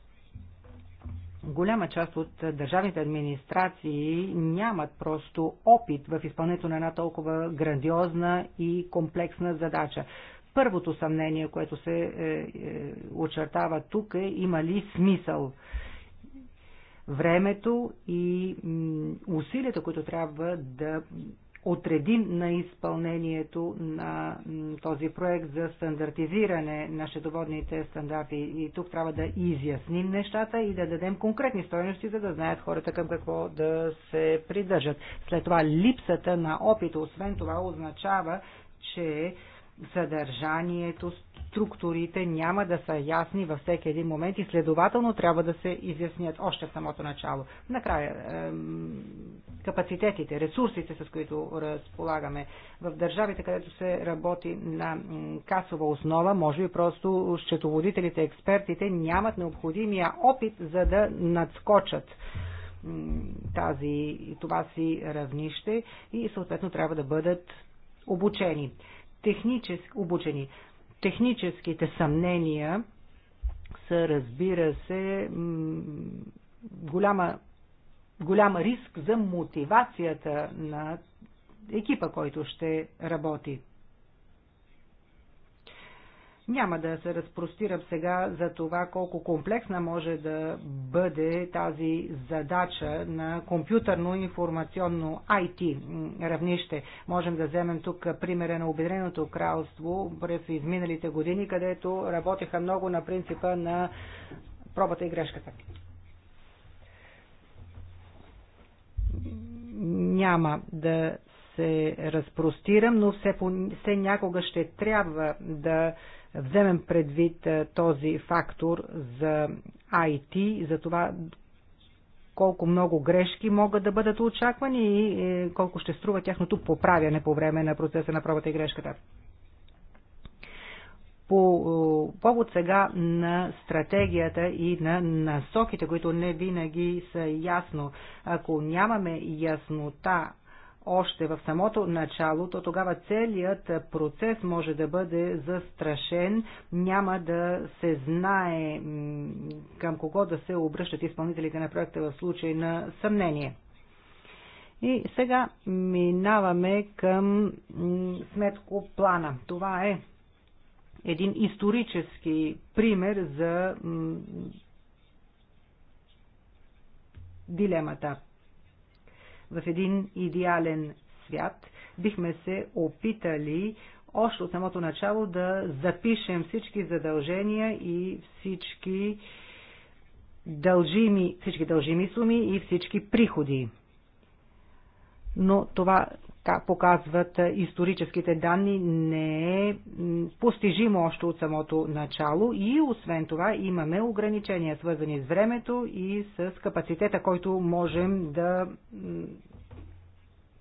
[SPEAKER 3] голяма част от държавните администрации нямат просто опит в изпълнението на една толкова грандиозна и комплексна задача. Първото съмнение, което се е, е, очертава тук е има ли смисъл времето и усилията, които трябва да отредим на изпълнението на този проект за стандартизиране на щедоводните стандарти. И тук трябва да изясним нещата и да дадем конкретни стоености, за да знаят хората към какво да се придържат. След това липсата на опит, освен това, означава, че съдържанието, структурите няма да са ясни във всеки един момент и следователно трябва да се изяснят още в самото начало. Накрая, капацитетите, ресурсите, с които разполагаме в държавите, където се работи на касова основа, може би просто счетоводителите, експертите нямат необходимия опит, за да надскочат тази, това си равнище и съответно трябва да бъдат обучени технически обучени. Техническите съмнения са, разбира се, голяма, голям риск за мотивацията на екипа, който ще работи няма да се разпростирам сега за това колко комплексна може да бъде тази задача на компютърно-информационно IT равнище. Можем да вземем тук примера на Обединеното кралство през изминалите години, където работеха много на принципа на пробата и грешката. Няма да се разпростирам, но все, по, все някога ще трябва да вземем предвид този фактор за IT, за това колко много грешки могат да бъдат очаквани и е, колко ще струва тяхното поправяне по време на процеса на пробата и грешката. По повод сега на стратегията и на насоките, които не винаги са ясно. Ако нямаме яснота още в самото начало, то тогава целият процес може да бъде застрашен, няма да се знае към кого да се обръщат изпълнителите на проекта в случай на съмнение. И сега минаваме към сметко плана. Това е един исторически пример за дилемата в един идеален свят бихме се опитали още от самото начало да запишем всички задължения и всички дължими, всички дължими суми и всички приходи. Но това показват историческите данни, не е постижимо още от самото начало и освен това имаме ограничения, свързани с времето и с капацитета, който можем да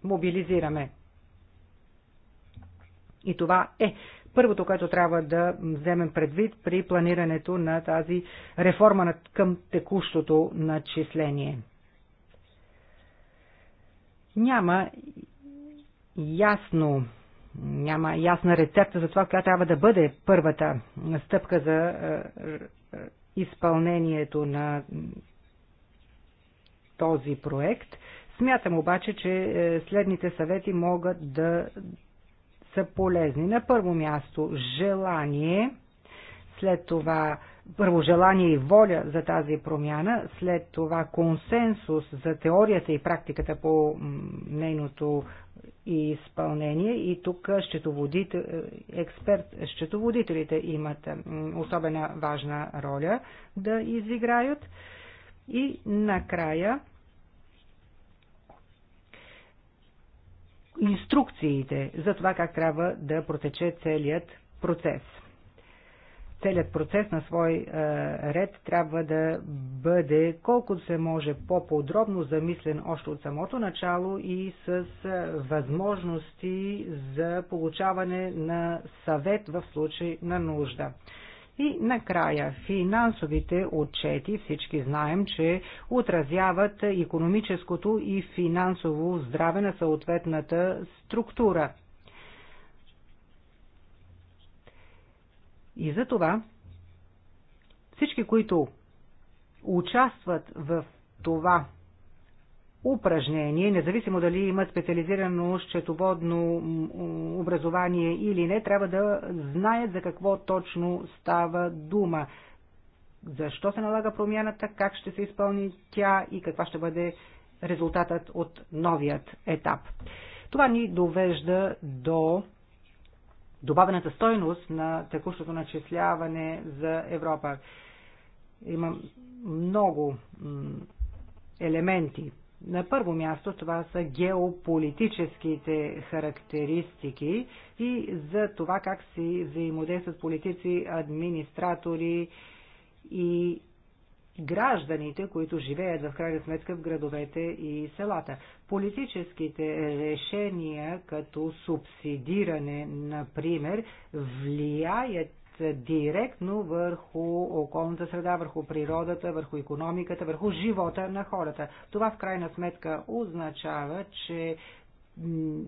[SPEAKER 3] мобилизираме. И това е първото, което трябва да вземем предвид при планирането на тази реформа към текущото начисление. Няма ясно, няма ясна рецепта за това, коя трябва да бъде първата стъпка за е, е, изпълнението на този проект. Смятам обаче, че е, следните съвети могат да са полезни. На първо място желание, след това първо желание и воля за тази промяна, след това консенсус за теорията и практиката по нейното изпълнение и тук експерт, счетоводителите имат особена важна роля да изиграят. И накрая инструкциите за това как трябва да протече целият процес целият процес на свой е, ред трябва да бъде колкото се може по-подробно замислен още от самото начало и с е, възможности за получаване на съвет в случай на нужда. И накрая финансовите отчети, всички знаем, че отразяват економическото и финансово здраве на съответната структура. И за това всички, които участват в това упражнение, независимо дали имат специализирано счетоводно образование или не, трябва да знаят за какво точно става дума. Защо се налага промяната, как ще се изпълни тя и каква ще бъде резултатът от новият етап. Това ни довежда до добавената стойност на текущото начисляване за Европа. Има много елементи. На първо място това са геополитическите характеристики и за това как си взаимодействат политици, администратори и гражданите, които живеят в крайна сметка в градовете и селата. Политическите решения, като субсидиране, например, влияят директно върху околната среда, върху природата, върху економиката, върху живота на хората. Това в крайна сметка означава, че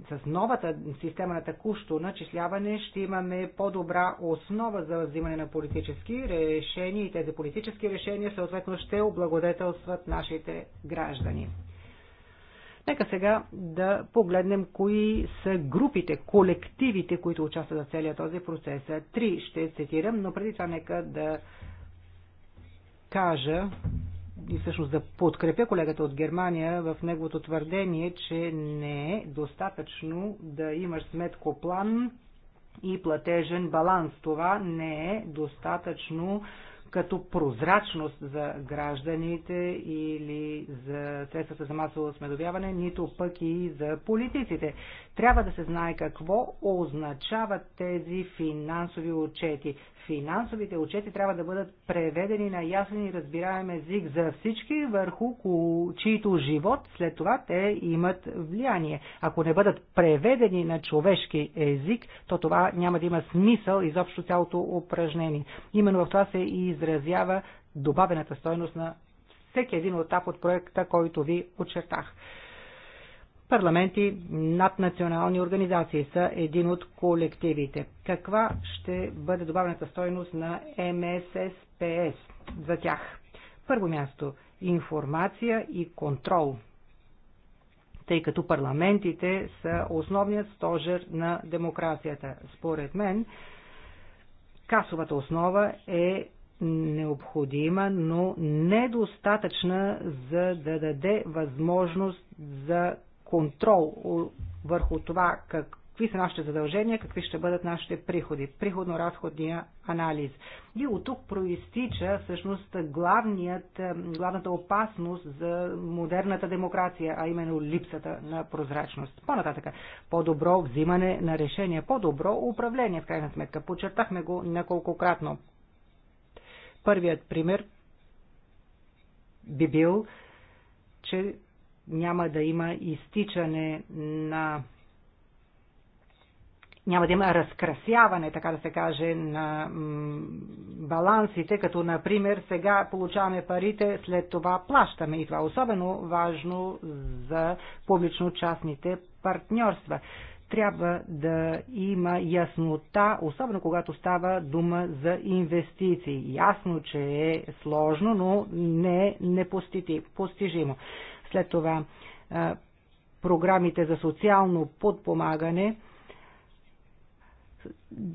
[SPEAKER 3] с новата система на такущо начисляване ще имаме по-добра основа за взимане на политически решения и тези политически решения съответно ще облагодетелстват нашите граждани. Нека сега да погледнем кои са групите, колективите, които участват в целият този процес. Три ще цитирам, но преди това нека да кажа и всъщност да подкрепя колегата от Германия в неговото твърдение, че не е достатъчно да имаш сметкоплан и платежен баланс. Това не е достатъчно като прозрачност за гражданите или за средствата за масово осмедовяване, нито пък и за политиците. Трябва да се знае какво означават тези финансови отчети. Финансовите отчети трябва да бъдат преведени на ясен и разбираем език за всички, върху чието живот след това те имат влияние. Ако не бъдат преведени на човешки език, то това няма да има смисъл изобщо цялото упражнение. Именно в това се и изразява добавената стойност на всеки един етап от проекта, който ви очертах. Парламенти, наднационални организации са един от колективите. Каква ще бъде добавената стойност на МССПС за тях? Първо място – информация и контрол тъй като парламентите са основният стожер на демокрацията. Според мен, касовата основа е необходима, но недостатъчна, за да даде възможност за контрол върху това как, какви са нашите задължения, какви ще бъдат нашите приходи, приходно-разходния анализ. И от тук проистича всъщност главният, главната опасност за модерната демокрация, а именно липсата на прозрачност. По-нататъка, по-добро взимане на решения, по-добро управление, в крайна сметка. Подчертахме го неколкократно. Първият пример би бил, че няма да има изтичане на няма да има разкрасяване, така да се каже, на балансите, като например сега получаваме парите, след това плащаме и това е особено важно за публично-частните партньорства трябва да има яснота, особено когато става дума за инвестиции. Ясно, че е сложно, но не е непостижимо. След това програмите за социално подпомагане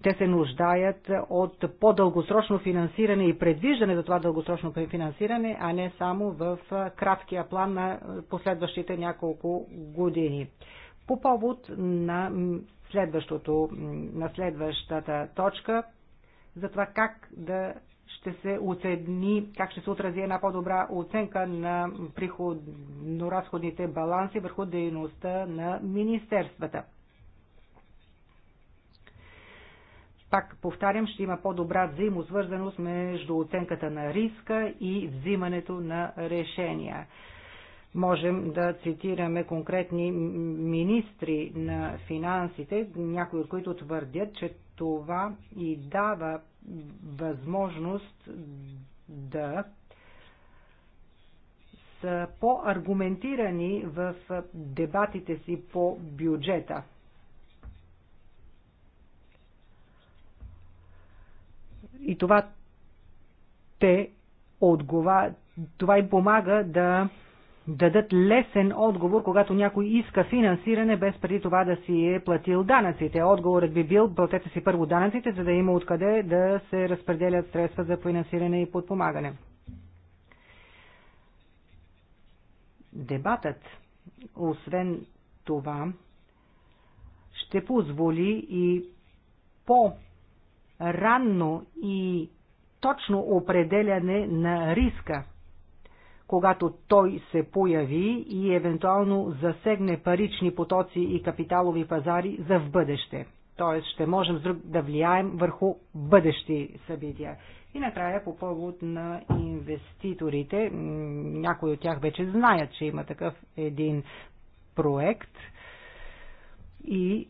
[SPEAKER 3] те се нуждаят от по-дългосрочно финансиране и предвиждане за това дългосрочно финансиране, а не само в краткия план на последващите няколко години по повод на, следващото, на следващата точка за това как да ще се оцени, как ще се отрази една по-добра оценка на приходно-разходните баланси върху дейността на министерствата. Пак повтарям, ще има по-добра взаимосвързаност между оценката на риска и взимането на решения можем да цитираме конкретни министри на финансите, някои от които твърдят, че това и дава възможност да са по-аргументирани в дебатите си по бюджета. И това те отговарят, това им помага да дадат лесен отговор, когато някой иска финансиране без преди това да си е платил данъците. Отговорът би бил, платете си първо данъците, за да има откъде да се разпределят средства за финансиране и подпомагане. Дебатът, освен това, ще позволи и по-ранно и точно определяне на риска когато той се появи и евентуално засегне парични потоци и капиталови пазари за в бъдеще. Тоест ще можем да влияем върху бъдещи събития. И накрая по повод на инвеститорите, някои от тях вече знаят, че има такъв един проект – и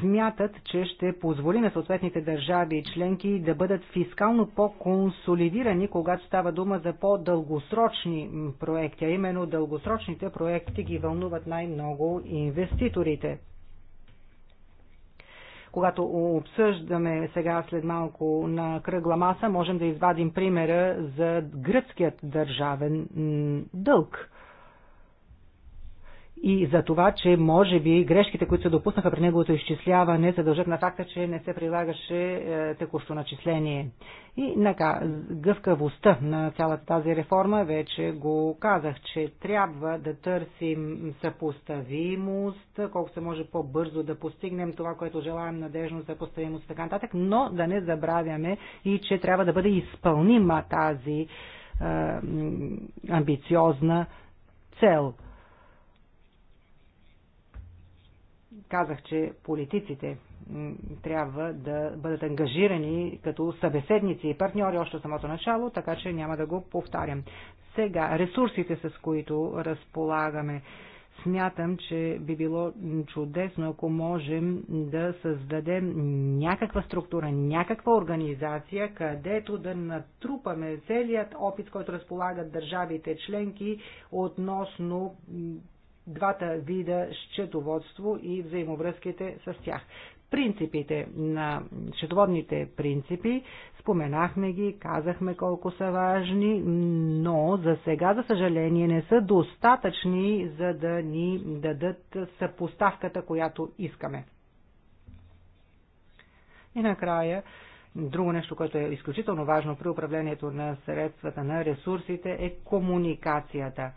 [SPEAKER 3] смятат, че ще позволи на съответните държави и членки да бъдат фискално по-консолидирани, когато става дума за по-дългосрочни проекти, а именно дългосрочните проекти ги вълнуват най-много инвеститорите. Когато обсъждаме сега след малко на кръгла маса, можем да извадим примера за гръцкият държавен дълг – и за това, че може би грешките, които се допуснаха при неговото изчисляване, се дължат на факта, че не се прилагаше е, текущо начисление. И нака, гъвкавостта на цялата тази реформа, вече го казах, че трябва да търсим съпоставимост, колко се може по-бързо да постигнем това, което желаем, надежно съпоставимост и така нататък, но да не забравяме и че трябва да бъде изпълнима тази е, амбициозна цел – Казах, че политиците трябва да бъдат ангажирани като събеседници и партньори още самото начало, така че няма да го повтарям. Сега, ресурсите, с които разполагаме смятам, че би било чудесно, ако можем да създадем някаква структура, някаква организация, където да натрупаме целият опит, който разполагат държавите членки относно двата вида счетоводство и взаимовръзките с тях. Принципите на счетоводните принципи, споменахме ги, казахме колко са важни, но за сега, за съжаление, не са достатъчни, за да ни дадат съпоставката, която искаме. И накрая, Друго нещо, което е изключително важно при управлението на средствата, на ресурсите е комуникацията.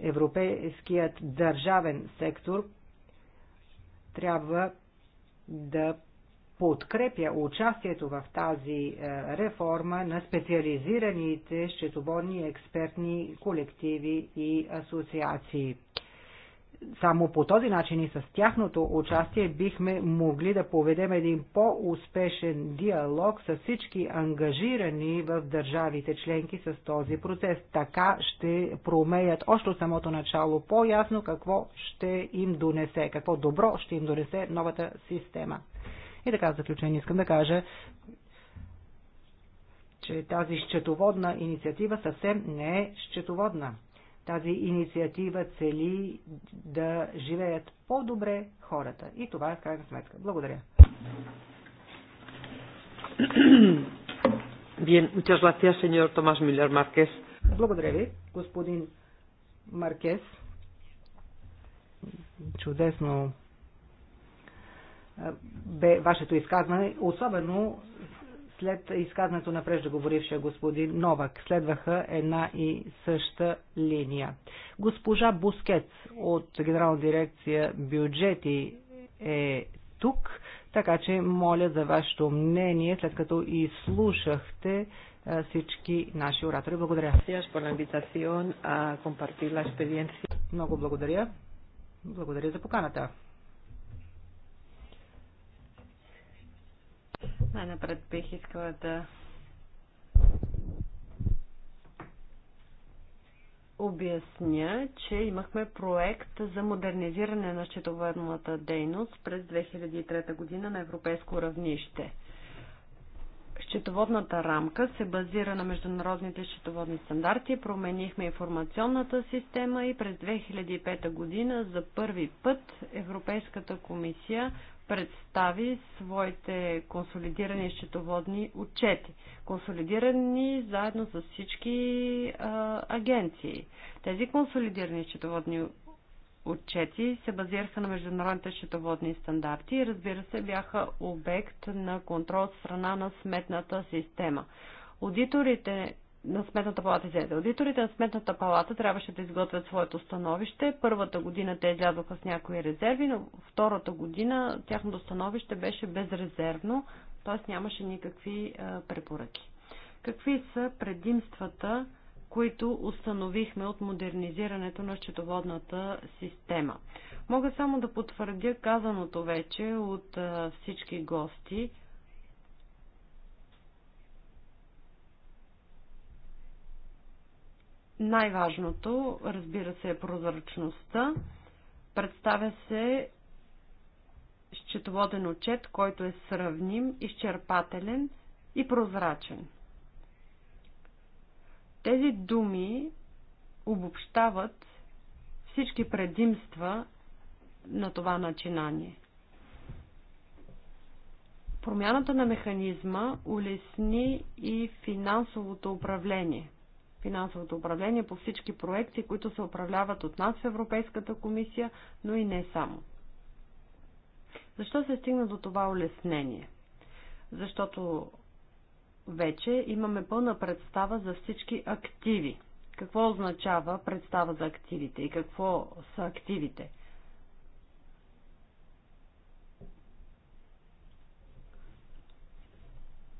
[SPEAKER 3] европейският държавен сектор трябва да подкрепя участието в тази е, реформа на специализираните счетоводни експертни колективи и асоциации. Само по този начин и с тяхното участие бихме могли да поведем един по-успешен диалог с всички ангажирани в държавите членки с този процес. Така ще промеят още от самото начало по-ясно какво ще им донесе, какво добро ще им донесе новата система. И така в заключение искам да кажа, че тази счетоводна инициатива съвсем не е счетоводна. Тази инициатива цели да живеят по-добре хората. И това е в крайна сметка. Благодаря. Bien, muchas gracias, señor Tomás Miller Márquez. Благодаря ви, господин Маркес. Чудесно бе вашето изказване, особено след изказването на преждеговорившия господин Новак следваха една и съща линия. Госпожа Бускет от Генерална дирекция бюджети е тук, така че моля за вашето мнение, след като изслушахте всички наши оратори. Благодаря. Много благодаря. Благодаря за поканата. Най-напред бих искала да
[SPEAKER 1] обясня, че имахме проект за модернизиране на счетоводната дейност през 2003 година на европейско равнище. Счетоводната рамка се базира на международните счетоводни стандарти, променихме информационната система и през 2005 година за първи път Европейската комисия представи своите консолидирани счетоводни отчети. Консолидирани заедно с всички а, агенции. Тези консолидирани счетоводни отчети се базираха на международните счетоводни стандарти и разбира се бяха обект на контрол от страна на сметната система. Аудиторите на Сметната палата и Аудиторите на Сметната палата трябваше да изготвят своето становище. Първата година те излязоха с някои резерви, но втората година тяхното становище беше безрезервно, т.е. нямаше никакви е, препоръки. Какви са предимствата, които установихме от модернизирането на счетоводната система? Мога само да потвърдя казаното вече от е, всички гости – Най-важното, разбира се, е прозрачността. Представя се счетоводен отчет, който е сравним, изчерпателен и прозрачен. Тези думи обобщават всички предимства на това начинание. Промяната на механизма улесни и финансовото управление – финансовото управление по всички проекти, които се управляват от нас в Европейската комисия, но и не само. Защо се стигна до това улеснение? Защото вече имаме пълна представа за всички активи. Какво означава представа за активите и какво са активите?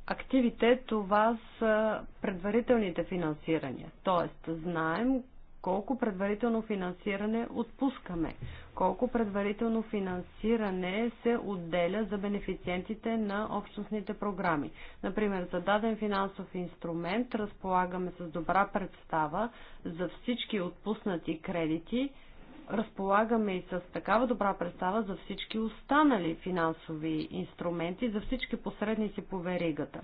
[SPEAKER 1] активите това са предварителните финансирания. Тоест, знаем колко предварително финансиране отпускаме, колко предварително финансиране се отделя за бенефициентите на общностните програми. Например, за даден финансов инструмент разполагаме с добра представа за всички отпуснати кредити, разполагаме и с такава добра представа за всички останали финансови инструменти, за всички посредници по веригата.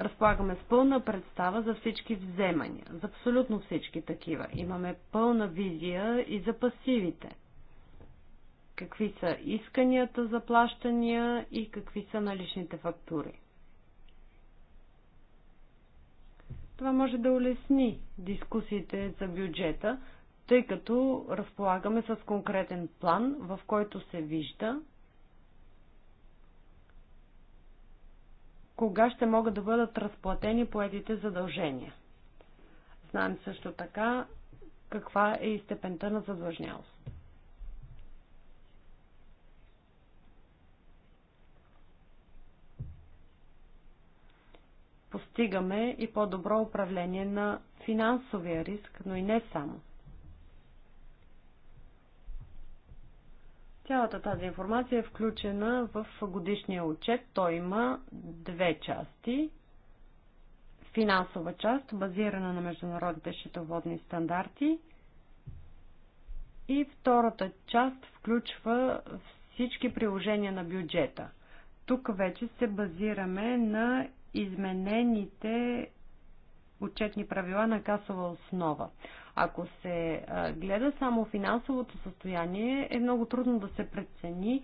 [SPEAKER 1] Разполагаме с пълна представа за всички вземания, за абсолютно всички такива. Имаме пълна визия и за пасивите. Какви са исканията за плащания и какви са наличните фактури. Това може да улесни дискусиите за бюджета, тъй като разполагаме с конкретен план, в който се вижда кога ще могат да бъдат разплатени поетите задължения. Знаем също така каква е и степента на задлъжнялост. Постигаме и по-добро управление на финансовия риск, но и не само – Цялата тази информация е включена в годишния отчет. Той има две части. Финансова част, базирана на международните счетоводни стандарти. И втората част включва всички приложения на бюджета. Тук вече се базираме на изменените отчетни правила на касова основа. Ако се гледа само финансовото състояние, е много трудно да се прецени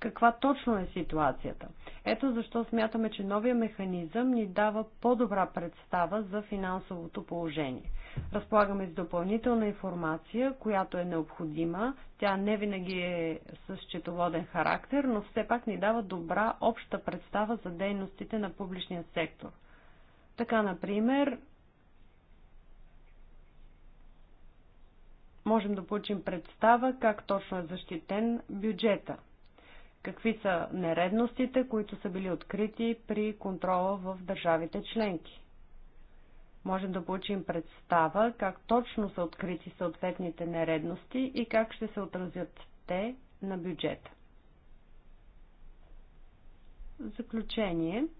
[SPEAKER 1] каква точно е ситуацията. Ето защо смятаме, че новия механизъм ни дава по-добра представа за финансовото положение. Разполагаме с допълнителна информация, която е необходима. Тя не винаги е с счетоводен характер, но все пак ни дава добра обща представа за дейностите на публичния сектор. Така, например, можем да получим представа как точно е защитен бюджета. Какви са нередностите, които са били открити при контрола в държавите членки? Можем да получим представа как точно са открити съответните нередности и как ще се отразят те на бюджета. В заключение –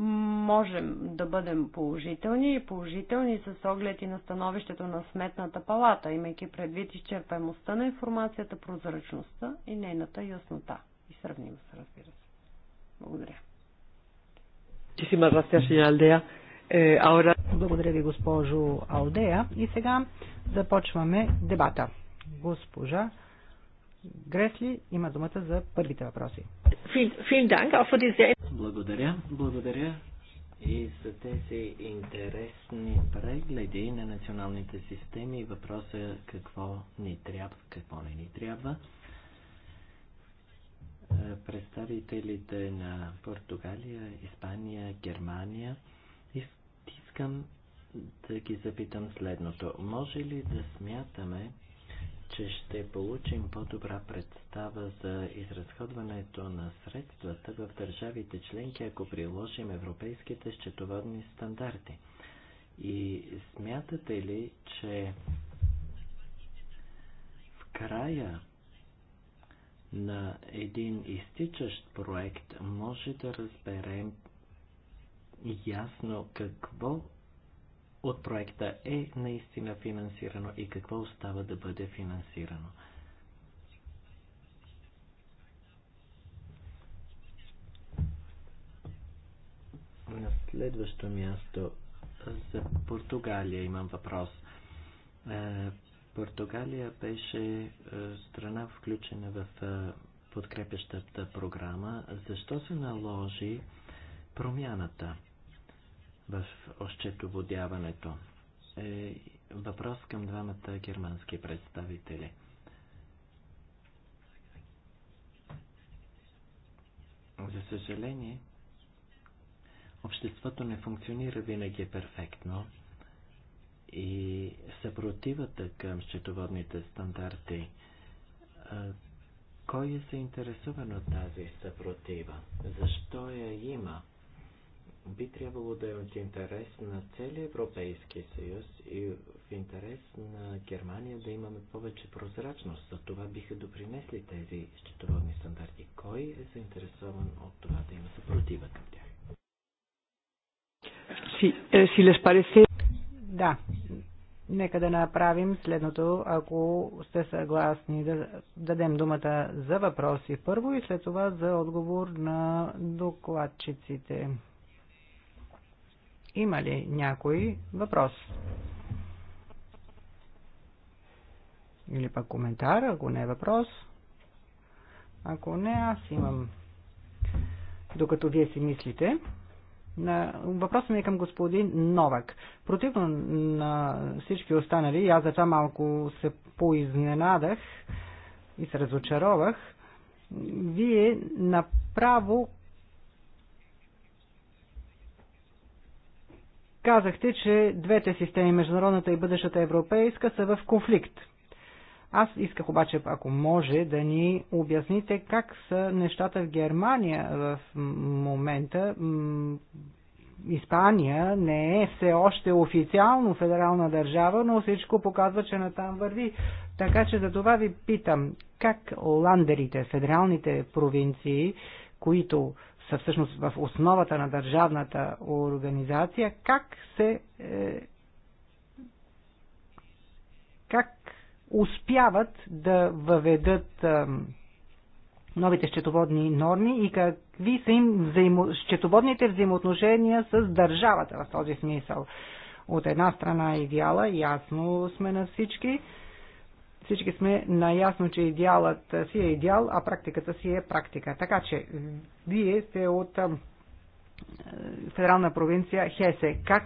[SPEAKER 1] можем да бъдем положителни и положителни с оглед и на становището на Сметната палата, имайки предвид изчерпаемостта на информацията, прозрачността и нейната яснота. И сравним
[SPEAKER 2] се, разбира се.
[SPEAKER 1] Благодаря.
[SPEAKER 3] Eh, Благодаря ви, госпожо Алдея. И сега започваме дебата. Госпожа Гресли има думата за първите въпроси.
[SPEAKER 2] Благодаря. Благодаря и за тези интересни прегледи на националните системи и въпроса е какво ни трябва, какво не ни трябва. Представителите на Португалия, Испания, Германия искам да ги запитам следното. Може ли да смятаме, че ще получим по-добра представа за изразходването на средствата в държавите членки, ако приложим европейските счетоводни стандарти. И смятате ли, че в края на един изтичащ проект може да разберем ясно какво от проекта е наистина финансирано и какво остава да бъде финансирано. На следващо място за Португалия имам въпрос. Е, Португалия беше е, страна включена в е, подкрепящата програма. Защо се наложи промяната? в ощетоводяването. Е, въпрос към двамата германски представители. За съжаление, обществото не функционира винаги перфектно и съпротивата към счетоводните стандарти. Е, кой е заинтересован от тази съпротива? Защо я има? би трябвало да е от интерес на целия Европейски съюз и в интерес на Германия да имаме повече прозрачност. За това биха допринесли тези счетоводни стандарти. Кой е заинтересован от това да има съпротива към тях?
[SPEAKER 3] Си, е, си лес паресе... Да. Нека да направим следното, ако сте съгласни да дадем думата за въпроси първо и след това за отговор на докладчиците. Има ли някой въпрос? Или пък коментар, ако не е въпрос. Ако не, аз имам. Докато вие си мислите, на... въпросът ми е към господин Новак. Противно на всички останали, аз за това малко се поизненадах и се разочаровах, вие направо Казахте, че двете системи, международната и бъдещата европейска, са в конфликт. Аз исках обаче, ако може, да ни обясните как са нещата в Германия в момента. Испания не е все още официално федерална държава, но всичко показва, че натам върви. Така че за това ви питам, как ландерите, федералните провинции, които са всъщност в основата на държавната организация, как се е, как успяват да въведат е, новите счетоводни норми и какви са им взаимо, счетоводните взаимоотношения с държавата в този смисъл. От една страна идеала, ясно сме на всички, всички сме наясно, че идеалът си е идеал, а практиката си е практика. Така че, вие сте от федерална провинция Хесе. Как,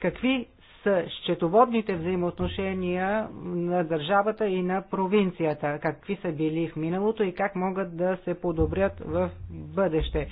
[SPEAKER 3] какви са счетоводните взаимоотношения на държавата и на провинцията? Какви са били в миналото и как могат да се подобрят в бъдеще?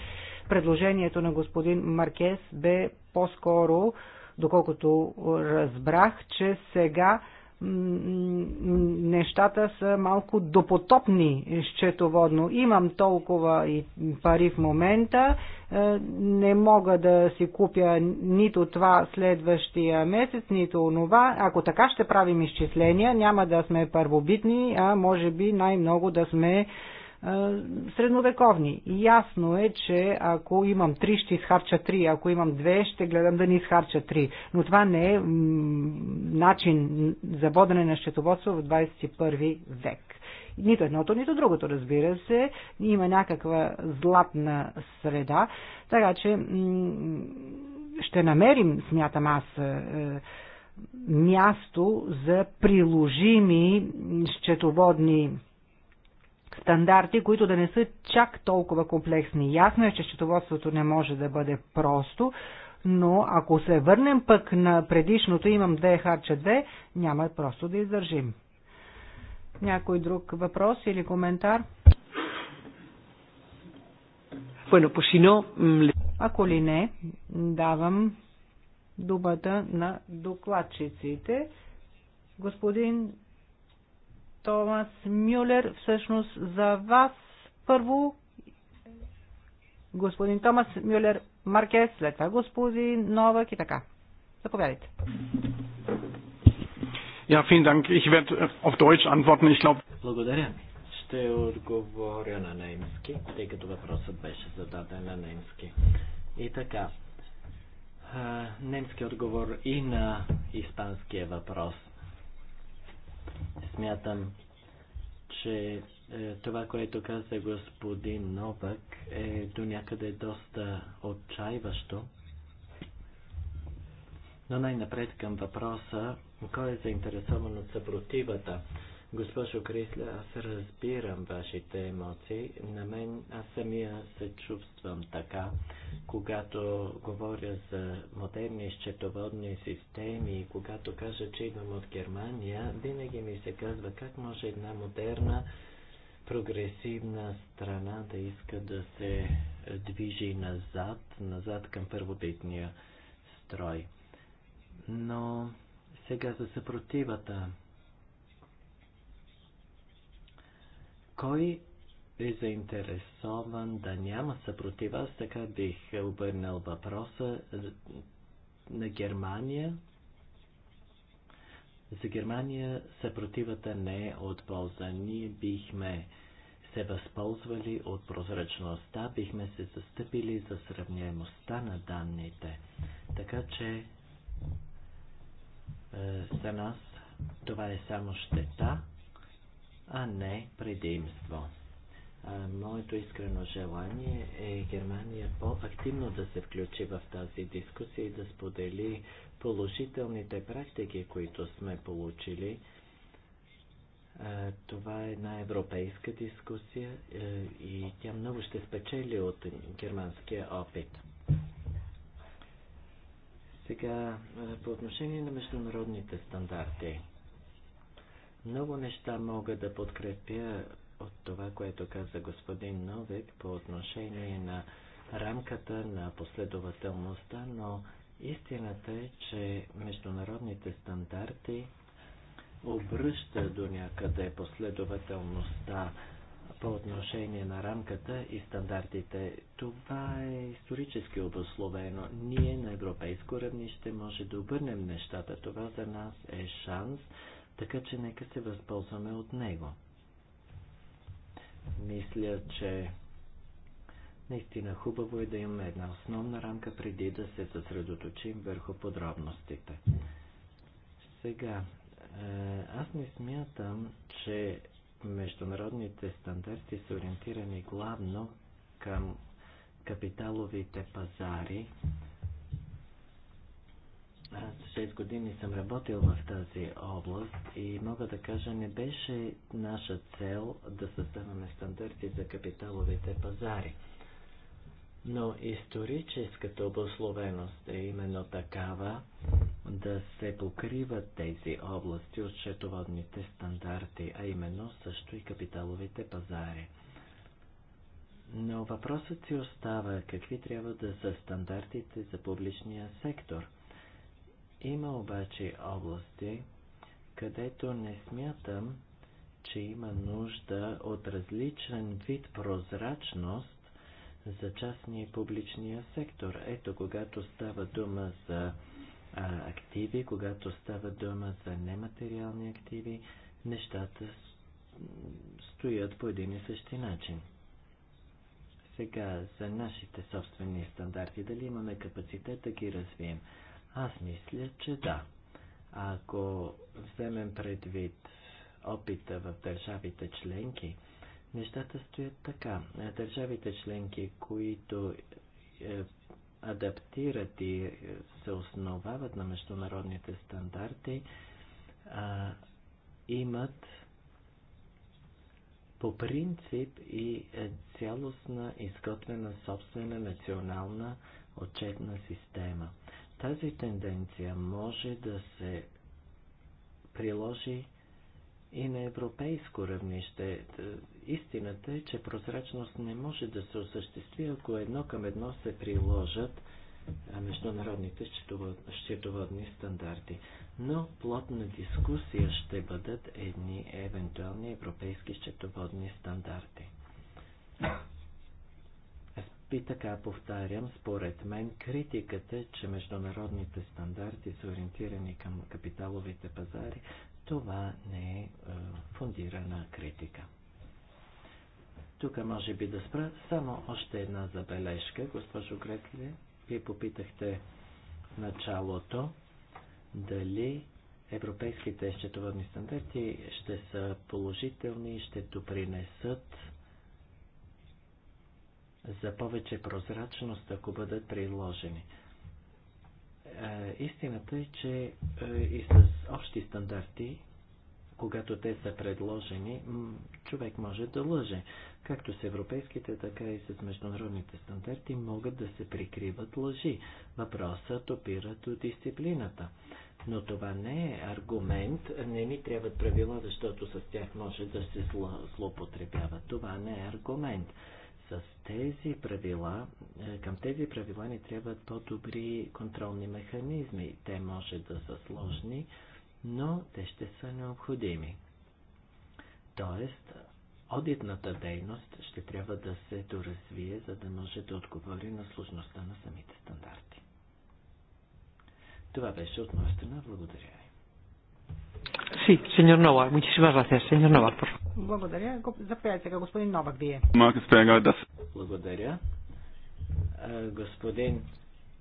[SPEAKER 3] Предложението на господин Маркес бе по-скоро, доколкото разбрах, че сега нещата са малко допотопни счетоводно. Имам толкова и пари в момента, е, не мога да си купя нито това следващия месец, нито онова. Ако така ще правим изчисления, няма да сме първобитни, а може би най-много да сме средновековни. Ясно е, че ако имам три, ще изхарча три, ако имам две, ще гледам да не изхарча три. Но това не е начин за водене на счетоводство в 21 век. Нито едното, нито другото, разбира се. Има някаква златна среда, така че ще намерим, смятам аз, е, е, място за приложими счетоводни стандарти, които да не са чак толкова комплексни. Ясно е, че счетоводството не може да бъде просто, но ако се върнем пък на предишното, имам две харча две, няма просто да издържим. Някой друг въпрос или коментар? Bueno, pues si no... Mm, ако ли не, давам думата на докладчиците. Господин Томас Мюлер. Всъщност за вас първо господин Томас Мюлер Маркес, след това господин Новак и така. Заповядайте. Ja, vielen Dank. Ich werde auf Deutsch antworten. Ich glaube. Благодаря.
[SPEAKER 2] Ще отговоря на немски, тъй като въпросът беше зададен на немски. И така. Немски отговор и на испанския въпрос. Смятам, че е, това, което каза господин Новак, е до някъде доста отчаиващо. Но най-напред към въпроса, кой е заинтересован от съпротивата? Госпожо Крисля, аз разбирам вашите емоции. На мен аз самия се чувствам така, когато говоря за модерни счетоводни системи и когато кажа, че идвам от Германия, винаги ми се казва как може една модерна прогресивна страна да иска да се движи назад, назад към първобитния строй. Но сега за съпротивата Кой е заинтересован да няма съпротива? Аз така бих обърнал въпроса на Германия. За Германия съпротивата не е от полза. Ние бихме се възползвали от прозрачността, бихме се застъпили за сравняемостта на данните. Така че е, за нас това е само щета а не предимство. моето искрено желание е Германия по-активно да се включи в тази дискусия и да сподели положителните практики, които сме получили. това е една европейска дискусия и тя много ще спечели от германския опит. Сега, по отношение на международните стандарти. Много неща мога да подкрепя от това, което каза господин Новик по отношение на рамката на последователността, но истината е, че международните стандарти обръща до някъде последователността по отношение на рамката и стандартите. Това е исторически обословено. Ние на европейско равнище може да обърнем нещата. Това за нас е шанс така че нека се възползваме от него. Мисля, че наистина хубаво е да имаме една основна рамка преди да се съсредоточим върху подробностите. Сега, е, аз не смятам, че международните стандарти са ориентирани главно към капиталовите пазари аз 6 години съм работил в тази област и мога да кажа, не беше наша цел да създаваме стандарти за капиталовите пазари. Но историческата обословеност е именно такава да се покриват тези области от счетоводните стандарти, а именно също и капиталовите пазари. Но въпросът си остава какви трябва да са стандартите за публичния сектор. Има обаче области, където не смятам, че има нужда от различен вид прозрачност за частния и публичния сектор. Ето, когато става дума за а, активи, когато става дума за нематериални активи, нещата стоят по един и същи начин. Сега, за нашите собствени стандарти, дали имаме капацитет да ги развием – аз мисля, че да. Ако вземем предвид опита в държавите членки, нещата стоят така. Държавите членки, които е, адаптират и се основават на международните стандарти, имат по принцип и цялостна изготвена собствена национална отчетна система – тази тенденция може да се приложи и на европейско равнище. Е, истината е, че прозрачност не може да се осъществи, ако едно към едно се приложат е, международните счетоводни стандарти. Но плотна дискусия ще бъдат едни евентуални европейски счетоводни стандарти. И така повтарям, според мен критиката, че международните стандарти са ориентирани към капиталовите пазари, това не е, е фундирана критика. Тук може би да спра само още една забележка. Госпожо Гретле, вие попитахте в началото дали европейските счетоводни стандарти ще са положителни и ще допринесат за повече прозрачност, ако бъдат приложени. Е, истината е, че е, и с общи стандарти, когато те са предложени, човек може да лъже. Както с европейските, така и с международните стандарти могат да се прикриват лъжи. Въпросът опира до дисциплината. Но това не е аргумент, не ни трябват правила, защото с тях може да се злоупотребява. Това не е аргумент. С тези правила, е, към тези правила ни трябват по-добри контролни механизми. Те може да са сложни, но те ще са необходими. Тоест, одитната дейност ще трябва да се доразвие, за да може да отговори на сложността на самите стандарти. Това беше от моя страна. Благодаря ви.
[SPEAKER 3] Sí, señor Novak, muchísimas gracias. Señor Novак, por favor. Благодаря. Заповядайте, господин Новак,
[SPEAKER 2] вие. Благодаря. Господин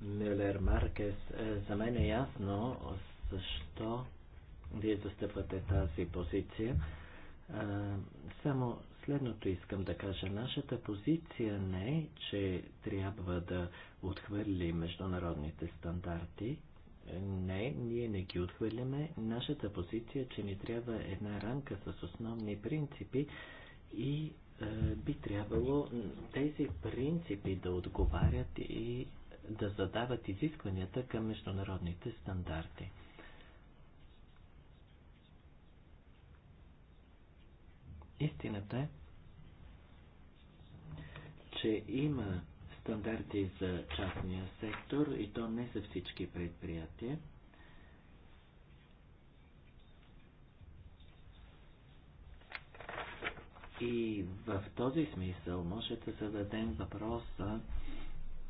[SPEAKER 2] Мюлер Маркес, е, за мен е ясно защо вие застъпвате тази позиция. Само следното искам да кажа. Нашата позиция не е, че трябва да отхвърли международните стандарти, не, ние не ги отхвърляме. Нашата позиция е, че ни трябва една рамка с основни принципи и е, би трябвало тези принципи да отговарят и да задават изискванията към международните стандарти. Истината е, че има стандарти за частния сектор и то не за всички предприятия. И в този смисъл може да зададем въпроса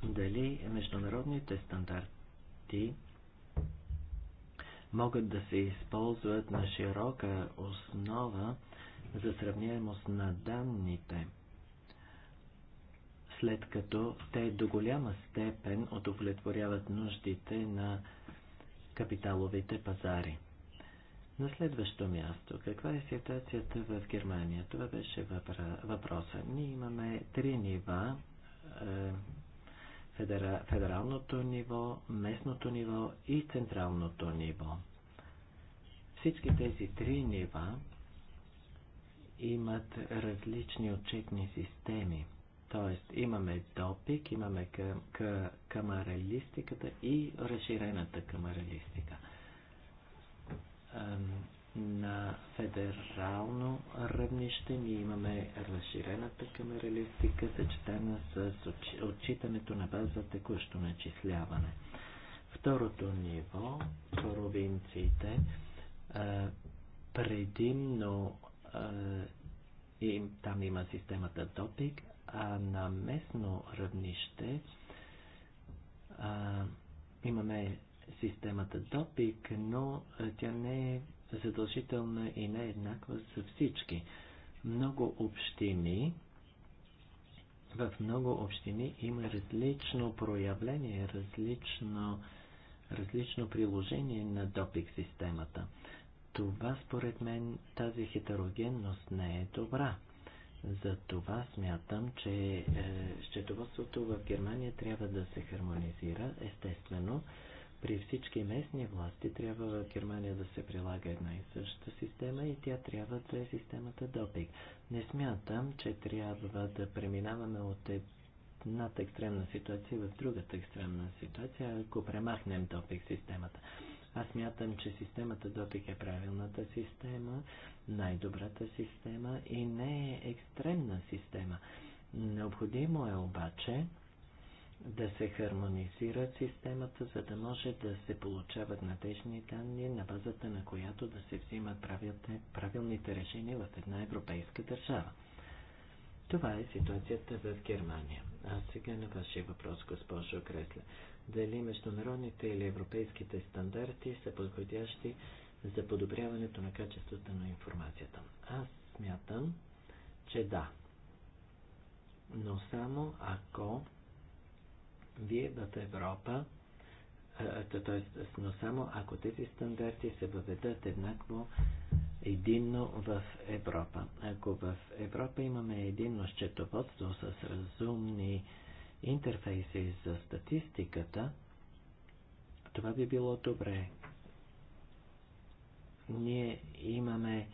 [SPEAKER 2] дали международните стандарти могат да се използват на широка основа за сравняемост на данните – след като те до голяма степен удовлетворяват нуждите на капиталовите пазари. На следващо място, каква е ситуацията в Германия? Това беше въпроса. Ние имаме три нива. Е, федера... Федералното ниво, местното ниво и централното ниво. Всички тези три нива имат различни отчетни системи. Тоест, имаме допик, имаме камаралистиката и разширената камаралистика. На федерално равнище ние имаме разширената камералистика, съчетана с отчитането на база текущо начисляване. Второто ниво, провинциите, предимно там има системата ДОПИК, а на местно равнище а, имаме системата ДОПИК, но тя не е задължителна и не е еднаква за всички. Много общини, в много общини има различно проявление, различно, различно приложение на ДОПИК системата. Това според мен тази хетерогенност не е добра. За това смятам, че е, счетоводството в Германия трябва да се хармонизира. Естествено, при всички местни власти трябва в Германия да се прилага една и съща система и тя трябва да е системата Допик. Не смятам, че трябва да преминаваме от едната екстремна ситуация в другата екстремна ситуация, ако премахнем допик системата. Аз смятам, че системата Допик е правилната система най-добрата система и не е екстремна система. Необходимо е обаче да се хармонизира системата, за да може да се получават надежни данни, на базата на която да се взимат правилните, правилните решения в една европейска държава. Това е ситуацията в Германия. А сега на вашия въпрос, госпожо Кресле. Дали международните или европейските стандарти са подходящи за подобряването на качеството на информацията? Аз смятам, че да. Но само ако вие в Европа, т.е. но само ако тези стандарти се въведат еднакво единно в Европа. Ако в Европа имаме единно счетоводство с разумни интерфейси за статистиката, това би било добре. Ние имаме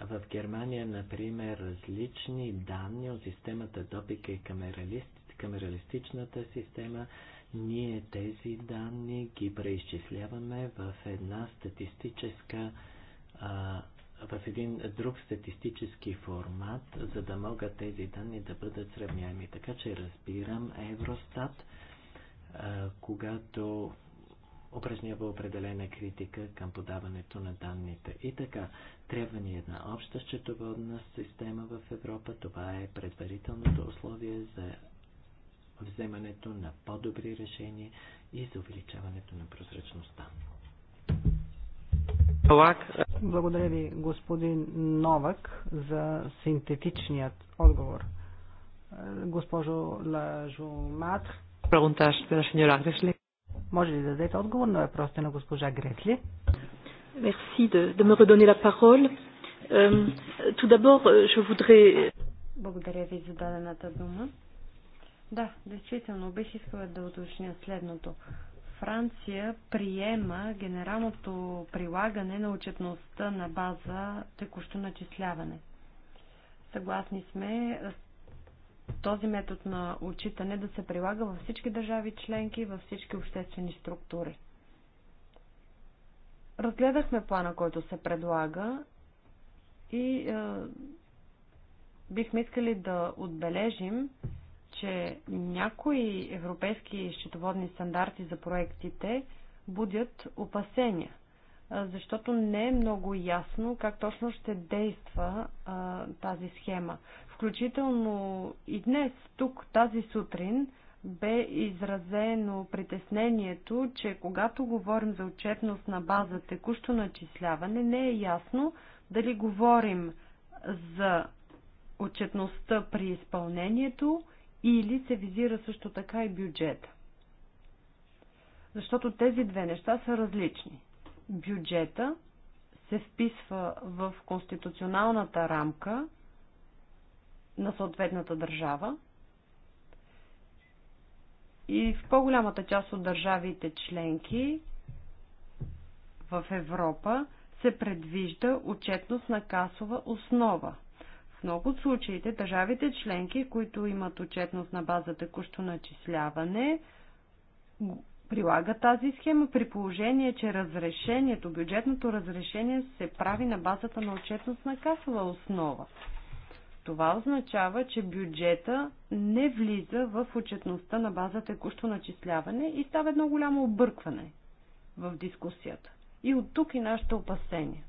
[SPEAKER 2] в Германия, например, различни данни от системата допика и камералист, камералистичната система. Ние тези данни ги преизчисляваме в една статистическа а, в един друг статистически формат, за да могат тези данни да бъдат сравняеми. Така че разбирам Евростат, когато упражнява определена критика към подаването на данните. И така, трябва ни една обща счетоводна система в Европа. Това е предварителното условие за вземането на по-добри решения и за увеличаването на прозрачността.
[SPEAKER 3] Благодаря ви, господин Новак, за синтетичният отговор. Госпожо Лажумат. Preguntas da senhora Agnesley. Може ли да дадете отговор на въпросите на госпожа Гресли? Мерси
[SPEAKER 2] да ме редоне ла парол. Ту дабор, ще вудре...
[SPEAKER 1] Благодаря ви за дадената дума. Да, действително, бих искала да уточня следното. Франция приема генералното прилагане на отчетността на база текущо начисляване. Съгласни сме с този метод на отчитане да се прилага във всички държави членки и във всички обществени структури. Разгледахме плана, който се предлага и е, бихме искали да отбележим, че някои европейски счетоводни стандарти за проектите будят опасения – защото не е много ясно как точно ще действа а, тази схема. Включително и днес, тук, тази сутрин, бе изразено притеснението, че когато говорим за отчетност на база текущо начисляване, не е ясно дали говорим за отчетността при изпълнението или се визира също така и бюджета. Защото тези две неща са различни бюджета се вписва в конституционалната рамка на съответната държава и в по-голямата част от държавите членки в Европа се предвижда отчетност на касова основа. В много от случаите държавите членки, които имат отчетност на база текущо начисляване, прилага тази схема при положение, че разрешението, бюджетното разрешение се прави на базата на отчетност на касова основа. Това означава, че бюджета не влиза в отчетността на база текущо начисляване и става едно голямо объркване в дискусията. И от тук и нашите опасения.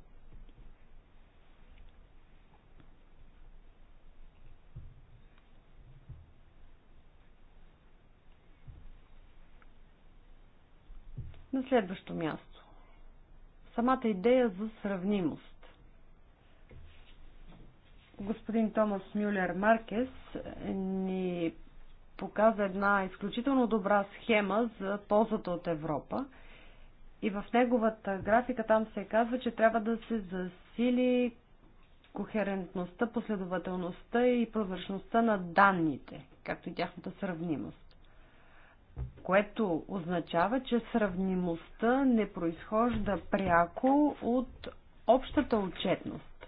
[SPEAKER 1] На следващо място. Самата идея за сравнимост. Господин Томас Мюлер Маркес ни показа една изключително добра схема за ползата от Европа. И в неговата графика там се казва, че трябва да се засили кохерентността, последователността и прозрачността на данните, както и тяхната сравнимост което означава, че сравнимостта не произхожда пряко от общата отчетност,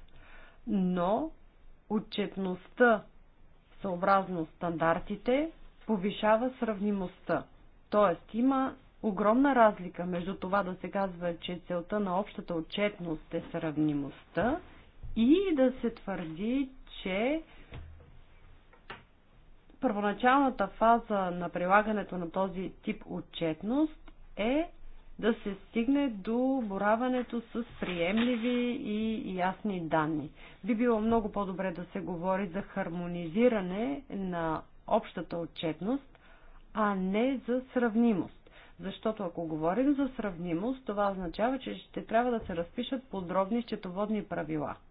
[SPEAKER 1] но отчетността съобразно стандартите повишава сравнимостта. Тоест има огромна разлика между това да се казва, че целта на общата отчетност е сравнимостта и да се твърди, че първоначалната фаза на прилагането на този тип отчетност е да се стигне до бораването с приемливи и ясни данни. Би било много по-добре да се говори за хармонизиране на общата отчетност, а не за сравнимост. Защото ако говорим за сравнимост, това означава, че ще трябва да се разпишат подробни счетоводни правила –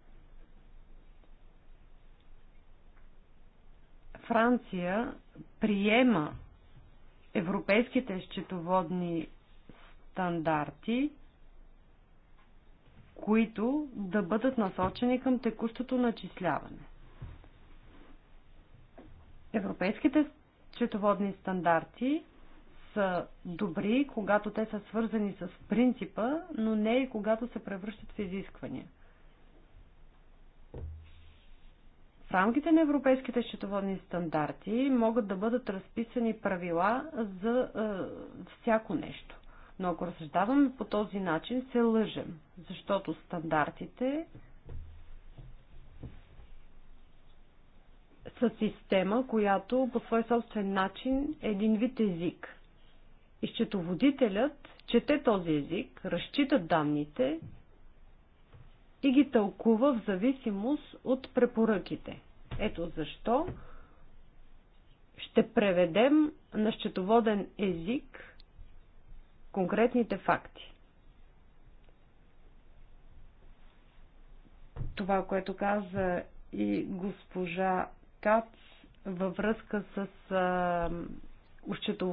[SPEAKER 1] Франция приема европейските счетоводни стандарти, които да бъдат насочени към текущото начисляване. Европейските счетоводни стандарти са добри, когато те са свързани с принципа, но не и когато се превръщат в изисквания. В рамките на европейските счетоводни стандарти могат да бъдат разписани правила за е, всяко нещо. Но ако разсъждаваме по този начин, се лъжем, защото стандартите са система, която по свой собствен начин е един вид език. И счетоводителят чете този език, разчита данните и ги тълкува в зависимост от препоръките. Ето защо ще преведем на счетоводен език конкретните факти. Това, което каза и госпожа Кац във връзка с а,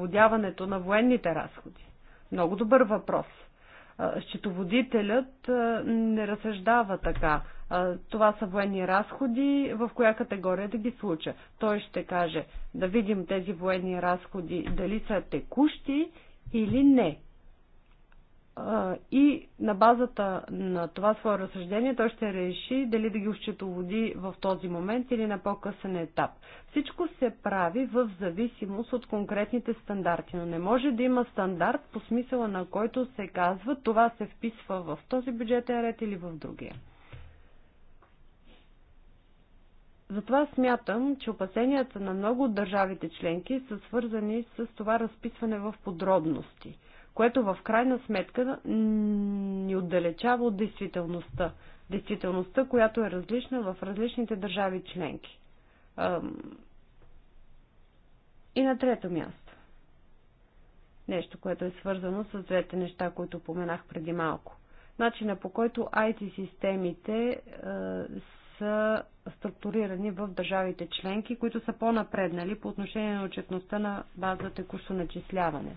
[SPEAKER 1] на военните разходи. Много добър въпрос – Счетоводителят не разсъждава така. Това са военни разходи, в коя категория да ги случа. Той ще каже да видим тези военни разходи дали са текущи или не и на базата на това свое разсъждение той ще реши дали да ги счетоводи в този момент или на по-късен етап. Всичко се прави в зависимост от конкретните стандарти, но не може да има стандарт по смисъла на който се казва това се вписва в този бюджетен ред или в другия. Затова смятам, че опасенията на много от държавите членки са свързани с това разписване в подробности – което в крайна сметка ни отдалечава от действителността. Действителността, която е различна в различните държави членки. И на трето място. Нещо, което е свързано с двете неща, които поменах преди малко. Начина по който IT системите е, са структурирани в държавите членки, които са по-напреднали по отношение на отчетността на база текущо начисляване.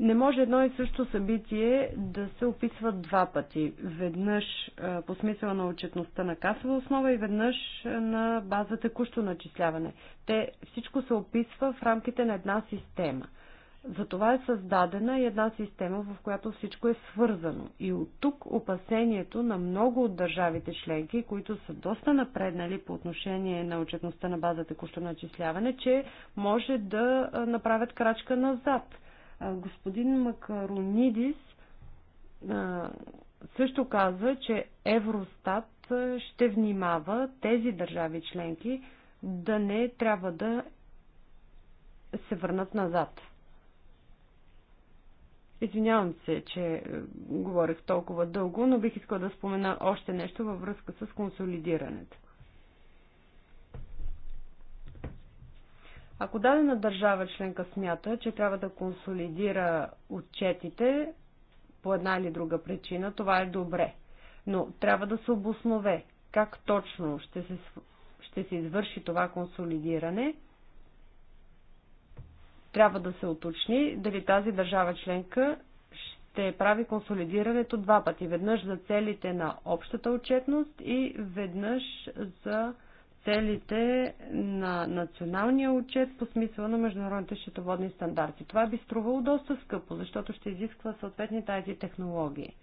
[SPEAKER 1] Не може едно и също събитие да се описва два пъти. Веднъж по смисъла на отчетността на касова основа и веднъж на база текущо начисляване. Те всичко се описва в рамките на една система. Затова е създадена и една система, в която всичко е свързано. И от тук опасението на много от държавите членки, които са доста напреднали по отношение на отчетността на база текущо начисляване, че може да направят крачка назад – Господин Макаронидис също каза, че Евростат ще внимава тези държави членки да не трябва да се върнат назад. Извинявам се, че е, говорих толкова дълго, но бих искал да спомена още нещо във връзка с консолидирането. Ако дадена държава членка смята, че трябва да консолидира отчетите по една или друга причина, това е добре. Но трябва да се обоснове как точно ще се, ще се извърши това консолидиране. Трябва да се уточни дали тази държава членка ще прави консолидирането два пъти. Веднъж за целите на общата отчетност и веднъж за целите на националния отчет по смисъла на международните счетоводни стандарти. Това би струвало доста скъпо, защото ще изисква съответните тази технологии.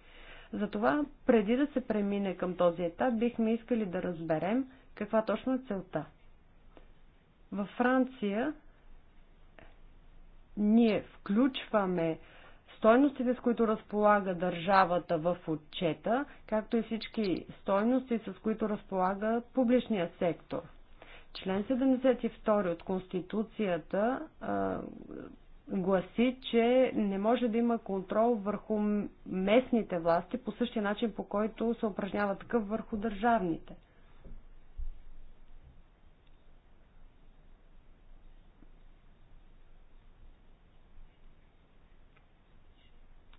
[SPEAKER 1] Затова, преди да се премине към този етап, бихме искали да разберем каква точно е целта. Във Франция ние включваме стойностите, с които разполага държавата в отчета, както и всички стойности, с които разполага публичния сектор. Член 72 от Конституцията а, гласи, че не може да има контрол върху местните власти по същия начин, по който се упражнява такъв върху държавните.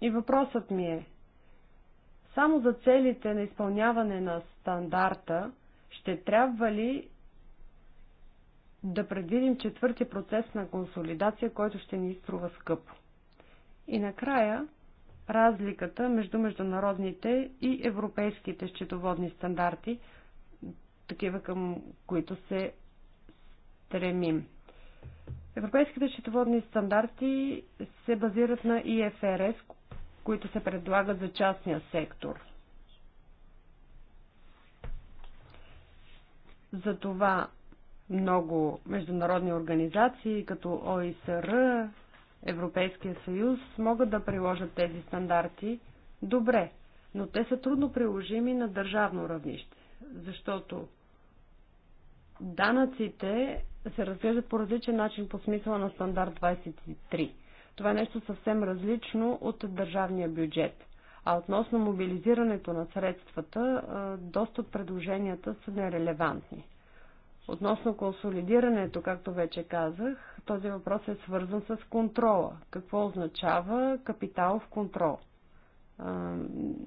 [SPEAKER 1] И въпросът ми е, само за целите на изпълняване на стандарта, ще трябва ли да предвидим четвърти процес на консолидация, който ще ни струва скъпо? И накрая, разликата между международните и европейските счетоводни стандарти, такива към които се стремим. Европейските счетоводни стандарти се базират на ИФРС, които се предлагат за частния сектор. Затова много международни организации, като ОИСР, Европейския съюз, могат да приложат тези стандарти добре, но те са трудно приложими на държавно равнище, защото данъците се разглеждат по различен начин по смисъла на стандарт 23. Това е нещо съвсем различно от държавния бюджет. А относно мобилизирането на средствата, доста от предложенията са нерелевантни. Относно консолидирането, както вече казах, този въпрос е свързан с контрола. Какво означава в контрол?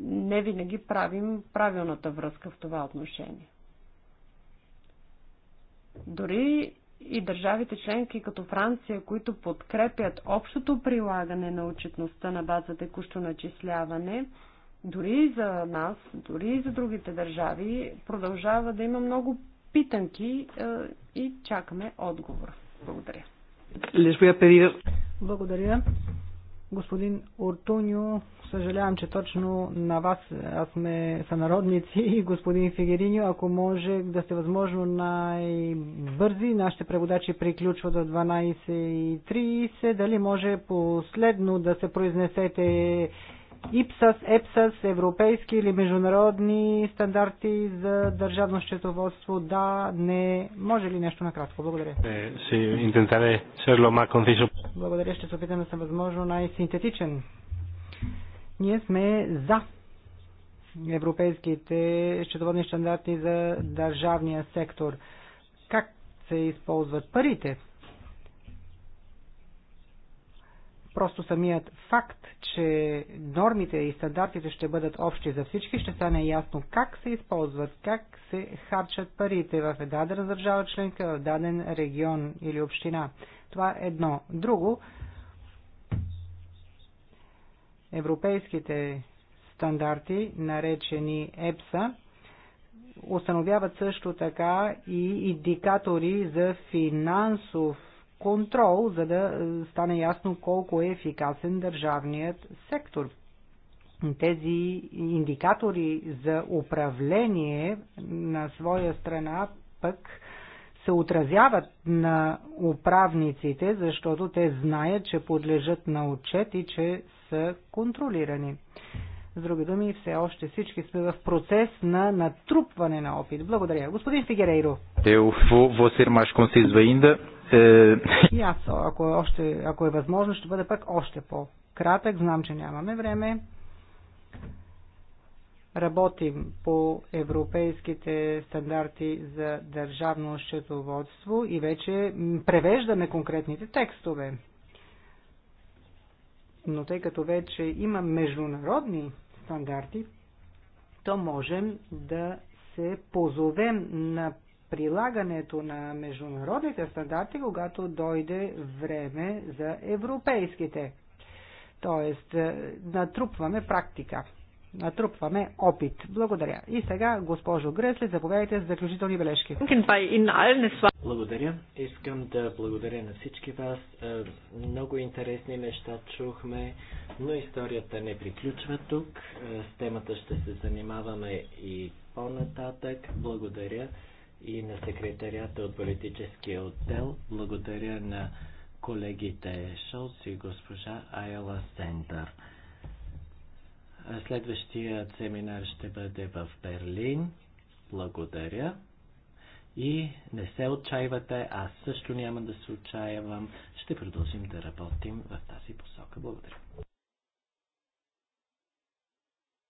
[SPEAKER 1] Не винаги правим правилната връзка в това отношение. Дори и държавите членки като Франция, които подкрепят общото прилагане на отчетността на база текущо начисляване, дори и за нас, дори и за другите държави, продължава да има много питанки е, и
[SPEAKER 3] чакаме отговор. Благодаря. Благодаря. Господин Уртуньо, съжалявам, че точно на вас аз сме сънародници и господин Фигериньо, ако може да сте възможно най-бързи, нашите преводачи приключват до 12.30, дали може последно да се произнесете ИПСАС, ЕПСАС, европейски или международни стандарти за държавно счетоводство? Да, не. Може ли нещо накратко? Благодаря. Е, Благодаря, ще се опитам да съм възможно най-синтетичен. Ние сме за европейските счетоводни стандарти за държавния сектор. Как се използват парите? Просто самият факт, че нормите и стандартите ще бъдат общи за всички, ще стане ясно как се използват, как се харчат парите в дадена държава членка, в даден регион или община. Това е едно. Друго, европейските стандарти, наречени ЕПСА, установяват също така и индикатори за финансов контрол, за да е, стане ясно колко е ефикасен държавният сектор. Тези индикатори за управление на своя страна пък се отразяват на управниците, защото те знаят, че подлежат на отчет и че са контролирани. С други думи, все още всички сме в процес на натрупване на опит. Благодаря. Господин Фигерейро.
[SPEAKER 2] Eu vou, vou ser mais conciso ainda. Е,
[SPEAKER 3] и аз, ако, е още, ако е възможно, ще бъде пък още по-кратък. Знам, че нямаме време. Работим по европейските стандарти за държавно счетоводство и вече превеждаме конкретните текстове. Но тъй като вече има международни стандарти, то можем да се позовем на прилагането на международните стандарти, когато дойде време за европейските. Тоест, е, натрупваме практика, натрупваме опит. Благодаря. И сега, госпожо Гресле, заповядайте за заключителни бележки.
[SPEAKER 2] Благодаря. Искам да благодаря на всички вас. Е, много интересни неща чухме, но историята не приключва тук. Е, с темата ще се занимаваме и по-нататък. Благодаря и на секретарията от политическия отдел. Благодаря на колегите Шолц и госпожа Айла Сендър. Следващият семинар ще бъде в Берлин. Благодаря. И не се отчаивате, аз също няма да се отчаявам. Ще продължим да работим в тази посока. Благодаря.